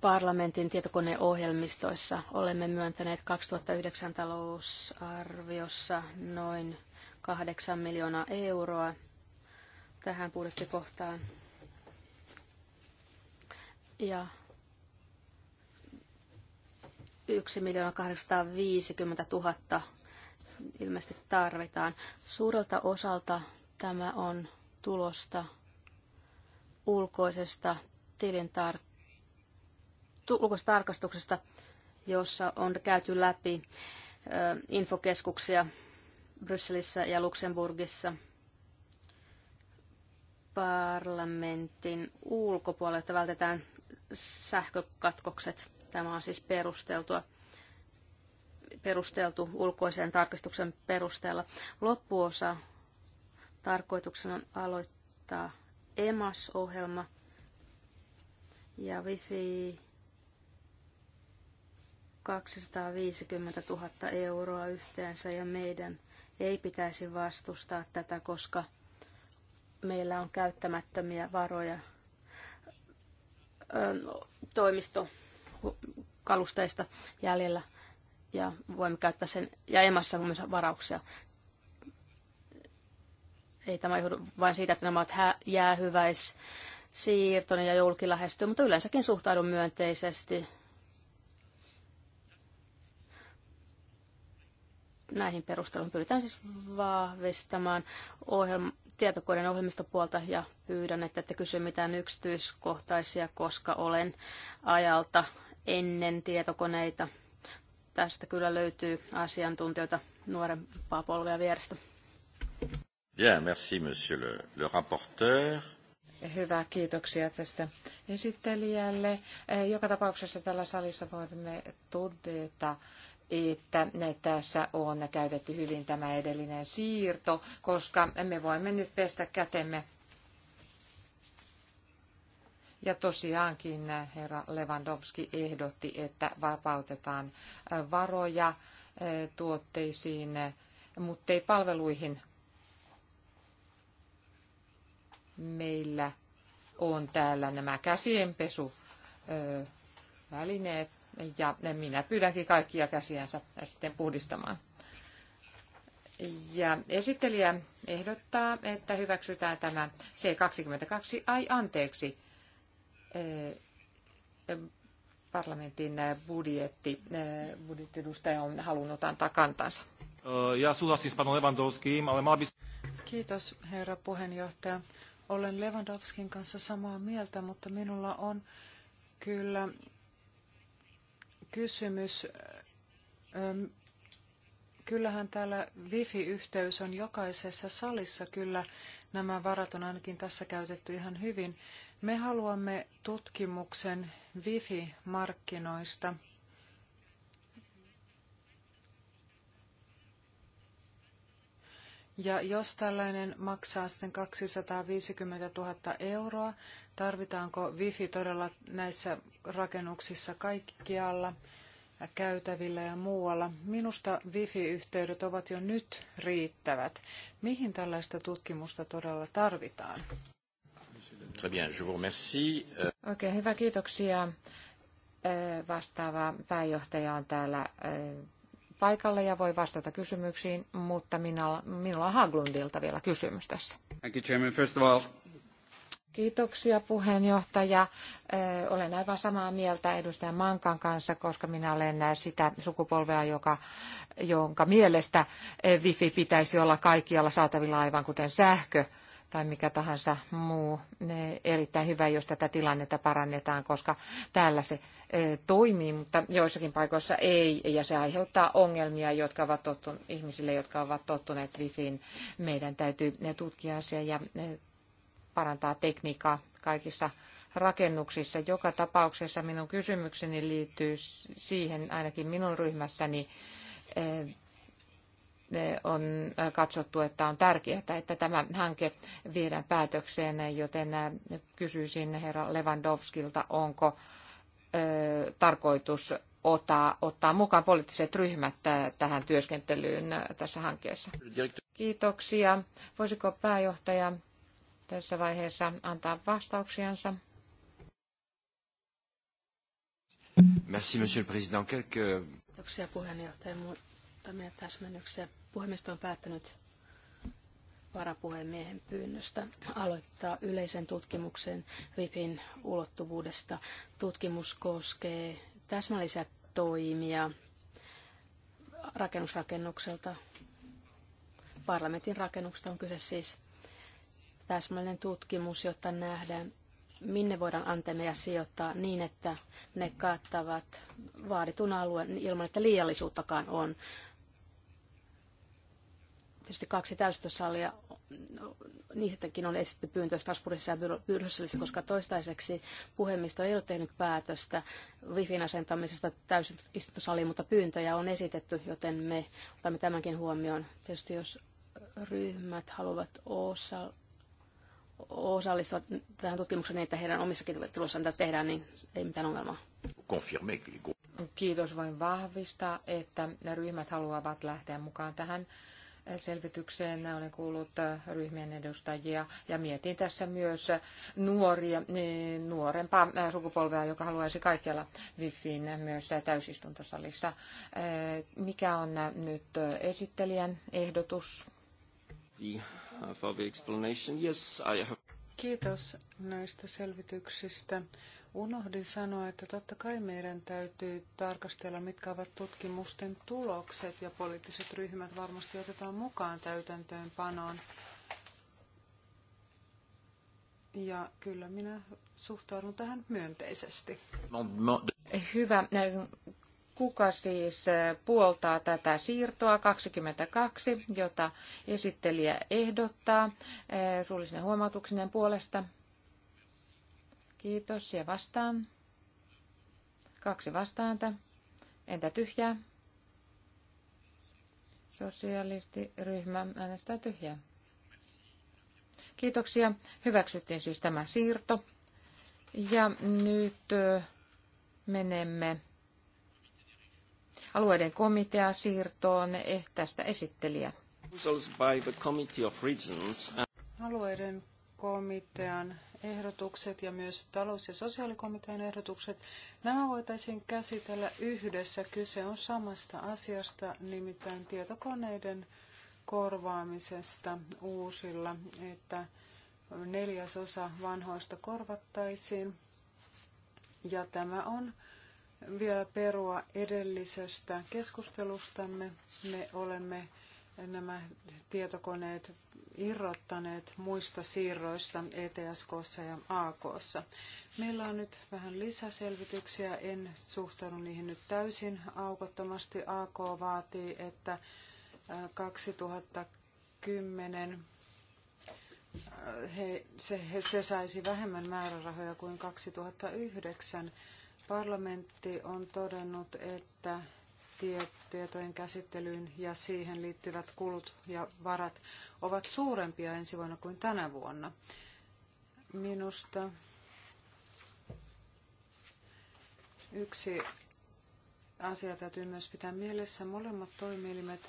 [SPEAKER 2] parlamentin tietokoneohjelmistoissa. Olemme myöntäneet 2009 talousarviossa noin 8 miljoonaa euroa tähän budjettikohtaan. Ja 1 850 000 ilmeisesti tarvitaan. Suurelta osalta tämä on tulosta ulkoisesta tilintar- ulkoisesta tarkastuksesta, jossa on käyty läpi infokeskuksia Brysselissä ja Luxemburgissa parlamentin ulkopuolelta vältetään sähkökatkokset. Tämä on siis perusteltua perusteltu ulkoisen tarkistuksen perusteella. Loppuosa tarkoituksena on aloittaa EMAS-ohjelma ja Wifi 250 000 euroa yhteensä ja meidän ei pitäisi vastustaa tätä, koska meillä on käyttämättömiä varoja toimisto kalusteista jäljellä ja voimme käyttää sen ja emassa myös varauksia. Ei tämä johdu vain siitä, että nämä ovat jäähyväis siirtoni ja julki lähestyy, mutta yleensäkin suhtaudun myönteisesti näihin perusteluihin. Pyritään siis vahvistamaan ohjelma, tietokoneen ohjelmistopuolta ja pyydän, että ette kysy mitään yksityiskohtaisia, koska olen ajalta ennen tietokoneita. Tästä kyllä löytyy asiantuntijoita nuorempaa polvea vierestä.
[SPEAKER 1] Bien, merci monsieur le, le rapporteur.
[SPEAKER 3] Hyvä, kiitoksia tästä esittelijälle. Eh, joka tapauksessa tällä salissa voimme todeta, että tässä on käytetty hyvin tämä edellinen siirto, koska me voimme nyt pestä kätemme ja tosiaankin eh, herra Lewandowski ehdotti, että vapautetaan eh, varoja eh, tuotteisiin, mutta ei palveluihin. Meillä on täällä nämä käsienpesuvälineet ja minä pyydänkin kaikkia käsiänsä sitten puhdistamaan. Ja esittelijä ehdottaa, että hyväksytään tämä C22, ai anteeksi, parlamentin budjetti, budjettidustaja on halunnut antaa kantansa.
[SPEAKER 4] Ja suhlasin Spano Lewandowskim, ale
[SPEAKER 3] Kiitos, herra
[SPEAKER 4] puheenjohtaja. Olen Lewandowskin kanssa samaa mieltä, mutta minulla on kyllä kysymys. Kyllähän täällä wifi-yhteys on jokaisessa salissa. Kyllä nämä varat on ainakin tässä käytetty ihan hyvin. Me haluamme tutkimuksen wifi markkinoista Ja jos tällainen maksaa sitten 250 000 euroa, tarvitaanko wifi todella näissä rakennuksissa kaikkialla, käytävillä ja muualla? Minusta wifi-yhteydet ovat jo nyt riittävät. Mihin tällaista tutkimusta todella
[SPEAKER 3] tarvitaan?
[SPEAKER 1] Très bien, je vous remercie. Euh,
[SPEAKER 3] Oikein hyvä, kiitoksia. Vastaava pääjohtaja on täällä paikalla ja voi vastata kysymyksiin, mutta minulla minulla on Haglundilta vielä kysymys tässä.
[SPEAKER 2] Thank you, Chairman. First of all,
[SPEAKER 3] Kiitoksia puheenjohtaja. Olen aivan samaa mieltä edustaja Mankan kanssa, koska minä olen sitä sukupolvea, joka, jonka mielestä wifi pitäisi olla kaikkialla saatavilla aivan kuten sähkö tai mikä tahansa muu. Erittäin hyvä, jos tätä tilannetta parannetaan, koska täällä se e, toimii, mutta joissakin paikoissa ei, ja se aiheuttaa ongelmia jotka ovat tottun, ihmisille, jotka ovat tottuneet wifiin. Meidän täytyy tutkia asiaa ja e, parantaa tekniikkaa kaikissa rakennuksissa. Joka tapauksessa minun kysymykseni liittyy siihen, ainakin minun ryhmässäni, e, on äh, katsottu, että on tärkeää, että tämä hanke viedään päätökseen, joten äh, kysyisin herra Lewandowskilta, onko tarkoitus ottaa, ottaa mukaan poliittiset ryhmät tähän työskentelyyn äh, tässä hankkeessa. Kiitoksia. Voisiko pääjohtaja tässä vaiheessa antaa vastauksiansa?
[SPEAKER 1] Merci, monsieur le président.
[SPEAKER 2] Kiitoksia puheenjohtaja. Tämä täsmennyksiä. Puhemiesto on päättänyt varapuhemiehen pyynnöstä aloittaa yleisen tutkimuksen VIPin ulottuvuudesta. Tutkimus koskee täsmällisiä toimia rakennusrakennukselta. Parlamentin rakennuksesta on kyse siis täsmällinen tutkimus, jotta nähdään, minne voidaan antenneja sijoittaa niin, että ne kattavat vaaditun alueen ilman, että liiallisuuttakaan on tietysti kaksi täystössalia, niistäkin on esitetty pyyntö Strasbourgissa ja Brysselissä, koska toistaiseksi puhemisto ei ole tehnyt päätöstä Wifin asentamisesta täysistuntosaliin, mutta pyyntöjä on esitetty, joten me otamme tämänkin huomioon. Tietysti jos ryhmät haluavat osa, osallistua tähän tutkimukseen niin, että heidän omissakin tulossaan tätä tehdään, niin ei mitään ongelmaa. Kiitos, voin vahvistaa, että ryhmät haluavat
[SPEAKER 3] lähteä mukaan tähän selvitykseen. Olen kuullut äh, ryhmien edustajia ja mietin tässä myös äh, nuoria, niin nuorempaa äh, sukupolvea, joka haluaisi kaikkialla wifiin myös täysistuntosalissa. Mikä on nyt esittelijän ehdotus?
[SPEAKER 1] Uh,
[SPEAKER 4] Kiitos näistä selvityksistä. Unohdin sanoa, että totta kai meidän täytyy tarkastella, mitkä ovat tutkimusten tulokset ja poliittiset ryhmät varmasti otetaan mukaan täytäntöönpanoon.
[SPEAKER 3] Ja kyllä minä suhtaudun tähän myönteisesti. Hyvä. Kuka siis eh, puoltaa tätä siirtoa 22, jota esittelijä ehdottaa eh, suullisen huomautuksinen puolesta? Kiitos ja vastaan. Kaksi vastaanta. Entä tyhjää? Sosialistiryhmä äänestää tyhjää. Kiitoksia. Hyväksyttiin siis tämä siirto. Ja nyt menemme alueiden komitea siirtoon eh, tästä esittelijä. Alueiden
[SPEAKER 4] komitean ehdotukset ja myös talous- ja sosiaalikomitean ehdotukset, nämä voitaisiin käsitellä yhdessä. Kyse on samasta asiasta, nimittäin tietokoneiden korvaamisesta uusilla, että neljäsosa vanhoista korvattaisiin. Ja tämä on vielä perua edellisestä keskustelustamme. Me olemme nämä tietokoneet irrottaneet muista siirroista etsk ja AKssa. Meillä on nyt vähän lisäselvityksiä, en suhtaudu niihin nyt täysin aukottomasti. AK vaatii, että 2010 äh, äh, he, se, he, se saisi vähemmän määrärahoja kuin 2009. Parlamentti on todennut, että tietojen käsittelyyn ja siihen liittyvät kulut ja varat ovat suurempia ensi vuonna kuin tänä vuonna. Minusta yksi asia täytyy myös pitää mielessä. Molemmat toimielimet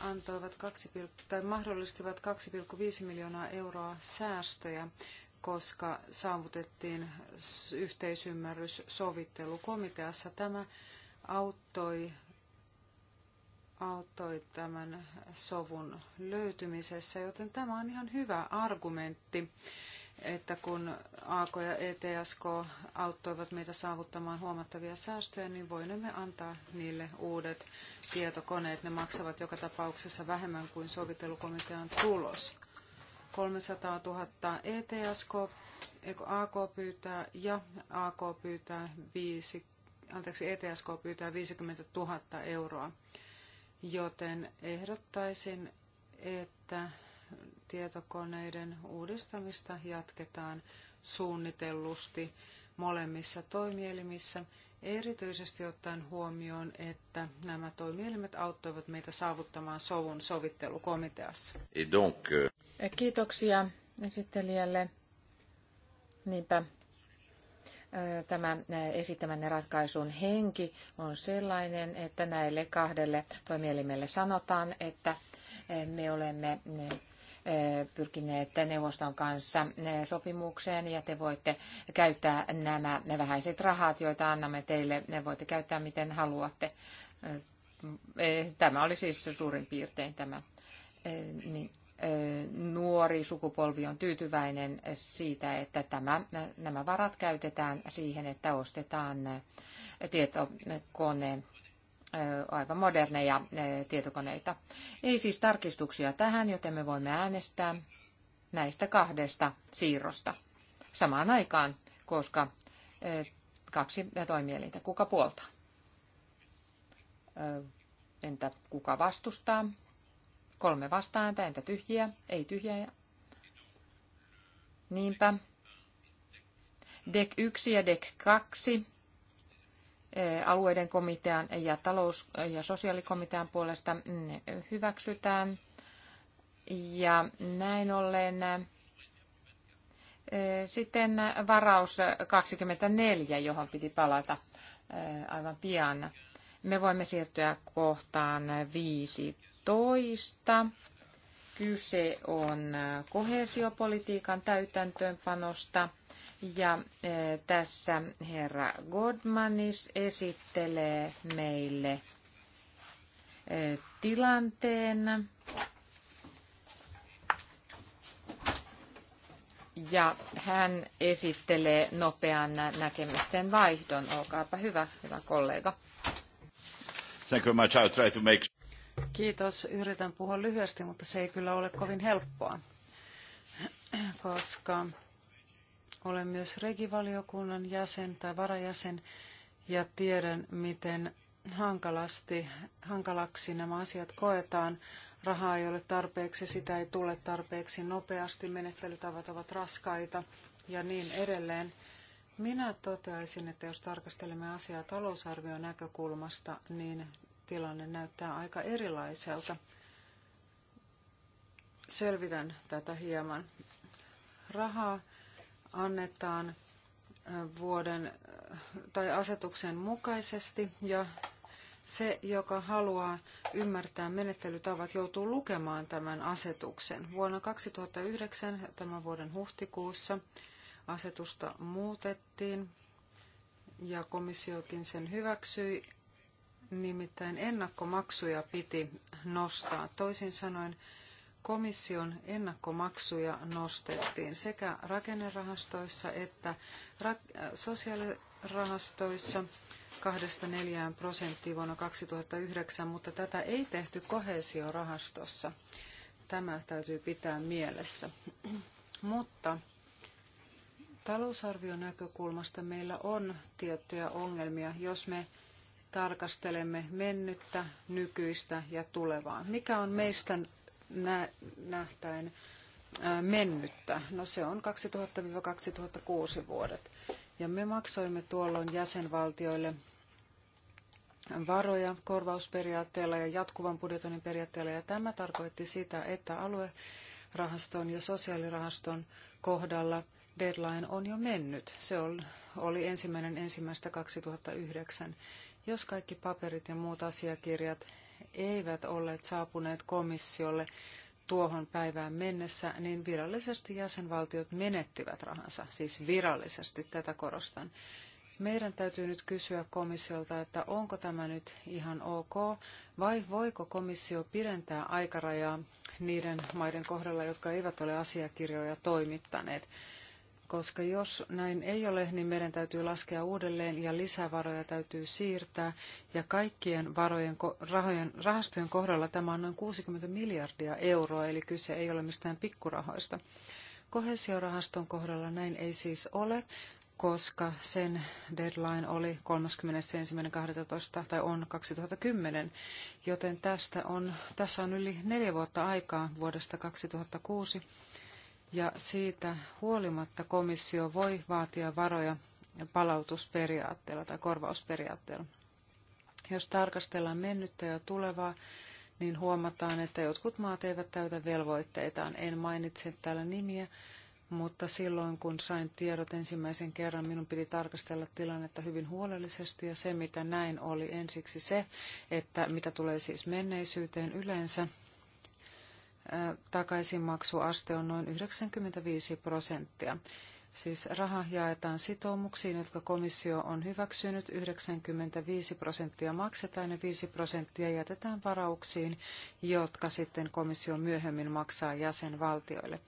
[SPEAKER 4] antoivat 2, tai mahdollistivat 2,5 miljoonaa euroa säästöjä, koska saavutettiin yhteisymmärrys sovittelukomiteassa. Tämä auttoi auttoi tämän sovun löytymisessä, joten tämä on ihan hyvä argumentti, että kun AK ja ETSK auttoivat meitä saavuttamaan huomattavia säästöjä, niin voimme antaa niille uudet tietokoneet. Ne maksavat joka tapauksessa vähemmän kuin sovittelukomitean tulos. 300 000 ETSK, AK pyytää ja AK pyytää 5, anteeksi, ETSK pyytää 50 000 euroa. Joten ehdottaisin, että tietokoneiden uudistamista jatketaan suunnitellusti molemmissa toimielimissä, erityisesti ottaen huomioon, että nämä toimielimet auttoivat meitä saavuttamaan sovun sovittelukomiteassa.
[SPEAKER 1] Euh,
[SPEAKER 3] Kiitoksia esittelijälle. Niinpä tämä esittämänne ratkaisun henki on sellainen, että näille kahdelle toimielimelle sanotaan, että me olemme pyrkineet neuvoston kanssa sopimukseen ja te voitte käyttää nämä ne vähäiset rahat, joita annamme teille, ne voitte käyttää miten haluatte. Tämä oli siis suurin piirtein tämä. Niin nuori sukupolvi on tyytyväinen siitä, että tämä, nämä varat käytetään siihen, että ostetaan tietokone, aivan moderneja tietokoneita. Ei siis tarkistuksia tähän, joten me voimme äänestää näistä kahdesta siirrosta samaan aikaan, koska kaksi toimielintä. Kuka puoltaa? Entä kuka vastustaa? Kolme vastaan ääntä tyhjiä, ei tyhjiä. Niinpä. DEC 1 ja DEC 2 eh, alueiden komitean ja talous- ja sosiaalikomitean puolesta ne hyväksytään. Ja näin ollen eh, sitten varaus 24, johon piti palata eh, aivan pian. Me voimme siirtyä kohtaan 5 toista. Kyse on kohesiopolitiikan täytäntöönpanosta ja e, tässä herra Godmanis esittelee meille e, tilanteen. Ja hän esittelee nopean näkemysten vaihdon. Olkaapa hyvä, hyvä kollega.
[SPEAKER 1] Thank you very much. I'll try to make...
[SPEAKER 4] Kiitos. Yritän puhua lyhyesti, mutta se ei kyllä ole kovin helppoa, koska olen myös regivaliokunnan jäsen tai varajäsen ja tiedän, miten hankalasti, hankalaksi nämä asiat koetaan. Rahaa ei ole tarpeeksi, sitä ei tule tarpeeksi nopeasti, menettelytavat ovat raskaita ja niin edelleen. Minä toteaisin, että jos tarkastelemme asiaa talousarvion näkökulmasta, niin tilanne näyttää aika erilaiselta. Selvitän tätä hieman. Rahaa annetaan vuoden tai asetuksen mukaisesti ja se, joka haluaa ymmärtää menettelytavat, joutuu lukemaan tämän asetuksen. Vuonna 2009, tämän vuoden huhtikuussa, asetusta muutettiin ja komissiokin sen hyväksyi Nimittäin ennakkomaksuja piti nostaa. Toisin sanoen komission ennakkomaksuja nostettiin sekä rakennerahastoissa että äh, sosiaalirahastoissa 2-4 prosenttia vuonna 2009, mutta tätä ei tehty kohesiorahastossa. Tämä täytyy pitää mielessä. mutta talousarvion näkökulmasta meillä on tiettyjä ongelmia. Jos me tarkastelemme mennyttä, nykyistä ja tulevaa. Mikä on meistä nähtäen mennyttä? No se on 2000-2006 vuodet. Ja me maksoimme tuolloin jäsenvaltioille varoja korvausperiaatteella ja jatkuvan budjetoinnin periaatteella. Ja tämä tarkoitti sitä, että aluerahaston ja sosiaalirahaston kohdalla deadline on jo mennyt. Se oli ensimmäinen ensimmäistä 2009. Jos kaikki paperit ja muut asiakirjat eivät olleet saapuneet komissiolle tuohon päivään mennessä, niin virallisesti jäsenvaltiot menettivät rahansa. Siis virallisesti, tätä korostan. Meidän täytyy nyt kysyä komissiolta, että onko tämä nyt ihan ok, vai voiko komissio pidentää aikarajaa niiden maiden kohdalla, jotka eivät ole asiakirjoja toimittaneet koska jos näin ei ole, niin meidän täytyy laskea uudelleen ja lisävaroja täytyy siirtää. Ja kaikkien varojen, rahojen, rahastojen kohdalla tämä on noin 60 miljardia euroa, eli kyse ei ole mistään pikkurahoista. Kohesiorahaston kohdalla näin ei siis ole, koska sen deadline oli 31.12. tai on 2010, joten tästä on, tässä on yli neljä vuotta aikaa vuodesta 2006 ja siitä huolimatta komissio voi vaatia varoja palautusperiaatteella tai korvausperiaatteella. Jos tarkastellaan mennyttä ja tulevaa, niin huomataan, että jotkut maat eivät täytä velvoitteitaan. En mainitse täällä nimiä, mutta silloin kun sain tiedot ensimmäisen kerran, minun piti tarkastella tilannetta hyvin huolellisesti ja se mitä näin oli ensiksi se, että mitä tulee siis menneisyyteen yleensä, takaisinmaksuaste on noin 95 prosenttia. Siis raha jaetaan sitoumuksiin, jotka komissio on hyväksynyt. 95 prosenttia maksetaan ja 5 prosenttia jätetään varauksiin, jotka sitten komissio myöhemmin maksaa jäsenvaltioille.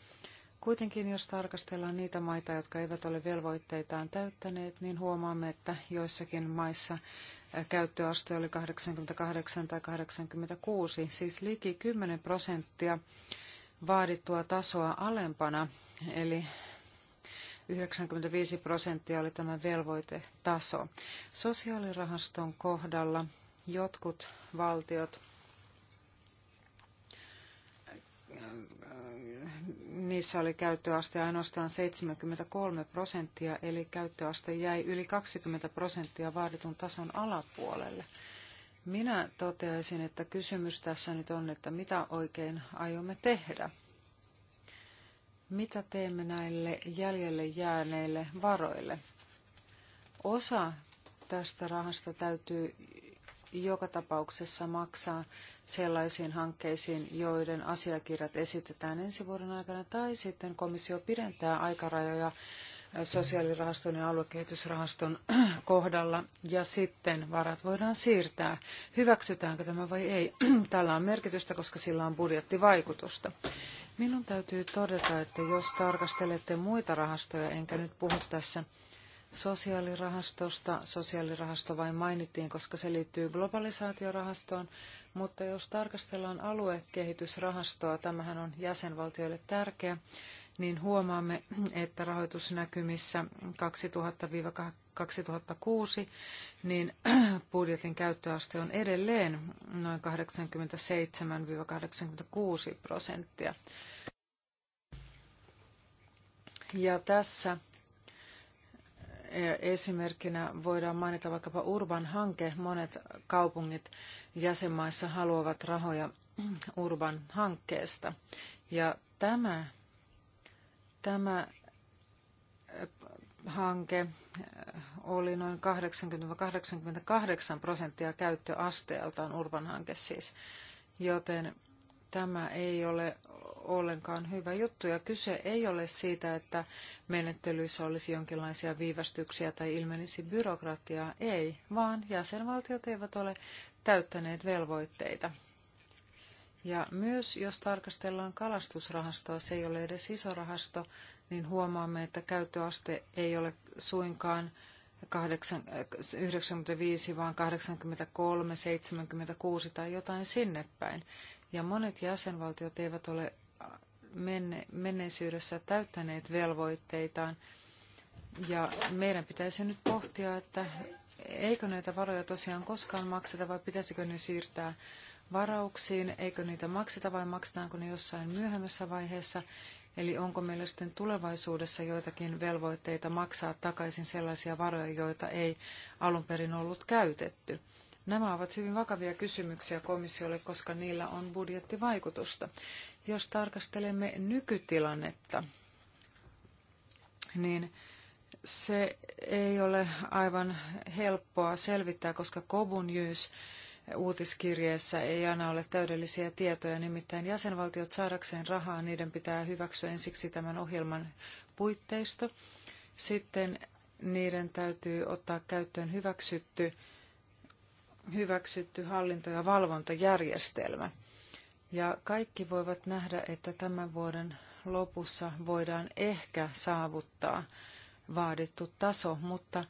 [SPEAKER 4] Kuitenkin, jos tarkastellaan niitä maita, jotka eivät ole velvoitteitaan täyttäneet, niin huomaamme, että joissakin maissa käyttöaste oli 88 tai 86, siis liki 10 prosenttia vaadittua tasoa alempana, eli 95 prosenttia oli tämä velvoitetaso. Sosiaalirahaston kohdalla jotkut valtiot niissä oli käyttöaste ainoastaan 73 prosenttia, eli käyttöaste jäi yli 20 prosenttia vaaditun tason alapuolelle. Minä toteaisin, että kysymys tässä nyt on, että mitä oikein aiomme tehdä. Mitä teemme näille jäljelle jääneille varoille? Osa tästä rahasta täytyy joka tapauksessa maksaa sellaisiin hankkeisiin, joiden asiakirjat esitetään ensi vuoden aikana, tai sitten komissio pidentää aikarajoja sosiaalirahaston ja aluekehitysrahaston kohdalla, ja sitten varat voidaan siirtää. Hyväksytäänkö tämä vai ei? Tällä on merkitystä, koska sillä on budjettivaikutusta. Minun täytyy todeta, että jos tarkastelette muita rahastoja, enkä nyt puhu tässä sosiaalirahastosta. Sosiaalirahasto vain mainittiin, koska se liittyy globalisaatiorahastoon, mutta jos tarkastellaan aluekehitysrahastoa, tämähän on jäsenvaltioille tärkeä, niin huomaamme, että rahoitusnäkymissä 2000-2006 niin budjetin käyttöaste on edelleen noin 87-86 prosenttia. Ja tässä Esimerkkinä voidaan mainita vaikkapa Urban hanke. Monet kaupungit jäsenmaissa haluavat rahoja Urban hankkeesta. Ja tämä, tämä äh, hanke äh, oli noin 80-88 prosenttia käyttöasteeltaan Urban hanke siis, joten tämä ei ole ollenkaan hyvä juttu. Ja kyse ei ole siitä, että menettelyissä olisi jonkinlaisia viivästyksiä tai ilmenisi byrokratiaa. Ei, vaan jäsenvaltiot eivät ole täyttäneet velvoitteita. Ja myös jos tarkastellaan kalastusrahastoa, se ei ole edes iso rahasto, niin huomaamme, että käyttöaste ei ole suinkaan 95, vaan 83, 76 tai jotain sinne päin. Ja monet jäsenvaltiot eivät ole menneisyydessä täyttäneet velvoitteitaan. Ja meidän pitäisi nyt pohtia, että eikö näitä varoja tosiaan koskaan makseta vai pitäisikö ne siirtää varauksiin, eikö niitä makseta vai maksetaanko ne jossain myöhemmässä vaiheessa. Eli onko meillä sitten tulevaisuudessa joitakin velvoitteita maksaa takaisin sellaisia varoja, joita ei alun perin ollut käytetty? Nämä ovat hyvin vakavia kysymyksiä komissiolle, koska niillä on budjettivaikutusta. Jos tarkastelemme nykytilannetta, niin se ei ole aivan helppoa selvittää, koska Kobunjyys uutiskirjeessä ei aina ole täydellisiä tietoja, nimittäin jäsenvaltiot saadakseen rahaa, niiden pitää hyväksyä ensiksi tämän ohjelman puitteisto. Sitten niiden täytyy ottaa käyttöön hyväksytty, hyväksytty hallinto- ja valvontajärjestelmä. Ja kaikki voivat nähdä, että tämän vuoden lopussa voidaan ehkä saavuttaa vaadittu taso, mutta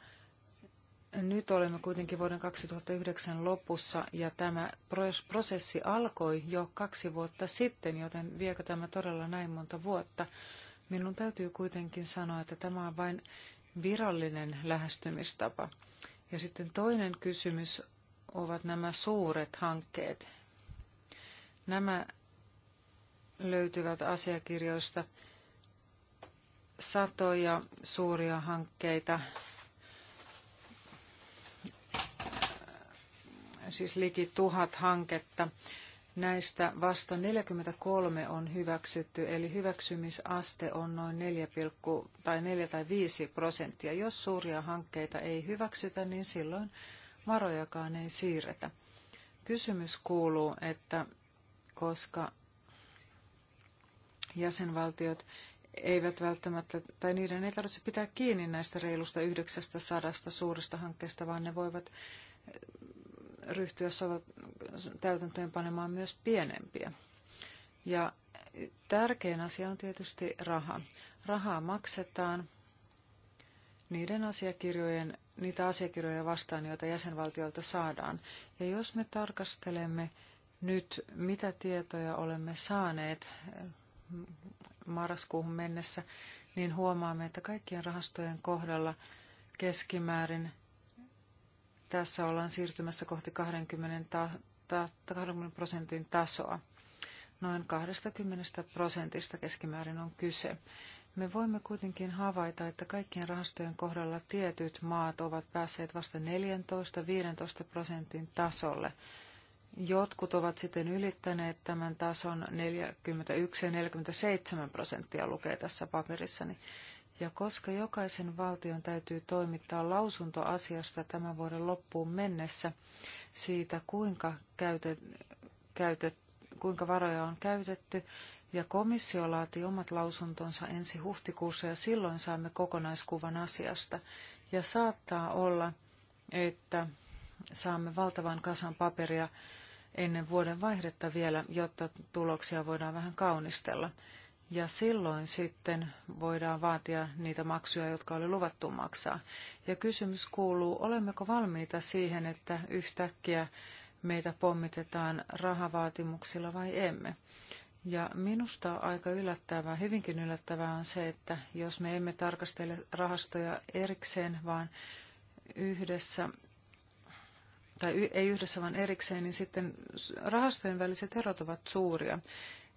[SPEAKER 4] nyt olemme kuitenkin vuoden 2009 lopussa ja tämä prosessi alkoi jo kaksi vuotta sitten, joten viekö tämä todella näin monta vuotta? Minun täytyy kuitenkin sanoa, että tämä on vain virallinen lähestymistapa. Ja sitten toinen kysymys ovat nämä suuret hankkeet. Nämä löytyvät asiakirjoista satoja suuria hankkeita, siis liki tuhat hanketta. Näistä vasta 43 on hyväksytty, eli hyväksymisaste on noin 4, tai 4 tai 5 prosenttia. Jos suuria hankkeita ei hyväksytä, niin silloin varojakaan ei siirretä. Kysymys kuuluu, että koska jäsenvaltiot eivät välttämättä, tai niiden ei tarvitse pitää kiinni näistä reilusta 900 suuresta hankkeesta, vaan ne voivat ryhtyä täytäntöön panemaan myös pienempiä. Ja tärkein asia on tietysti raha. Rahaa maksetaan niiden asiakirjojen, niitä asiakirjoja vastaan, joita jäsenvaltiolta saadaan. Ja jos me tarkastelemme nyt, mitä tietoja olemme saaneet marraskuuhun mennessä, niin huomaamme, että kaikkien rahastojen kohdalla keskimäärin tässä ollaan siirtymässä kohti 20, 20 prosentin tasoa. Noin 20 prosentista keskimäärin on kyse. Me voimme kuitenkin havaita, että kaikkien rahastojen kohdalla tietyt maat ovat päässeet vasta 14-15 prosentin tasolle Jotkut ovat sitten ylittäneet tämän tason 41 ja 47 prosenttia lukee tässä paperissani. Ja koska jokaisen valtion täytyy toimittaa lausunto asiasta tämän vuoden loppuun mennessä siitä, kuinka, käytet, käytet, kuinka varoja on käytetty, ja komissio laati omat lausuntonsa ensi huhtikuussa ja silloin saamme kokonaiskuvan asiasta. Ja saattaa olla, että saamme valtavan kasan paperia, ennen vuoden vaihdetta vielä, jotta tuloksia voidaan vähän kaunistella. Ja silloin sitten voidaan vaatia niitä maksuja, jotka oli luvattu maksaa. Ja kysymys kuuluu, olemmeko valmiita siihen, että yhtäkkiä meitä pommitetaan rahavaatimuksilla vai emme. Ja minusta aika yllättävää, hyvinkin yllättävää on se, että jos me emme tarkastele rahastoja erikseen, vaan yhdessä, tai ei yhdessä vaan erikseen, niin sitten rahastojen väliset erot ovat suuria.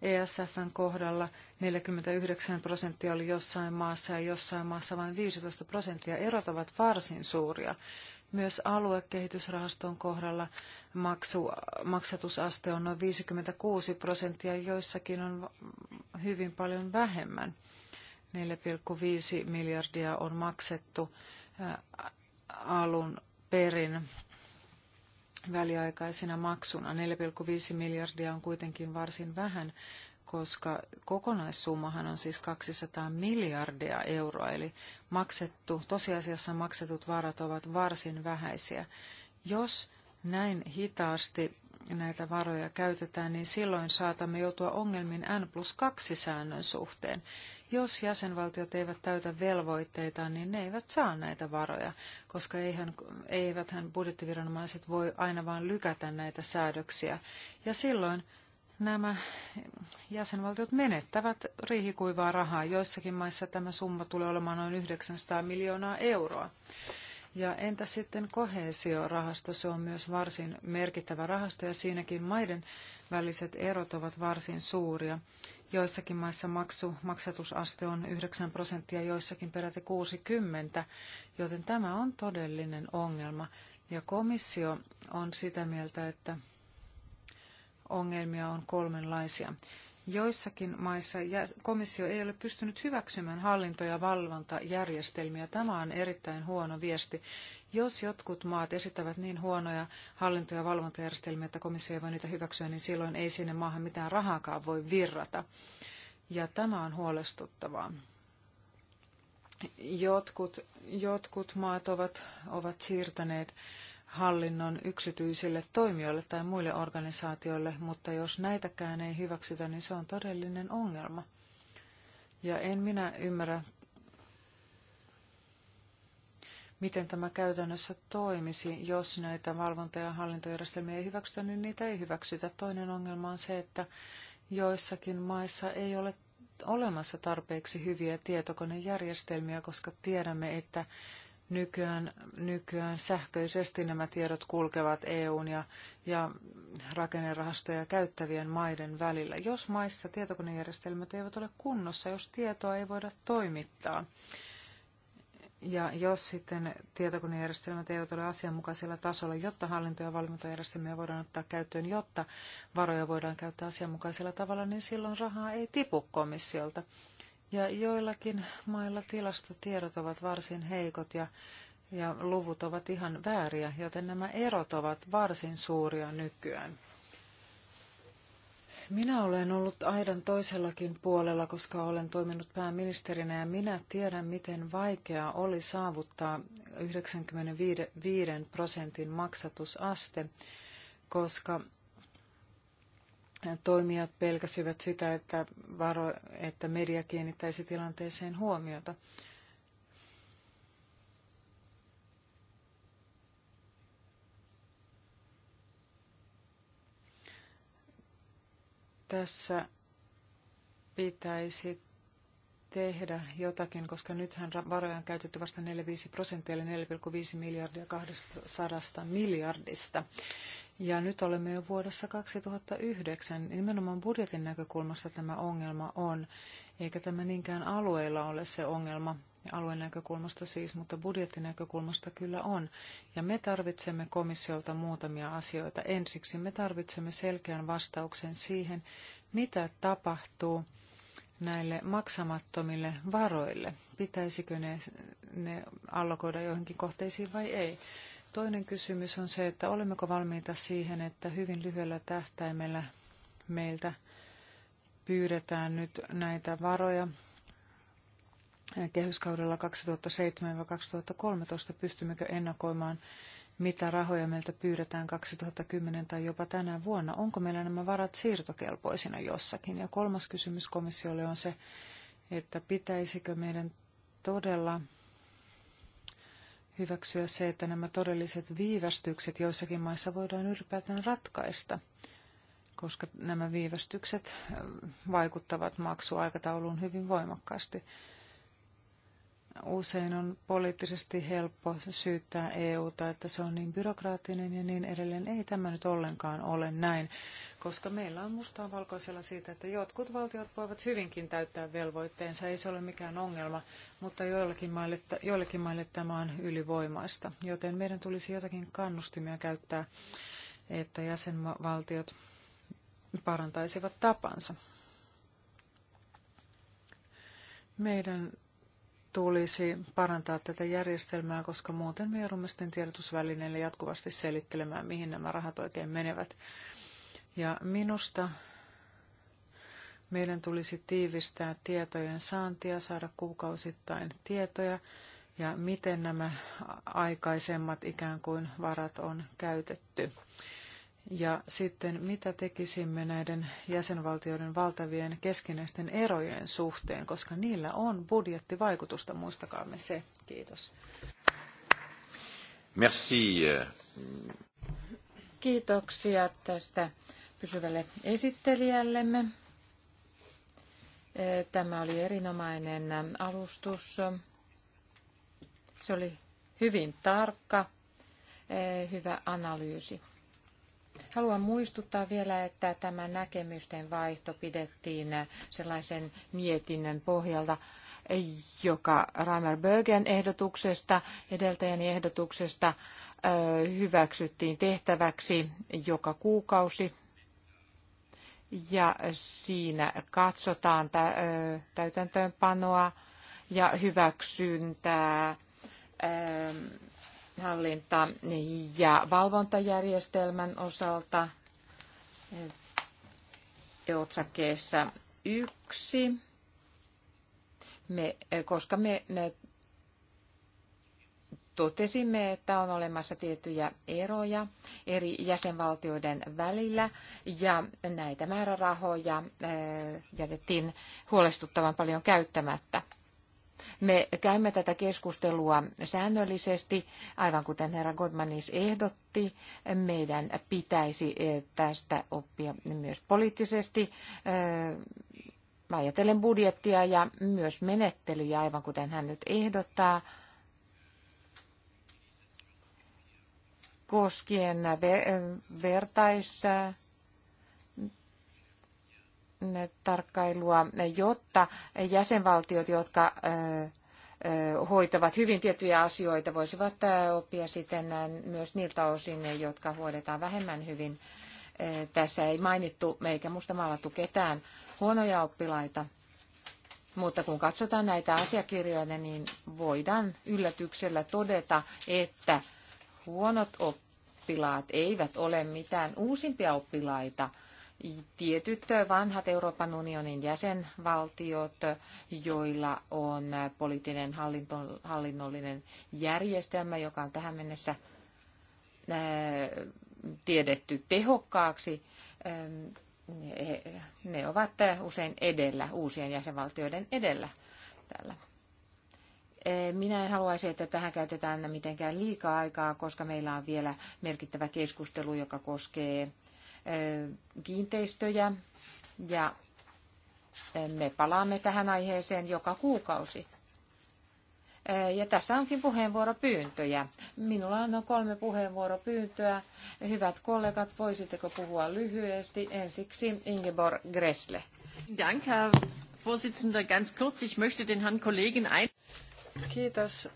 [SPEAKER 4] ESFn kohdalla 49 prosenttia oli jossain maassa ja jossain maassa vain 15 prosenttia. Erot ovat varsin suuria. Myös aluekehitysrahaston kohdalla maksu, maksatusaste on noin 56 prosenttia, joissakin on hyvin paljon vähemmän. 4,5 miljardia on maksettu alun perin väliaikaisena maksuna. 4,5 miljardia on kuitenkin varsin vähän, koska kokonaissummahan on siis 200 miljardia euroa, eli maksettu, tosiasiassa maksetut varat ovat varsin vähäisiä. Jos näin hitaasti näitä varoja käytetään, niin silloin saatamme joutua ongelmiin N plus 2 säännön suhteen. Jos jäsenvaltiot eivät täytä velvoitteitaan, niin ne eivät saa näitä varoja, koska eihän, eiväthän budjettiviranomaiset voi aina vain lykätä näitä säädöksiä. Ja silloin nämä jäsenvaltiot menettävät riihikuivaa rahaa. Joissakin maissa tämä summa tulee olemaan noin 900 miljoonaa euroa. Ja entä sitten koheesiorahasto? Se on myös varsin merkittävä rahasto ja siinäkin maiden väliset erot ovat varsin suuria. Joissakin maissa maksu, maksatusaste on 9 prosenttia, joissakin peräti 60, joten tämä on todellinen ongelma. Ja komissio on sitä mieltä, että ongelmia on kolmenlaisia. Joissakin maissa komissio ei ole pystynyt hyväksymään hallinto- ja valvontajärjestelmiä. Tämä on erittäin huono viesti. Jos jotkut maat esittävät niin huonoja hallinto- ja valvontajärjestelmiä, että komissio ei voi niitä hyväksyä, niin silloin ei sinne maahan mitään rahaakaan voi virrata. Ja tämä on huolestuttavaa. Jotkut, jotkut maat ovat, ovat siirtäneet hallinnon yksityisille toimijoille tai muille organisaatioille, mutta jos näitäkään ei hyväksytä, niin se on todellinen ongelma. Ja en minä ymmärrä, miten tämä käytännössä toimisi, jos näitä valvonta- ja hallintojärjestelmiä ei hyväksytä, niin niitä ei hyväksytä. Toinen ongelma on se, että joissakin maissa ei ole olemassa tarpeeksi hyviä tietokonejärjestelmiä, koska tiedämme, että Nykyään, nykyään sähköisesti nämä tiedot kulkevat EUn ja, ja rakennerahastoja käyttävien maiden välillä. Jos maissa tietokonejärjestelmät eivät ole kunnossa, jos tietoa ei voida toimittaa, ja jos sitten tietokonejärjestelmät eivät ole asianmukaisella tasolla, jotta hallinto- ja valvontajärjestelmiä voidaan ottaa käyttöön, jotta varoja voidaan käyttää asianmukaisella tavalla, niin silloin rahaa ei tipu komissiolta. Ja joillakin mailla tilastotiedot ovat varsin heikot ja, ja luvut ovat ihan vääriä, joten nämä erot ovat varsin suuria nykyään. Minä olen ollut aidan toisellakin puolella, koska olen toiminut pääministerinä ja minä tiedän, miten vaikeaa oli saavuttaa 95 prosentin maksatusaste, koska toimijat pelkäsivät sitä, että, varo, että media kiinnittäisi tilanteeseen huomiota. Tässä pitäisi tehdä jotakin, koska nythän varoja on käytetty vasta 4,5 prosenttia, eli 4,5 miljardia 200 miljardista. Ja nyt olemme jo vuodessa 2009. Nimenomaan budjetin näkökulmasta tämä ongelma on, eikä tämä niinkään alueilla ole se ongelma, alueen näkökulmasta siis, mutta budjetin näkökulmasta kyllä on. Ja me tarvitsemme komissiolta muutamia asioita. Ensiksi me tarvitsemme selkeän vastauksen siihen, mitä tapahtuu näille maksamattomille varoille. Pitäisikö ne, ne allokoida johonkin kohteisiin vai ei? Toinen kysymys on se, että olemmeko valmiita siihen, että hyvin lyhyellä tähtäimellä meiltä pyydetään nyt näitä varoja kehyskaudella 2007-2013. Pystymmekö ennakoimaan, mitä rahoja meiltä pyydetään 2010 tai jopa tänä vuonna? Onko meillä nämä varat siirtokelpoisina jossakin? Ja kolmas kysymys komissiolle on se, että pitäisikö meidän todella hyväksyä se, että nämä todelliset viivästykset joissakin maissa voidaan ylipäätään ratkaista, koska nämä viivästykset äh, vaikuttavat maksuaikatauluun hyvin voimakkaasti usein on poliittisesti helppo syyttää EUta, että se on niin byrokraattinen ja niin edelleen. Ei tämä nyt ollenkaan ole näin, koska meillä on mustaa valkoisella siitä, että jotkut valtiot voivat hyvinkin täyttää velvoitteensa. Ei se ole mikään ongelma, mutta joillekin maille, joillekin maille tämä on ylivoimaista. Joten meidän tulisi jotakin kannustimia käyttää, että jäsenvaltiot parantaisivat tapansa. Meidän tulisi parantaa tätä järjestelmää, koska muuten me joudumme sitten tiedotusvälineille jatkuvasti selittelemään, mihin nämä rahat oikein menevät. Ja minusta meidän tulisi tiivistää tietojen saantia, saada kuukausittain tietoja ja miten nämä aikaisemmat ikään kuin varat on käytetty. Ja sitten mitä tekisimme näiden jäsenvaltioiden valtavien keskinäisten erojen suhteen, koska niillä on budjettivaikutusta,
[SPEAKER 3] muistakaamme se.
[SPEAKER 1] Kiitos. Merci. Äh,
[SPEAKER 3] Kiitoksia tästä pysyvälle esittelijällemme. Äh, tämä oli erinomainen alustus. Se oli hyvin tarkka, äh, hyvä analyysi. Haluan muistuttaa vielä, että tämä näkemysten vaihto pidettiin sellaisen mietinnön pohjalta, joka Reimer Bögen ehdotuksesta, edeltäjäni ehdotuksesta hyväksyttiin tehtäväksi joka kuukausi. Ja siinä katsotaan täytäntöönpanoa ja hyväksyntää hallinta- ja valvontajärjestelmän osalta otsakkeessa yksi, me, koska me ne totesimme, että on olemassa tiettyjä eroja eri jäsenvaltioiden välillä ja näitä määrärahoja jätettiin huolestuttavan paljon käyttämättä. Me käymme tätä keskustelua säännöllisesti, aivan kuten herra Godmanis siis ehdotti. Meidän pitäisi eh, tästä oppia myös poliittisesti. Mä eh, ajatellen budjettia ja myös menettelyjä, aivan kuten hän nyt ehdottaa, koskien ver- eh, tarkkailua, jotta jäsenvaltiot, jotka hoitavat hyvin tiettyjä asioita, voisivat oppia sitten myös niiltä osin, jotka hoidetaan vähemmän hyvin. Tässä ei mainittu, eikä musta ketään huonoja oppilaita, mutta kun katsotaan näitä asiakirjoja, niin voidaan yllätyksellä todeta, että huonot oppilaat eivät ole mitään uusimpia oppilaita – tietyt vanhat Euroopan unionin jäsenvaltiot, joilla on poliittinen hallinnollinen järjestelmä, joka on tähän mennessä äh, tiedetty tehokkaaksi, ähm, ne ovat usein edellä, uusien jäsenvaltioiden edellä tällä. Äh, minä en haluaisi, että tähän käytetään mitenkään liikaa aikaa, koska meillä on vielä merkittävä keskustelu, joka koskee kiinteistöjä ja me palaamme tähän aiheeseen joka kuukausi. Ja tässä onkin puheenvuoropyyntöjä. Minulla on kolme puheenvuoropyyntöä. Hyvät kollegat, voisitteko puhua lyhyesti? Ensiksi Ingeborg Gressle. Dank, Herr Vorsitzender. Ganz kurz, ich möchte den Herrn Kollegen ein... Kiitos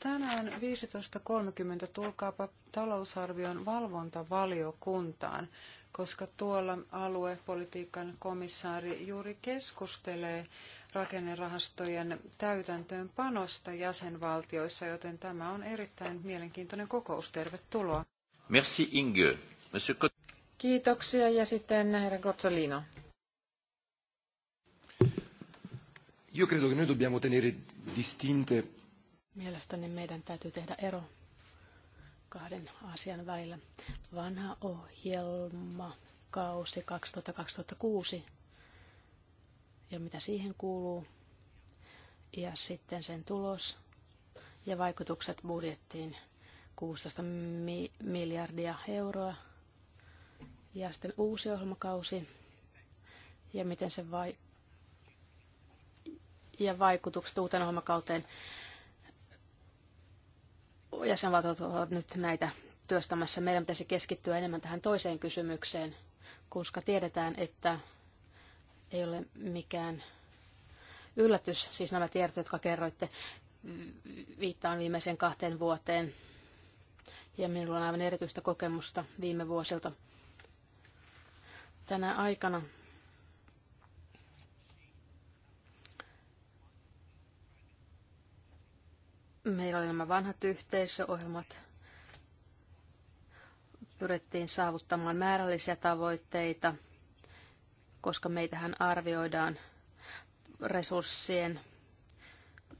[SPEAKER 4] Tänään 15.30 tulkaapa talousarvion valvontavaliokuntaan, koska tuolla aluepolitiikan komissaari juuri keskustelee rakennerahastojen täytäntöönpanosta jäsenvaltioissa, joten tämä on erittäin mielenkiintoinen kokous. Tervetuloa.
[SPEAKER 1] Merci Inge. Monsieur...
[SPEAKER 3] Kiitoksia ja sitten herra Gozzolino.
[SPEAKER 1] Io credo che noi dobbiamo tenere
[SPEAKER 2] distinte Mielestäni meidän täytyy tehdä ero kahden asian välillä. Vanha ohjelma, kausi 2000-2006 ja mitä siihen kuuluu. Ja sitten sen tulos ja vaikutukset budjettiin 16 mi- miljardia euroa. Ja sitten uusi ohjelmakausi ja miten se vai- ja vaikutukset uuteen ohjelmakauteen jäsenvaltiot ovat nyt näitä työstämässä. Meidän pitäisi keskittyä enemmän tähän toiseen kysymykseen, koska tiedetään, että ei ole mikään yllätys, siis nämä tiedot, jotka kerroitte, viittaan viimeiseen kahteen vuoteen. Ja minulla on aivan erityistä kokemusta viime vuosilta. Tänä aikana Meillä oli nämä vanhat yhteisöohjelmat. Pyrittiin saavuttamaan määrällisiä tavoitteita, koska meitähän arvioidaan resurssien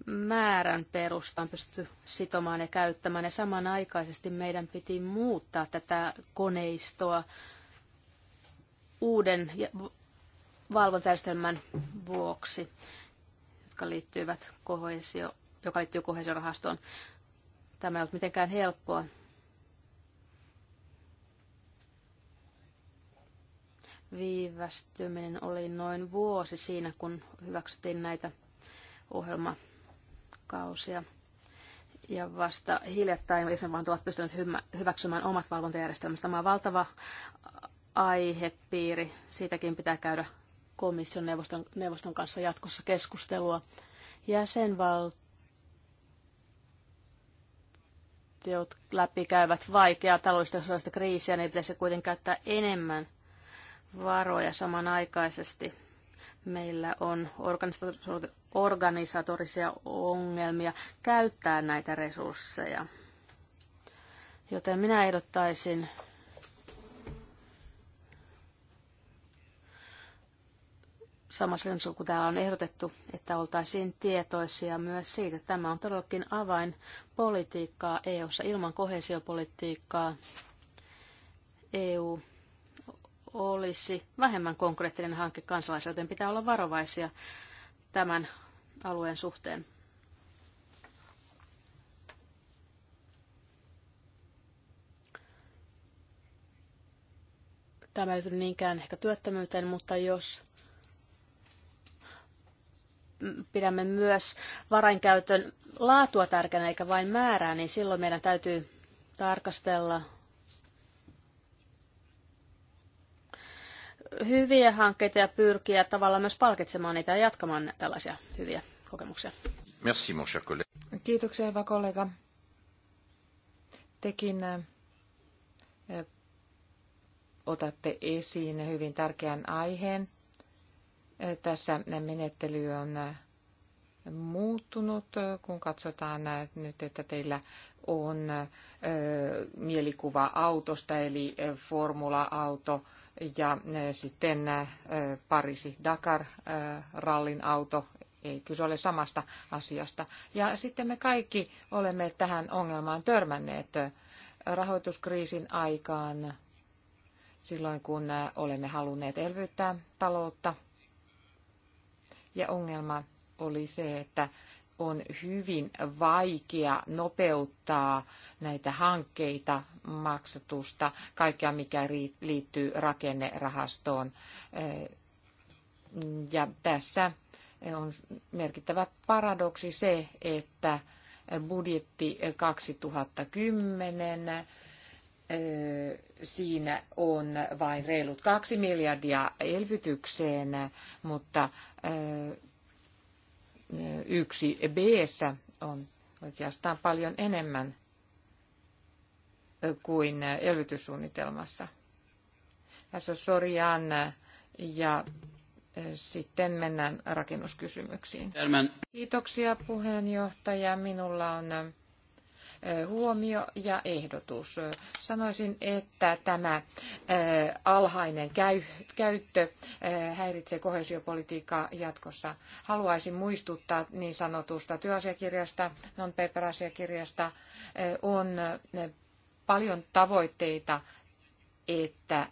[SPEAKER 2] määrän perustaan pystytty sitomaan ja käyttämään. Ja samanaikaisesti meidän piti muuttaa tätä koneistoa uuden valvontajärjestelmän vuoksi, jotka liittyvät kohesio joka liittyy kohesiorahastoon. Tämä ei ollut mitenkään helppoa. Viivästyminen oli noin vuosi siinä, kun hyväksyttiin näitä ohjelmakausia. Ja vasta hiljattain vain ovat pystyneet hyväksymään omat valvontajärjestelmänsä. Tämä on valtava aihepiiri. Siitäkin pitää käydä komission neuvoston, neuvoston kanssa jatkossa keskustelua. Jäsenvaltio. jotka läpikäyvät vaikeaa taloudellista ja sosiaalista kriisiä, niin pitäisi kuitenkin käyttää enemmän varoja samanaikaisesti. Meillä on organisatorisia ongelmia käyttää näitä resursseja. Joten minä ehdottaisin, sen lennossa, kun täällä on ehdotettu, että oltaisiin tietoisia myös siitä. Että tämä on todellakin avain politiikkaa EU-ssa. Ilman kohesiopolitiikkaa EU olisi vähemmän konkreettinen hanke kansalaisille, joten pitää olla varovaisia tämän alueen suhteen. Tämä ei liity niinkään ehkä työttömyyteen, mutta jos pidämme myös varainkäytön laatua tärkeänä eikä vain määrää, niin silloin meidän täytyy tarkastella hyviä hankkeita ja pyrkiä tavallaan myös palkitsemaan niitä ja jatkamaan tällaisia hyviä kokemuksia.
[SPEAKER 1] Merci, mon cher collègue.
[SPEAKER 2] Kiitoksia, hyvä kollega. Tekin äh,
[SPEAKER 3] otatte esiin hyvin tärkeän aiheen. Tässä menettely on muuttunut, kun katsotaan nyt, että teillä on mielikuva autosta, eli formula-auto ja sitten parisi dakar rallin auto, ei kyse ole samasta asiasta. Ja sitten me kaikki olemme tähän ongelmaan törmänneet rahoituskriisin aikaan, silloin kun olemme halunneet elvyttää taloutta – ja ongelma oli se, että on hyvin vaikea nopeuttaa näitä hankkeita, maksatusta, kaikkea mikä liittyy rakennerahastoon. Ja tässä on merkittävä paradoksi se, että budjetti 2010 siinä on vain reilut kaksi miljardia elvytykseen, mutta yksi b on oikeastaan paljon enemmän kuin elvytyssuunnitelmassa. Tässä on ja sitten mennään rakennuskysymyksiin. Kiitoksia puheenjohtaja. Minulla on huomio ja ehdotus. Sanoisin, että tämä alhainen käyttö häiritsee kohesiopolitiikkaa jatkossa. Haluaisin muistuttaa niin sanotusta työasiakirjasta, non-paper-asiakirjasta. On paljon tavoitteita että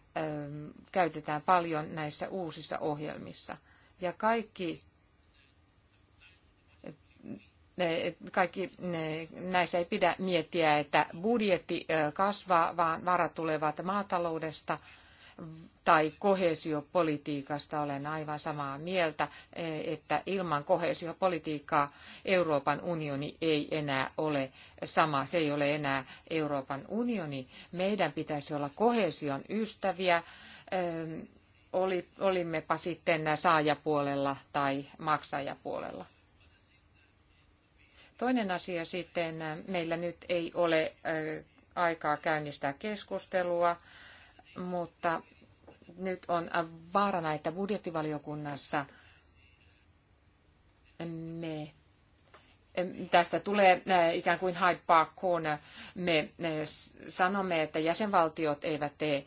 [SPEAKER 3] käytetään paljon näissä uusissa ohjelmissa. Ja kaikki kaikki näissä ei pidä miettiä, että budjetti kasvaa, vaan varat tulevat maataloudesta tai kohesiopolitiikasta olen aivan samaa mieltä, e, että ilman kohesiopolitiikkaa Euroopan unioni ei enää ole sama. Se ei ole enää Euroopan unioni. Meidän pitäisi olla kohesion ystäviä, olimmepa sitten saajapuolella tai maksajapuolella. Toinen asia sitten, meillä nyt ei ole aikaa käynnistää keskustelua, mutta nyt on vaarana, että budjettivaliokunnassa me tästä tulee ikään kuin Hyde Park Corner. Me sanomme, että jäsenvaltiot eivät tee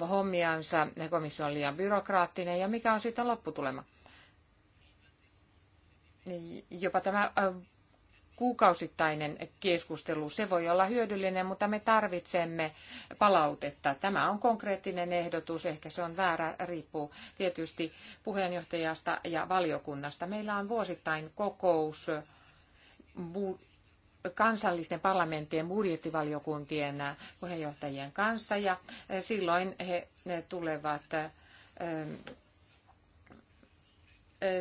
[SPEAKER 3] hommiansa, komissio on liian byrokraattinen ja mikä on sitten lopputulema jopa tämä kuukausittainen keskustelu, se voi olla hyödyllinen, mutta me tarvitsemme palautetta. Tämä on konkreettinen ehdotus, ehkä se on väärä, riippuu tietysti puheenjohtajasta ja valiokunnasta. Meillä on vuosittain kokous kansallisten parlamenttien budjettivaliokuntien puheenjohtajien kanssa ja silloin he tulevat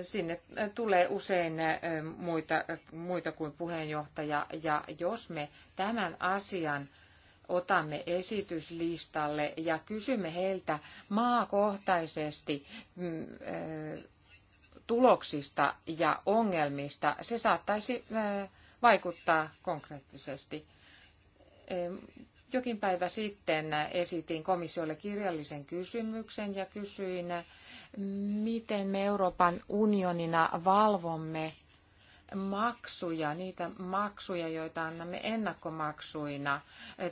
[SPEAKER 3] sinne äh, tulee usein äh, muita, äh, muita kuin puheenjohtaja. Ja jos me tämän asian otamme esityslistalle ja kysymme heiltä maakohtaisesti mm, tuloksista ja ongelmista, se saattaisi vaikuttaa konkreettisesti. Jokin päivä sitten esitin komissiolle kirjallisen kysymyksen ja kysyin, miten me Euroopan unionina valvomme maksuja, niitä maksuja, joita annamme ennakkomaksuina.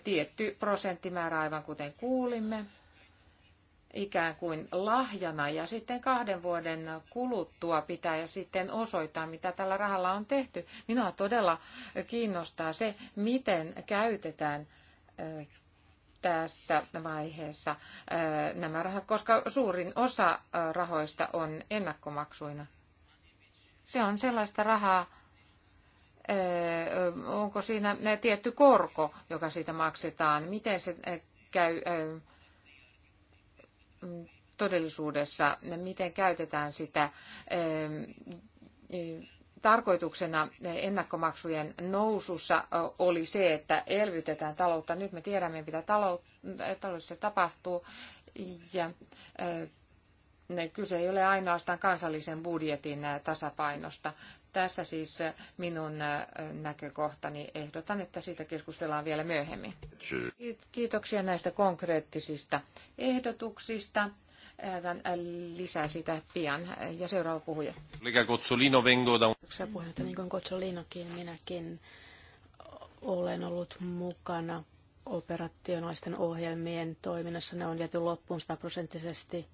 [SPEAKER 3] Tietty prosenttimäärä, aivan kuten kuulimme, ikään kuin lahjana ja sitten kahden vuoden kuluttua pitää sitten osoittaa, mitä tällä rahalla on tehty. Minua todella kiinnostaa se, miten käytetään tässä vaiheessa nämä rahat, koska suurin osa rahoista on ennakkomaksuina. Se on sellaista rahaa, onko siinä tietty korko, joka siitä maksetaan, miten se käy todellisuudessa, miten käytetään sitä tarkoituksena ennakkomaksujen nousussa oli se, että elvytetään taloutta. Nyt me tiedämme, mitä äh, taloudessa tapahtuu. Ja äh, kyse ei ole ainoastaan kansallisen budjetin äh, tasapainosta. Tässä siis minun näkökohtani. Ehdotan, että siitä keskustellaan vielä myöhemmin. Kiitoksia näistä konkreettisista ehdotuksista. Hän lisää sitä pian. Ja seuraava puhuja.
[SPEAKER 1] Likä Kotsolino vengo da... Puheenjohtaja, niin kuin
[SPEAKER 2] Kotsolinokin, minäkin olen ollut mukana operationaalisten ohjelmien toiminnassa. Ne on viety loppuun prosenttisesti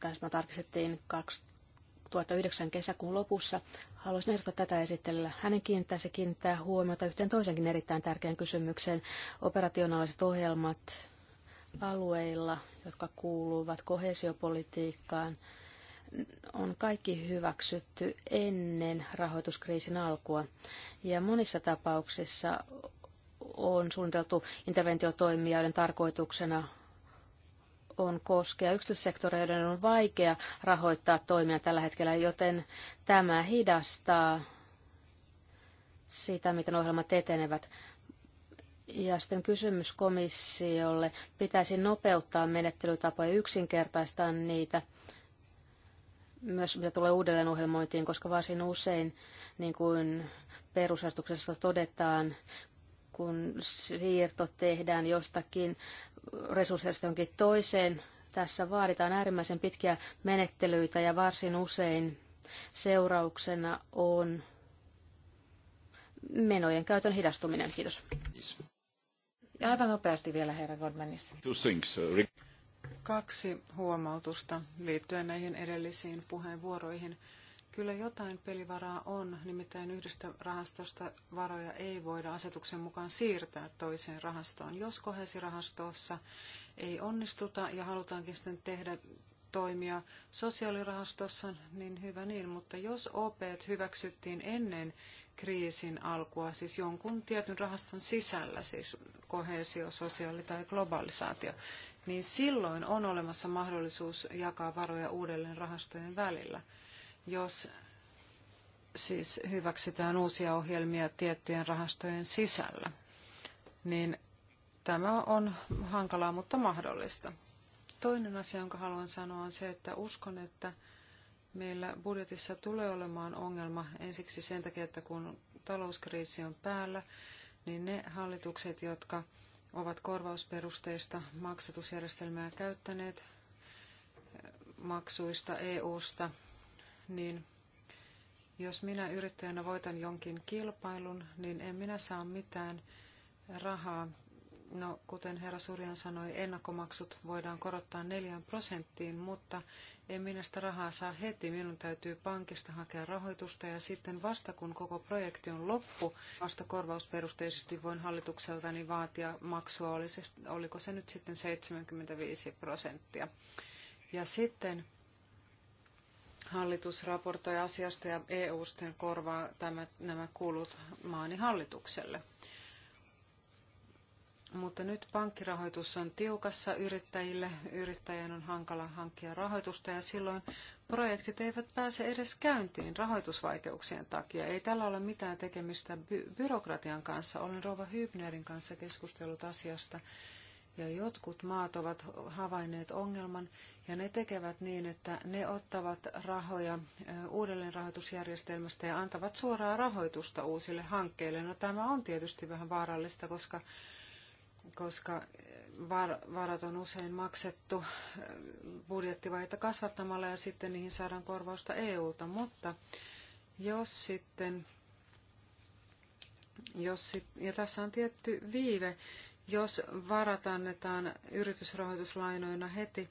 [SPEAKER 2] Tässä tarkistettiin 2009 kesäkuun lopussa. Haluaisin ehdottaa tätä esitellä. Hänen kiinnittäisi kiinnittää huomiota yhteen toisenkin erittäin tärkeän kysymykseen. Operationaaliset ohjelmat alueilla, jotka kuuluvat kohesiopolitiikkaan, on kaikki hyväksytty ennen rahoituskriisin alkua. Ja monissa tapauksissa on suunniteltu interventiotoimia, joiden tarkoituksena on koskea yksityissektoreiden on vaikea rahoittaa toimia tällä hetkellä, joten tämä hidastaa sitä, miten ohjelmat etenevät. Ja sitten kysymys komissiolle. Pitäisi nopeuttaa menettelytapoja, yksinkertaistaa niitä, myös mitä tulee uudelleenohjelmointiin, koska varsin usein, niin kuin perusastuksessa todetaan, kun siirto tehdään jostakin resursseista jonkin toiseen, tässä vaaditaan äärimmäisen pitkiä menettelyitä ja varsin usein seurauksena on menojen käytön hidastuminen. Kiitos. Ja aivan
[SPEAKER 3] nopeasti vielä, herra Godmanis. Uh, Kaksi huomautusta
[SPEAKER 4] liittyen näihin edellisiin puheenvuoroihin. Kyllä jotain pelivaraa on, nimittäin yhdestä rahastosta varoja ei voida asetuksen mukaan siirtää toiseen rahastoon. Jos kohesirahastossa ei onnistuta ja halutaankin sitten tehdä toimia sosiaalirahastossa, niin hyvä niin, mutta jos opet hyväksyttiin ennen kriisin alkua, siis jonkun tietyn rahaston sisällä, siis kohesio, sosiaali- tai globalisaatio, niin silloin on olemassa mahdollisuus jakaa varoja uudelleen rahastojen välillä. Jos siis hyväksytään uusia ohjelmia tiettyjen rahastojen sisällä, niin tämä on hankalaa, mutta mahdollista. Toinen asia, jonka haluan sanoa, on se, että uskon, että Meillä budjetissa tulee olemaan ongelma ensiksi sen takia, että kun talouskriisi on päällä, niin ne hallitukset, jotka ovat korvausperusteista maksatusjärjestelmää käyttäneet maksuista EU-sta, niin jos minä yrittäjänä voitan jonkin kilpailun, niin en minä saa mitään rahaa No, kuten herra Surjan sanoi, ennakkomaksut voidaan korottaa neljään prosenttiin, mutta en minä sitä rahaa saa heti. Minun täytyy pankista hakea rahoitusta ja sitten vasta kun koko projekti on loppu, vasta korvausperusteisesti voin hallitukseltani vaatia maksua, oliko se nyt sitten 75 prosenttia. Ja sitten hallitus raportoi asiasta ja eu sitten korvaa tämä, nämä kulut maani hallitukselle. Mutta nyt pankkirahoitus on tiukassa yrittäjille, yrittäjien on hankala hankkia rahoitusta ja silloin projektit eivät pääse edes käyntiin rahoitusvaikeuksien takia. Ei tällä ole mitään tekemistä by- byrokratian kanssa. Olen Rova Hybnerin kanssa keskustellut asiasta ja jotkut maat ovat havainneet ongelman ja ne tekevät niin, että ne ottavat rahoja uudelleenrahoitusjärjestelmästä ja antavat suoraa rahoitusta uusille hankkeille. No tämä on tietysti vähän vaarallista, koska koska eh, varat on usein maksettu eh, budjettivaihetta kasvattamalla ja sitten niihin saadaan korvausta EUlta. Mutta jos sitten, jos sit, ja tässä on tietty viive, jos varat annetaan yritysrahoituslainoina heti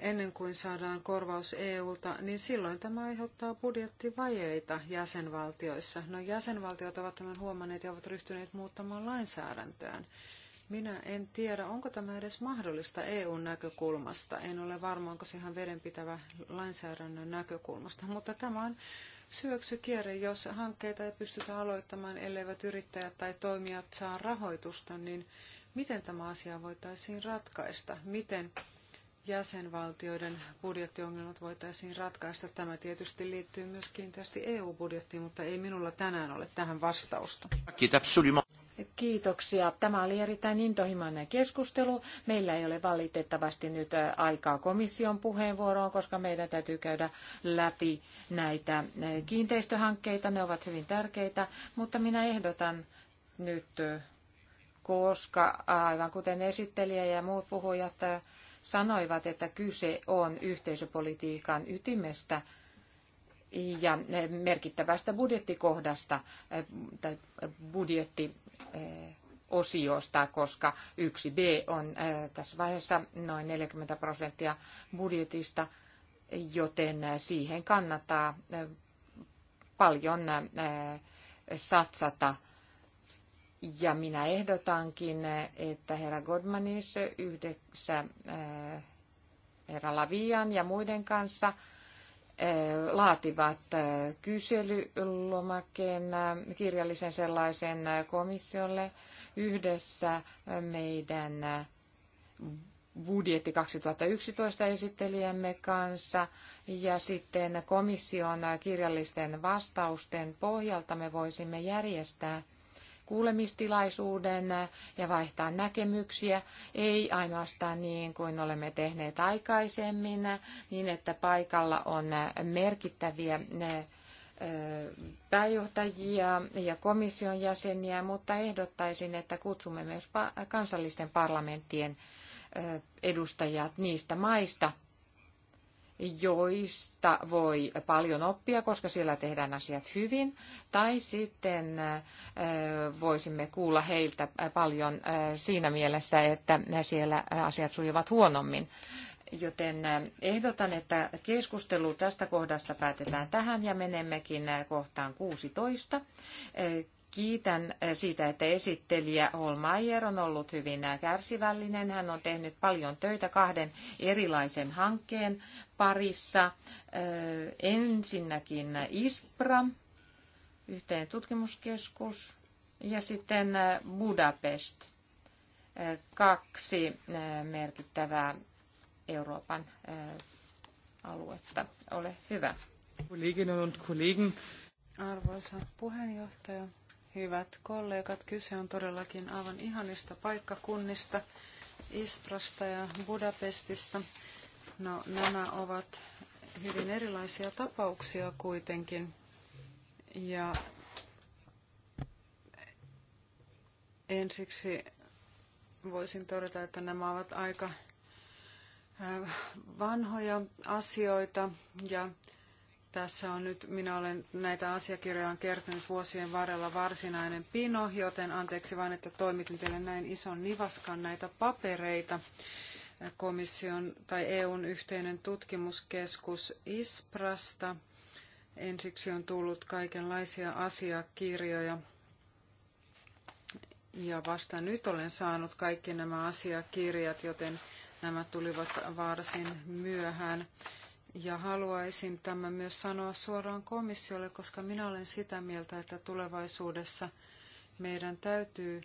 [SPEAKER 4] ennen kuin saadaan korvaus EUlta, niin silloin tämä aiheuttaa budjettivajeita jäsenvaltioissa. No jäsenvaltiot ovat tämän huomanneet ja ovat ryhtyneet muuttamaan lainsäädäntöään. Minä en tiedä, onko tämä edes mahdollista EUn näkökulmasta. En ole varma, onko se ihan vedenpitävä lainsäädännön näkökulmasta, mutta tämä on syöksykierre, jos hankkeita ei pystytä aloittamaan, elleivät yrittäjät tai toimijat saa rahoitusta, niin miten tämä asia voitaisiin ratkaista? Miten jäsenvaltioiden budjettiongelmat voitaisiin ratkaista? Tämä tietysti liittyy myös kiinteästi EU-budjettiin, mutta ei minulla
[SPEAKER 3] tänään ole tähän vastausta. Kiitos. Kiitoksia. Tämä oli erittäin intohimoinen keskustelu. Meillä ei ole valitettavasti nyt aikaa komission puheenvuoroon, koska meidän täytyy käydä läpi näitä kiinteistöhankkeita. Ne ovat hyvin tärkeitä, mutta minä ehdotan nyt, koska aivan kuten esittelijä ja muut puhujat sanoivat, että kyse on yhteisöpolitiikan ytimestä – ja merkittävästä budjettikohdasta tai budjettiosiosta, koska 1B on tässä vaiheessa noin 40 prosenttia budjetista, joten siihen kannattaa paljon satsata. Ja minä ehdotankin, että herra Godmanis yhdessä herra Lavian ja muiden kanssa – Eh, laativat eh, kyselylomakkeen, eh, kirjallisen sellaisen komissiolle yhdessä meidän budjetti 2011 esittelijämme kanssa ja sitten komission kirjallisten vastausten pohjalta me voisimme järjestää kuulemistilaisuuden ja vaihtaa näkemyksiä, ei ainoastaan niin kuin olemme tehneet aikaisemmin, niin että paikalla on merkittäviä pääjohtajia ja komission jäseniä, mutta ehdottaisin, että kutsumme myös kansallisten parlamenttien edustajat niistä maista, joista voi paljon oppia, koska siellä tehdään asiat hyvin, tai sitten voisimme kuulla heiltä paljon siinä mielessä, että siellä asiat sujuvat huonommin. Joten ehdotan, että keskustelu tästä kohdasta päätetään tähän ja menemmekin kohtaan 16. Kiitän eh, siitä, että esittelijä Holmaier on ollut hyvin eh, kärsivällinen. Hän on tehnyt paljon töitä kahden erilaisen hankkeen parissa. Eh, ensinnäkin ISPRA, yhteinen tutkimuskeskus, ja sitten Budapest, kaksi merkittävää Euroopan aluetta. Ole hyvä. Arvoisa
[SPEAKER 4] puheenjohtaja, Hyvät kollegat, kyse on todellakin aivan ihanista paikkakunnista, Isprasta ja Budapestista. No, nämä ovat hyvin erilaisia tapauksia kuitenkin. Ja ensiksi voisin todeta, että nämä ovat aika äh, vanhoja asioita ja tässä on nyt, minä olen näitä asiakirjoja on kertynyt vuosien varrella varsinainen pino, joten anteeksi vain, että toimitin teille näin ison nivaskan näitä papereita. Komission tai EUn yhteinen tutkimuskeskus ISPRasta. Ensiksi on tullut kaikenlaisia asiakirjoja. Ja vasta nyt olen saanut kaikki nämä asiakirjat, joten nämä tulivat varsin myöhään. Ja haluaisin tämän myös sanoa suoraan komissiolle, koska minä olen sitä mieltä, että tulevaisuudessa meidän täytyy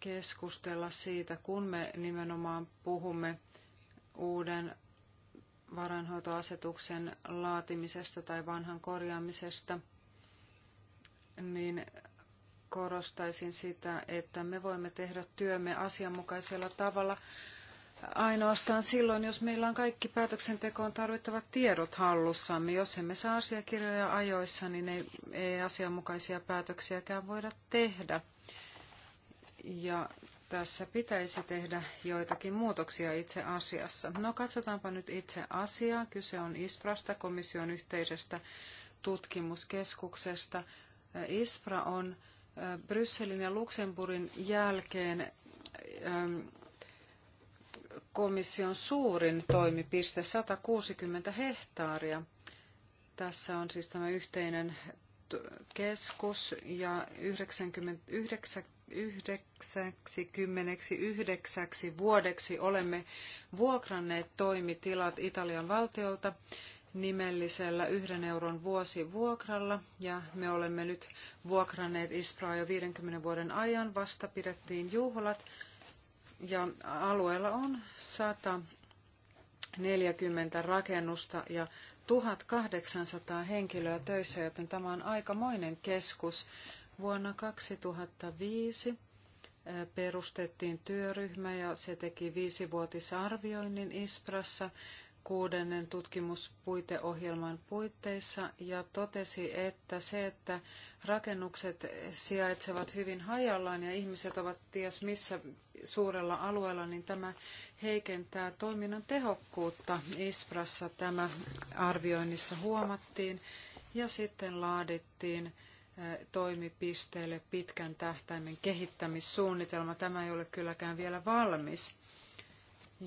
[SPEAKER 4] keskustella siitä, kun me nimenomaan puhumme uuden varainhoitoasetuksen laatimisesta tai vanhan korjaamisesta, niin korostaisin sitä, että me voimme tehdä työmme asianmukaisella tavalla ainoastaan silloin, jos meillä on kaikki päätöksentekoon tarvittavat tiedot hallussamme. Jos emme saa asiakirjoja ajoissa, niin ei, ei asianmukaisia päätöksiäkään voida tehdä. Ja tässä pitäisi tehdä joitakin muutoksia itse asiassa. No katsotaanpa nyt itse asiaa. Kyse on ISPRasta, komission yhteisestä tutkimuskeskuksesta. ISPRA on Brysselin ja Luxemburgin jälkeen komission suurin toimipiste, 160 hehtaaria. Tässä on siis tämä yhteinen keskus ja 99 vuodeksi olemme vuokranneet toimitilat Italian valtiolta nimellisellä yhden euron vuosivuokralla ja me olemme nyt vuokranneet Ispraa jo 50 vuoden ajan. Vasta pidettiin juhlat ja alueella on 140 rakennusta ja 1800 henkilöä töissä, joten tämä on aikamoinen keskus. Vuonna 2005 eh, perustettiin työryhmä ja se teki viisivuotisarvioinnin Isprassa kuudennen tutkimuspuiteohjelman puitteissa ja totesi, että se, että rakennukset sijaitsevat hyvin hajallaan ja ihmiset ovat ties missä suurella alueella, niin tämä heikentää toiminnan tehokkuutta. Isprassa tämä arvioinnissa huomattiin ja sitten laadittiin toimipisteelle pitkän tähtäimen kehittämissuunnitelma. Tämä ei ole kylläkään vielä valmis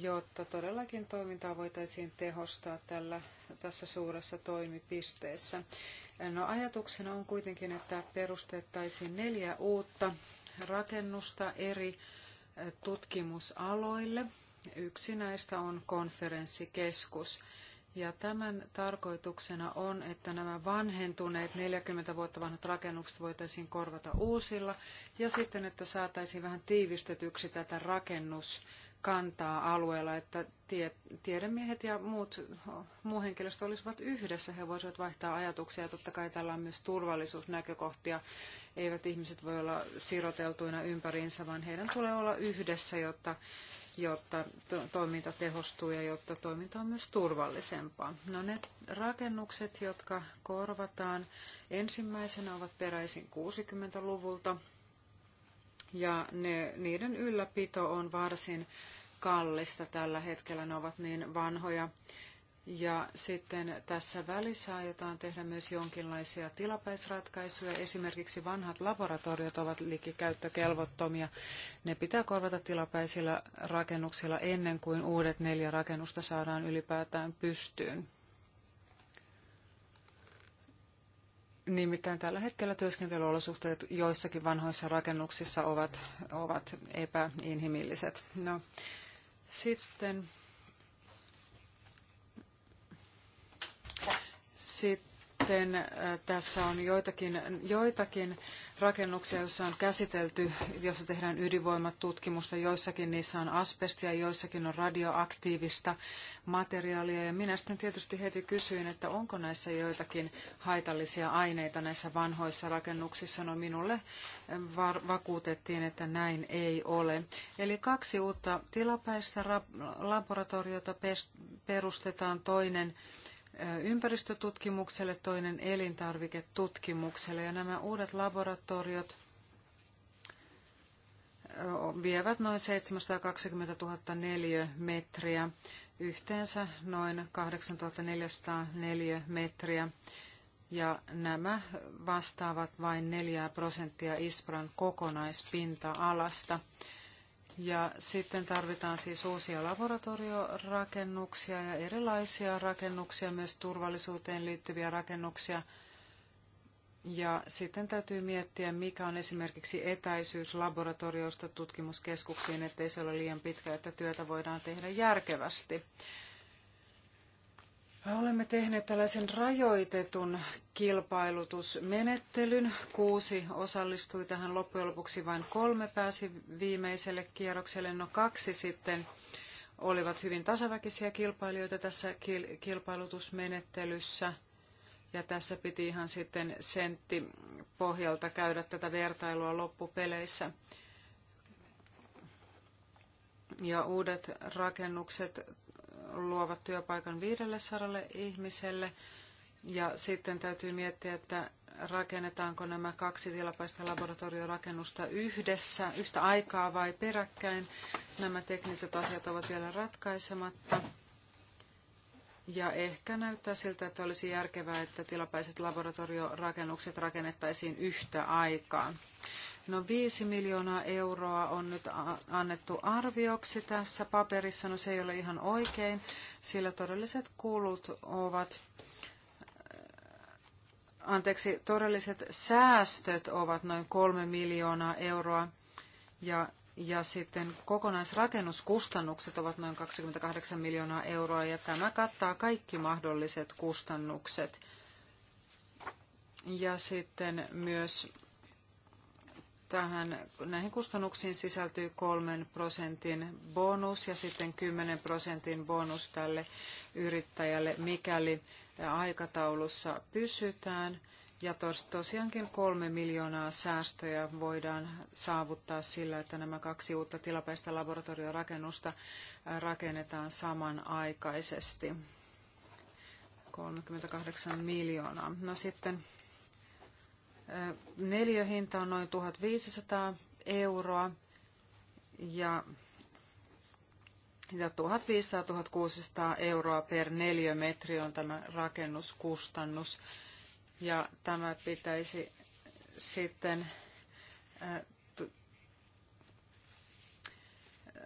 [SPEAKER 4] jotta todellakin toimintaa voitaisiin tehostaa tällä, tässä suuressa toimipisteessä. No, ajatuksena on kuitenkin, että perustettaisiin neljä uutta rakennusta eri eh, tutkimusaloille. Yksi näistä on konferenssikeskus. Ja tämän tarkoituksena on, että nämä vanhentuneet 40 vuotta vanhat rakennukset voitaisiin korvata uusilla ja sitten, että saataisiin vähän tiivistetyksi tätä rakennus kantaa alueella, että tie, tiedemiehet ja muut, muu henkilöstö olisivat yhdessä. He voisivat vaihtaa ajatuksia. Totta kai tällä on myös turvallisuusnäkökohtia. Eivät ihmiset voi olla siroteltuina ympäriinsä, vaan heidän tulee olla yhdessä, jotta, jotta toiminta tehostuu ja jotta toiminta on myös turvallisempaa. No ne rakennukset, jotka korvataan ensimmäisenä, ovat peräisin 60-luvulta. Ja ne, niiden ylläpito on varsin kallista tällä hetkellä. Ne ovat niin vanhoja. Ja sitten tässä välissä aiotaan tehdä myös jonkinlaisia tilapäisratkaisuja. Esimerkiksi vanhat laboratoriot ovat liikikäyttökelvottomia. Ne pitää korvata tilapäisillä rakennuksilla ennen kuin uudet neljä rakennusta saadaan ylipäätään pystyyn. Nimittäin tällä hetkellä työskentelyolosuhteet joissakin vanhoissa rakennuksissa ovat, ovat epäinhimilliset. No, sitten, sitten äh, tässä on joitakin, joitakin rakennuksia, joissa on käsitelty, jossa tehdään ydinvoimatutkimusta. Joissakin niissä on asbestia, joissakin on radioaktiivista materiaalia. Ja minä sitten tietysti heti kysyin, että onko näissä joitakin haitallisia aineita näissä vanhoissa rakennuksissa. No minulle vakuutettiin, että näin ei ole. Eli kaksi uutta tilapäistä laboratoriota perustetaan toinen ympäristötutkimukselle, toinen elintarviketutkimukselle. Ja nämä uudet laboratoriot vievät noin 720 000 neliömetriä, yhteensä noin 8400 metriä Ja nämä vastaavat vain 4 prosenttia Ispran kokonaispinta-alasta. Ja sitten tarvitaan siis uusia laboratoriorakennuksia ja erilaisia rakennuksia, myös turvallisuuteen liittyviä rakennuksia. Ja sitten täytyy miettiä, mikä on esimerkiksi etäisyys laboratorioista tutkimuskeskuksiin, ettei se ole liian pitkä, että työtä voidaan tehdä järkevästi. Olemme tehneet tällaisen rajoitetun kilpailutusmenettelyn. Kuusi osallistui tähän loppujen lopuksi vain kolme pääsi viimeiselle kierrokselle. No kaksi sitten olivat hyvin tasaväkisiä kilpailijoita tässä kilpailutusmenettelyssä. Ja tässä piti ihan sitten sentti pohjalta käydä tätä vertailua loppupeleissä. Ja uudet rakennukset luovat työpaikan 500 ihmiselle. Ja sitten täytyy miettiä, että rakennetaanko nämä kaksi tilapäistä laboratoriorakennusta yhdessä, yhtä aikaa vai peräkkäin. Nämä tekniset asiat ovat vielä ratkaisematta. Ja ehkä näyttää siltä, että olisi järkevää, että tilapäiset laboratoriorakennukset rakennettaisiin yhtä aikaa. No 5 miljoonaa euroa on nyt annettu arvioksi tässä paperissa. No se ei ole ihan oikein, sillä todelliset kulut ovat äh, anteeksi, todelliset säästöt ovat noin kolme miljoonaa euroa ja, ja sitten kokonaisrakennuskustannukset ovat noin 28 miljoonaa euroa ja tämä kattaa kaikki mahdolliset kustannukset. Ja sitten myös tähän, näihin kustannuksiin sisältyy kolmen prosentin bonus ja sitten kymmenen prosentin bonus tälle yrittäjälle, mikäli aikataulussa pysytään. Ja tos, tosiaankin kolme miljoonaa säästöjä voidaan saavuttaa sillä, että nämä kaksi uutta tilapäistä laboratoriorakennusta äh, rakennetaan samanaikaisesti. 38 miljoonaa. No sitten Neliöhinta on noin 1500 euroa ja, ja 1500-1600 euroa per neliömetri on tämä rakennuskustannus. Ja tämä pitäisi sitten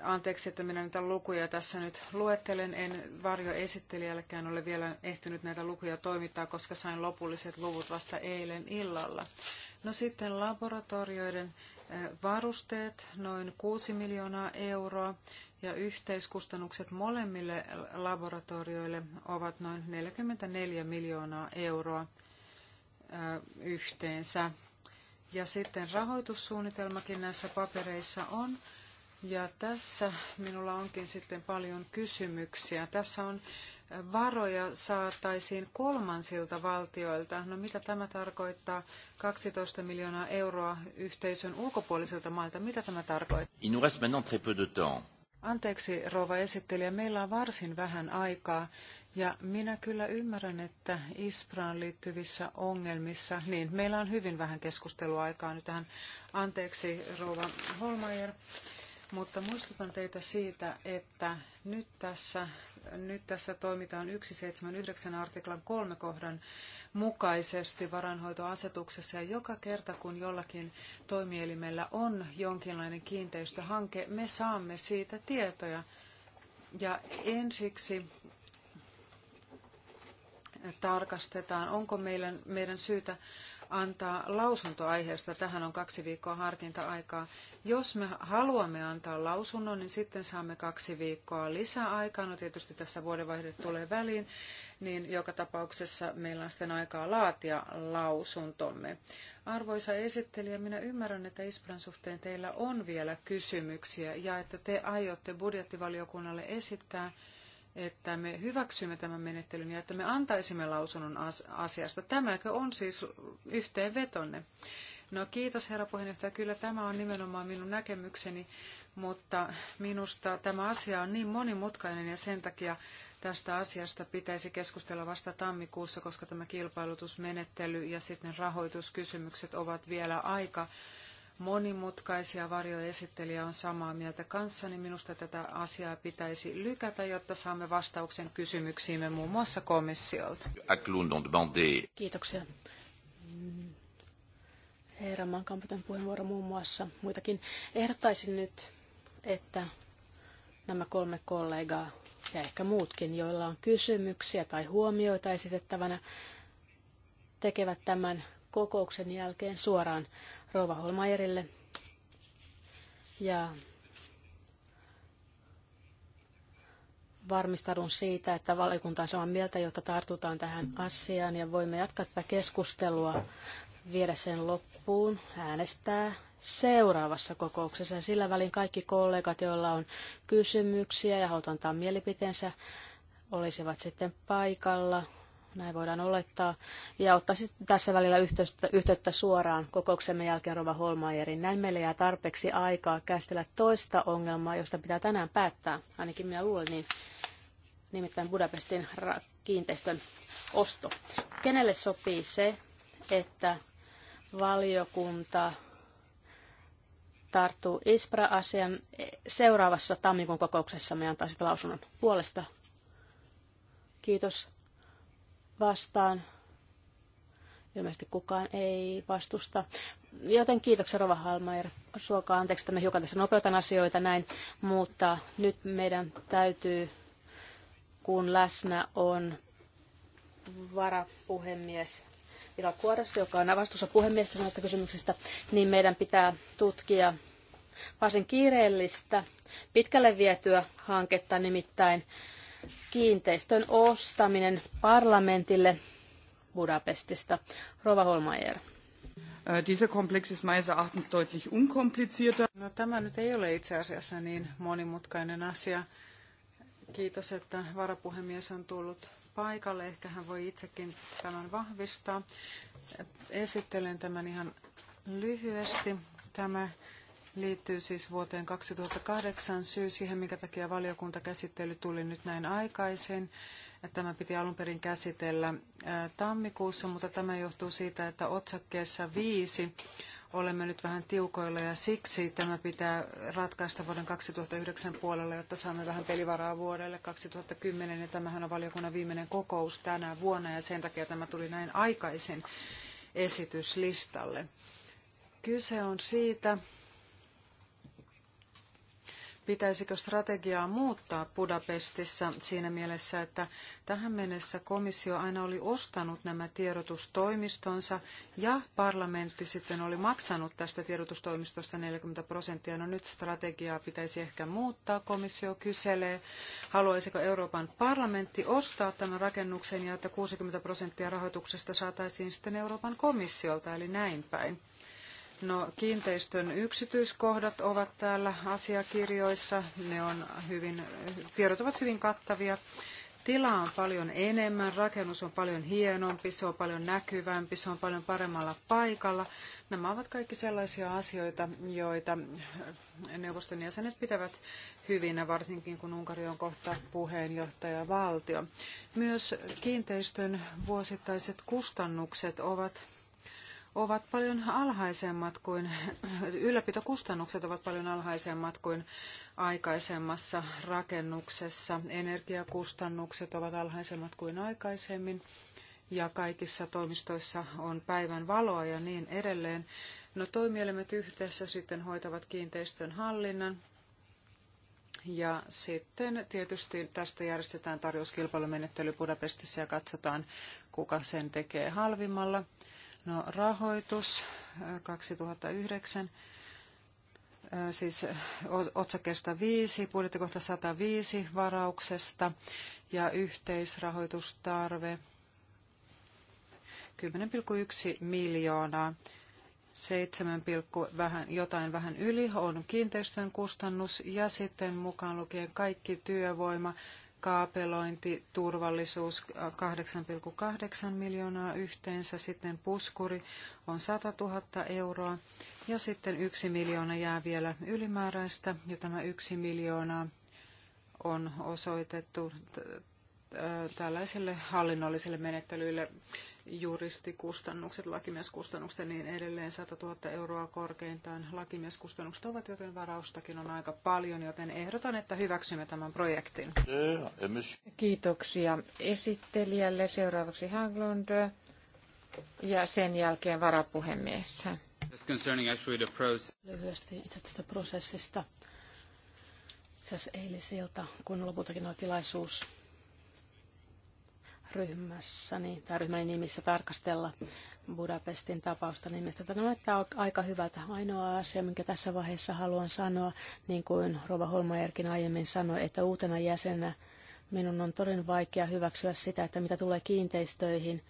[SPEAKER 4] Anteeksi, että minä näitä lukuja tässä nyt luettelen. En varjoesittelijällekään ole vielä ehtinyt näitä lukuja toimittaa, koska sain lopulliset luvut vasta eilen illalla. No sitten laboratorioiden eh, varusteet, noin 6 miljoonaa euroa, ja yhteiskustannukset molemmille laboratorioille ovat noin 44 miljoonaa euroa eh, yhteensä. Ja sitten rahoitussuunnitelmakin näissä papereissa on. Ja tässä minulla onkin sitten paljon kysymyksiä. Tässä on varoja saataisiin kolmansilta valtioilta. No mitä tämä tarkoittaa? 12 miljoonaa euroa yhteisön ulkopuolisilta mailta. Mitä tämä tarkoittaa?
[SPEAKER 1] Il nous reste maintenant très peu de temps.
[SPEAKER 4] Anteeksi, rouva esittelijä, meillä on varsin vähän aikaa. Ja minä kyllä ymmärrän, että Ispraan liittyvissä ongelmissa, niin meillä on hyvin vähän keskusteluaikaa nyt tähän. Anteeksi, rouva Holmeier. Mutta muistutan teitä siitä, että nyt tässä, nyt tässä toimitaan 179 artiklan kolme kohdan mukaisesti varanhoitoasetuksessa ja joka kerta kun jollakin toimielimellä on jonkinlainen kiinteistöhanke, me saamme siitä tietoja. Ja ensiksi tarkastetaan, onko meidän, meidän syytä antaa lausunto aiheesta. Tähän on kaksi viikkoa harkinta-aikaa. Jos me haluamme antaa lausunnon, niin sitten saamme kaksi viikkoa lisäaikaa. No tietysti tässä vuodenvaihde tulee väliin, niin joka tapauksessa meillä on sitten aikaa laatia lausuntomme. Arvoisa esittelijä, minä ymmärrän, että Ispran suhteen teillä on vielä kysymyksiä ja että te aiotte budjettivaliokunnalle esittää että me hyväksymme tämän menettelyn ja että me antaisimme lausunnon asiasta. Tämäkö on siis yhteenvetonne? No kiitos herra puheenjohtaja, kyllä tämä on nimenomaan minun näkemykseni, mutta minusta tämä asia on niin monimutkainen ja sen takia tästä asiasta pitäisi keskustella vasta tammikuussa, koska tämä kilpailutusmenettely ja sitten rahoituskysymykset ovat vielä aika monimutkaisia. Varjoesittelijä on samaa mieltä kanssani. Minusta tätä asiaa pitäisi lykätä, jotta saamme vastauksen kysymyksiimme muun muassa komissiolta.
[SPEAKER 2] Kiitoksia. Herra Mankamputan puheenvuoro muun muassa muitakin. Ehdottaisin nyt, että nämä kolme kollegaa ja ehkä muutkin, joilla on kysymyksiä tai huomioita esitettävänä, tekevät tämän kokouksen jälkeen suoraan Rova Holmajerille. Ja varmistaudun siitä, että valiokunta on samaa mieltä, jotta tartutaan tähän asiaan ja voimme jatkaa tätä keskustelua, viedä sen loppuun, äänestää seuraavassa kokouksessa. Sillä välin kaikki kollegat, joilla on kysymyksiä ja halutaan antaa mielipiteensä, olisivat sitten paikalla näin voidaan olettaa, ja ottaisi tässä välillä yhteyttä, yhteyttä suoraan kokouksemme jälkeen Rova Holmaierin. Näin meille jää tarpeeksi aikaa käsitellä toista ongelmaa, josta pitää tänään päättää, ainakin minä luulen niin, nimittäin Budapestin kiinteistön osto. Kenelle sopii se, että valiokunta tarttuu ISPRA-asian seuraavassa tammikuun kokouksessa. Me antaa sitten lausunnon puolesta. Kiitos vastaan. Ilmeisesti kukaan ei vastusta. Joten kiitoksia Rova Halmaier. Suokaa anteeksi, että me hiukan tässä nopeutan asioita näin, mutta nyt meidän täytyy, kun läsnä on varapuhemies Ila Kuoras, joka on vastuussa puhemiestä näistä kysymyksistä, niin meidän pitää tutkia varsin kiireellistä, pitkälle vietyä hanketta, nimittäin kiinteistön ostaminen parlamentille Budapestista. Rova Holmeier.
[SPEAKER 3] Äh, dieser Komplex
[SPEAKER 4] ist meines Erachtens deutlich unkomplizierter. No, tämä nyt ei ole itse asiassa niin monimutkainen asia. Kiitos, että varapuhemies on tullut paikalle. Ehkä hän voi itsekin tämän vahvistaa. Esittelen tämän ihan lyhyesti. Tämä liittyy siis vuoteen 2008 syy siihen, minkä takia valiokuntakäsittely tuli nyt näin aikaisin. Tämä piti alun perin käsitellä tammikuussa, mutta tämä johtuu siitä, että otsakkeessa viisi olemme nyt vähän tiukoilla ja siksi tämä pitää ratkaista vuoden 2009 puolella, jotta saamme vähän pelivaraa vuodelle 2010 ja tämähän on valiokunnan viimeinen kokous tänä vuonna ja sen takia tämä tuli näin aikaisin esityslistalle. Kyse on siitä, pitäisikö strategiaa muuttaa Budapestissa siinä mielessä, että tähän mennessä komissio aina oli ostanut nämä tiedotustoimistonsa ja parlamentti sitten oli maksanut tästä tiedotustoimistosta 40 prosenttia. No nyt strategiaa pitäisi ehkä muuttaa. Komissio kyselee, haluaisiko Euroopan parlamentti ostaa tämän rakennuksen ja että 60 prosenttia rahoituksesta saataisiin sitten Euroopan komissiolta, eli näin päin. No, kiinteistön yksityiskohdat ovat täällä asiakirjoissa. Ne on hyvin, tiedot ovat hyvin kattavia. Tilaa on paljon enemmän, rakennus on paljon hienompi, se on paljon näkyvämpi, se on paljon paremmalla paikalla. Nämä ovat kaikki sellaisia asioita, joita neuvoston jäsenet pitävät hyvinä, varsinkin kun Unkari on kohta puheenjohtajavaltio. Myös kiinteistön vuosittaiset kustannukset ovat ovat paljon alhaisemmat kuin, ylläpitokustannukset ovat paljon alhaisemmat kuin aikaisemmassa rakennuksessa. Energiakustannukset ovat alhaisemmat kuin aikaisemmin ja kaikissa toimistoissa on päivän valoa ja niin edelleen. No toimielimet yhdessä sitten hoitavat kiinteistön hallinnan, ja sitten tietysti tästä järjestetään tarjouskilpailumenettely Budapestissa ja katsotaan, kuka sen tekee halvimmalla. No rahoitus 2009, äh, äh, siis otsakesta 5, budjettikohta 105 varauksesta ja yhteisrahoitustarve 10,1 miljoonaa. 7, vähän, jotain vähän yli on kiinteistön kustannus ja sitten mukaan lukien kaikki työvoima, kaapelointi, turvallisuus 8,8 miljoonaa yhteensä, sitten puskuri on 100 000 euroa ja sitten yksi miljoona jää vielä ylimääräistä ja tämä yksi miljoonaa on osoitettu tällaisille hallinnollisille menettelyille juristikustannukset, lakimieskustannukset ja niin edelleen 100 000 euroa korkeintaan lakimieskustannukset ovat, joten varaustakin on aika paljon, joten ehdotan, että hyväksymme
[SPEAKER 3] tämän projektin. Kiitoksia esittelijälle. Seuraavaksi Haglund ja sen jälkeen varapuhemies.
[SPEAKER 2] Lyhyesti itse tästä prosessista. Tässä eilisilta, kun lopultakin oli tilaisuus ryhmässäni tai ryhmäni nimissä tarkastella Budapestin tapausta niin, nimestä. Tämä näyttää aika hyvältä. Ainoa asia, minkä tässä vaiheessa haluan sanoa, niin kuin Rova Holmajärkin aiemmin sanoi, että uutena jäsenä minun on todella vaikea hyväksyä sitä, että mitä tulee kiinteistöihin,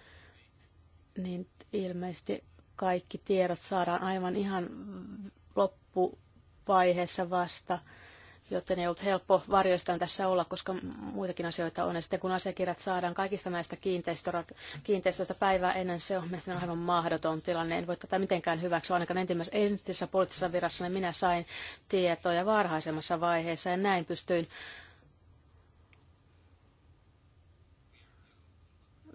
[SPEAKER 2] niin ilmeisesti kaikki tiedot saadaan aivan ihan loppuvaiheessa vasta joten ei ollut helppo varjoistaan tässä olla, koska muitakin asioita on. Ja sitten kun asiakirjat saadaan kaikista näistä kiinteistöistä päivää ennen, se on mielestäni aivan mahdoton tilanne. En voi tätä mitenkään hyväksyä, ainakaan entisessä poliittisessa virassa niin minä sain tietoja varhaisemmassa vaiheessa ja näin pystyin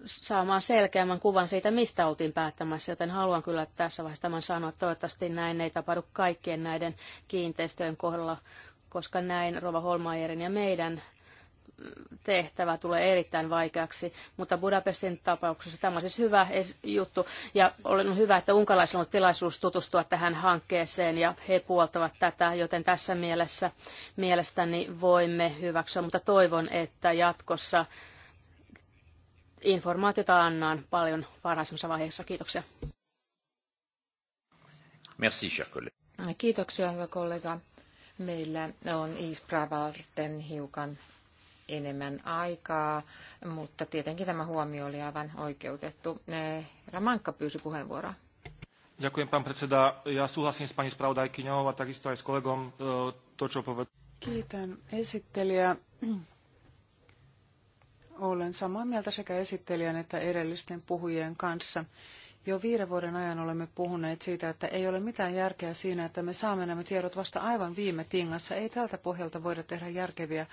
[SPEAKER 2] saamaan selkeämmän kuvan siitä, mistä oltiin päättämässä, joten haluan kyllä tässä vaiheessa tämän sanoa. Toivottavasti näin ei tapahdu kaikkien näiden kiinteistöjen kohdalla, koska näin Rova Holmaierin ja meidän tehtävä tulee erittäin vaikeaksi, mutta Budapestin tapauksessa tämä on siis hyvä juttu ja on hyvä, että unkalaisilla on tilaisuus tutustua tähän hankkeeseen ja he puoltavat tätä, joten tässä mielessä mielestäni voimme hyväksyä, mutta toivon, että jatkossa informaatiota annan paljon varhaisemmassa vaiheessa. Kiitoksia.
[SPEAKER 1] Merci,
[SPEAKER 3] Kiitoksia, hyvä kollega. Meillä on ISPRA varten hiukan enemmän aikaa, mutta tietenkin tämä huomio oli aivan oikeutettu. Ramankka pyysi puheenvuoroa.
[SPEAKER 4] Ďakujem, pán predseda. Ja súhlasím s pani spravodajkyňou a takisto aj s kolegom e, to, čo Kiitän esittelijä. Olen samaa mieltä sekä esittelijän että edellisten puhujien kanssa. Jo viiden vuoden ajan olemme puhuneet siitä, että ei ole mitään järkeä siinä, että me saamme nämä tiedot vasta aivan viime tingassa. Ei tältä pohjalta voida tehdä järkeviä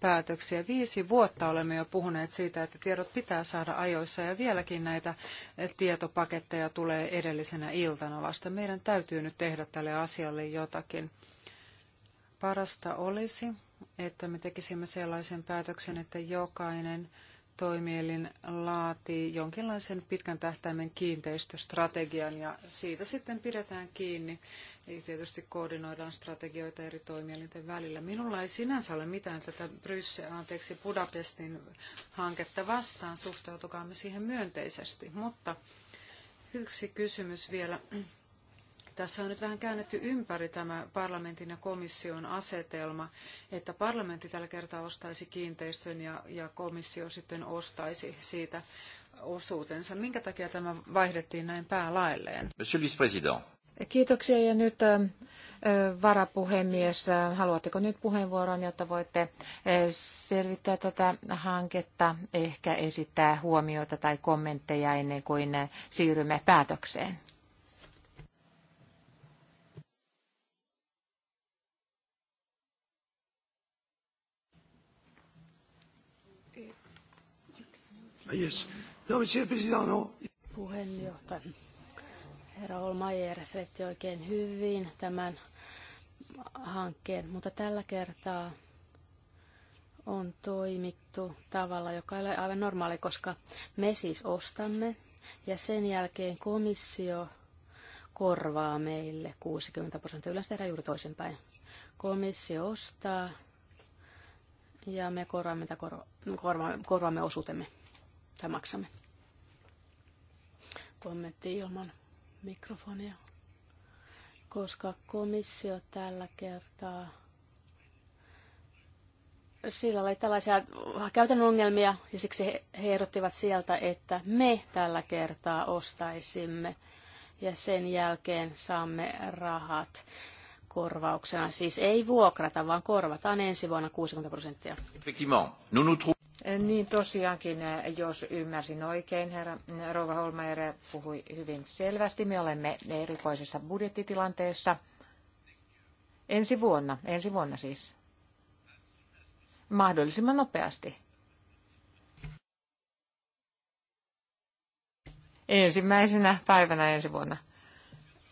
[SPEAKER 4] päätöksiä. Viisi vuotta olemme jo puhuneet siitä, että tiedot pitää saada ajoissa ja vieläkin näitä tietopaketteja tulee edellisenä iltana vasta. Meidän täytyy nyt tehdä tälle asialle jotakin. Parasta olisi, että me tekisimme sellaisen päätöksen, että jokainen toimielin laatii jonkinlaisen pitkän tähtäimen kiinteistöstrategian ja siitä sitten pidetään kiinni. Eli tietysti koordinoidaan strategioita eri toimielinten välillä. Minulla ei sinänsä ole mitään tätä Brysse, anteeksi, Budapestin hanketta vastaan, suhtautukaamme siihen myönteisesti. Mutta yksi kysymys vielä tässä on nyt vähän käännetty ympäri tämä parlamentin ja komission asetelma, että parlamentti tällä kertaa ostaisi kiinteistön ja, ja komissio sitten ostaisi siitä
[SPEAKER 3] osuutensa. Minkä takia tämä vaihdettiin näin päälaelleen?
[SPEAKER 1] Monsieur vice
[SPEAKER 3] Kiitoksia ja nyt äh, äh, varapuhemies, äh, haluatteko nyt puheenvuoron, jotta voitte selvittää tätä hanketta, ehkä esittää huomioita tai kommentteja ennen kuin siirrymme päätökseen?
[SPEAKER 2] Yes. No, no? Puheenjohtaja. Herra Olmaier selitti oikein hyvin tämän hankkeen, mutta tällä kertaa on toimittu tavalla, joka ei ole aivan normaali, koska me siis ostamme ja sen jälkeen komissio korvaa meille 60 prosenttia. Yleensä tehdään juuri toisinpäin. Komissio ostaa ja me korvaamme, korvaamme osuutemme tai maksamme. Kommentti ilman mikrofonia. Koska komissio tällä kertaa sillä oli tällaisia käytännön ongelmia ja siksi he, ehdottivat sieltä, että me tällä kertaa ostaisimme ja sen jälkeen saamme rahat korvauksena. Siis ei vuokrata, vaan korvataan ensi vuonna 60 prosenttia. Niin tosiaankin, jos ymmärsin oikein,
[SPEAKER 3] herra Rouva Holmaere puhui hyvin selvästi. Me olemme erikoisessa budjettitilanteessa. Ensi vuonna, ensi vuonna siis. Mahdollisimman nopeasti. Ensimmäisenä päivänä ensi vuonna.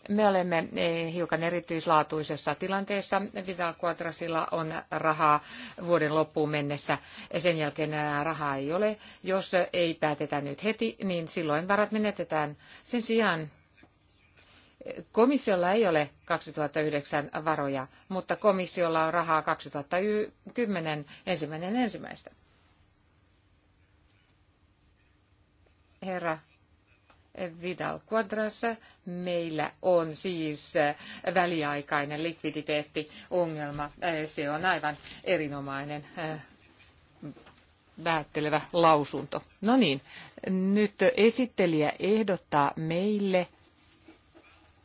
[SPEAKER 3] Me olemme eh, hiukan erityislaatuisessa tilanteessa. Vidal Quadrasilla on rahaa vuoden loppuun mennessä. Sen jälkeen rahaa ei ole. Jos ei päätetä nyt heti, niin silloin varat menetetään. Sen sijaan eh, Komissiolla ei ole 2009 varoja, mutta komissiolla on rahaa 2010 ensimmäinen ensimmäistä. Herra Vidal Quadras. Meillä on siis väliaikainen likviditeettiongelma. Se on aivan erinomainen päättelevä eh, lausunto. No niin, nyt esittelijä ehdottaa meille,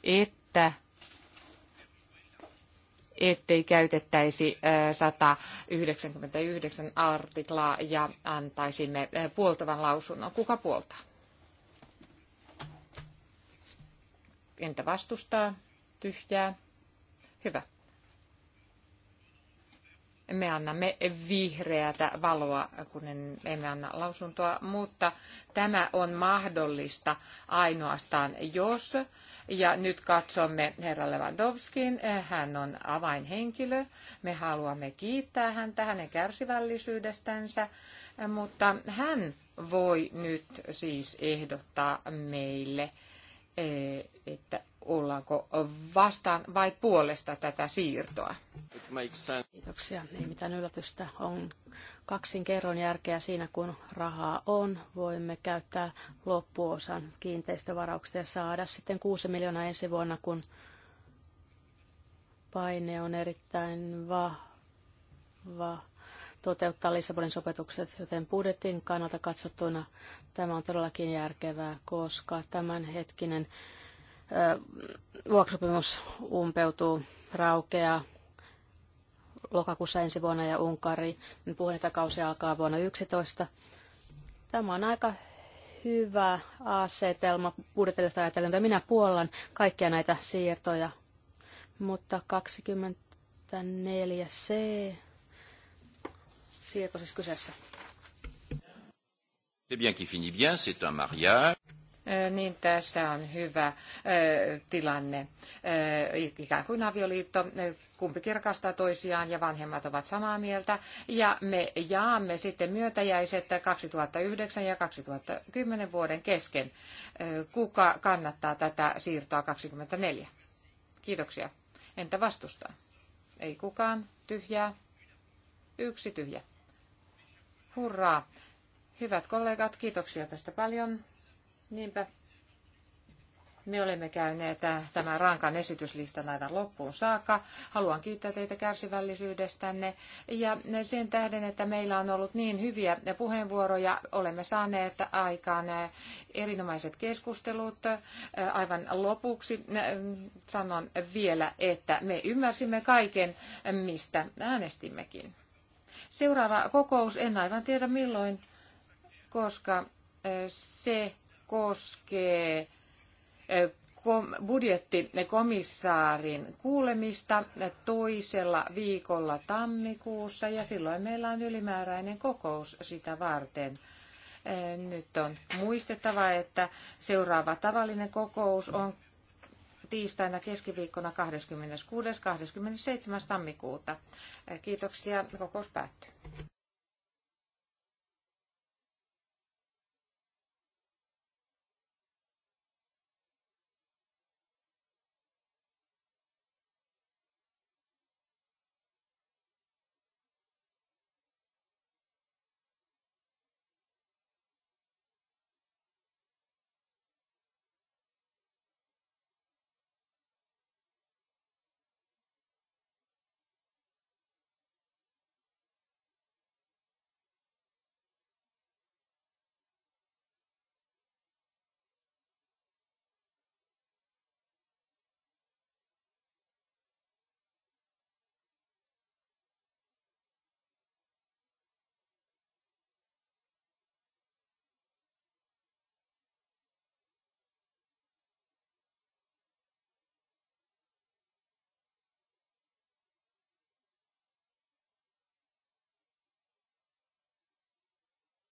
[SPEAKER 3] että ettei käytettäisi 199 eh, artiklaa ja antaisimme eh, puoltavan lausunnon. Kuka puoltaa? Entä vastustaa? Tyhjää. Hyvä. Me annamme vihreätä valoa, kun emme anna lausuntoa, mutta tämä on mahdollista ainoastaan jos. Ja nyt katsomme herra Lewandowskin. Hän on avainhenkilö. Me haluamme kiittää häntä hänen kärsivällisyydestänsä, mutta hän voi nyt siis ehdottaa meille – Eh, että ollaanko vastaan
[SPEAKER 2] vai puolesta tätä siirtoa. Kiitoksia. Ei mitään yllätystä. On kaksin kerron järkeä siinä, kun rahaa on. Voimme käyttää loppuosan kiinteistövarauksista ja saada sitten 6 miljoonaa ensi vuonna, kun paine on erittäin vahva toteuttaa Lissabonin sopetukset, joten budjetin kannalta katsottuna tämä on todellakin järkevää, koska tämänhetkinen vuokrasopimus umpeutuu, raukeaa lokakuussa ensi vuonna ja Unkari. Niin puheenjohtajakausi alkaa vuonna 2011. Tämä on aika hyvä asetelma budjetillista ajatellen, että minä puollan kaikkia näitä siirtoja. Mutta 24C Siis kyseessä. C'est
[SPEAKER 1] eh bien qui finit bien, c'est un mariage.
[SPEAKER 3] Niin tässä on hyvä tilanne. Ikään kuin avioliitto, kumpikin rakastaa toisiaan ja vanhemmat ovat samaa mieltä. Ja me jaamme sitten myötäjäiset 2009 ja 2010 vuoden kesken. Kuka kannattaa tätä siirtoa 24? Kiitoksia. Entä vastustaa? Ei kukaan. Tyhjää. Yksi tyhjä. Hurraa! Hyvät kollegat, kiitoksia tästä paljon. Niinpä. Me olemme käyneet äh, tämän rankan esityslistan aivan loppuun saakka. Haluan kiittää teitä kärsivällisyydestänne ja sen tähden, että meillä on ollut niin hyviä puheenvuoroja. Olemme saaneet aikaan äh, erinomaiset keskustelut. Äh, aivan lopuksi sanon vielä, että me ymmärsimme kaiken, mistä äänestimmekin. Seuraava kokous, en aivan tiedä milloin, koska eh, se koskee eh, budjettikomissaarin kuulemista toisella viikolla tammikuussa ja silloin meillä on ylimääräinen kokous sitä varten. Eh, nyt on muistettava, että seuraava tavallinen kokous on tiistaina, keskiviikkona 26. 27. tammikuuta. Kiitoksia. Kokous päättyy.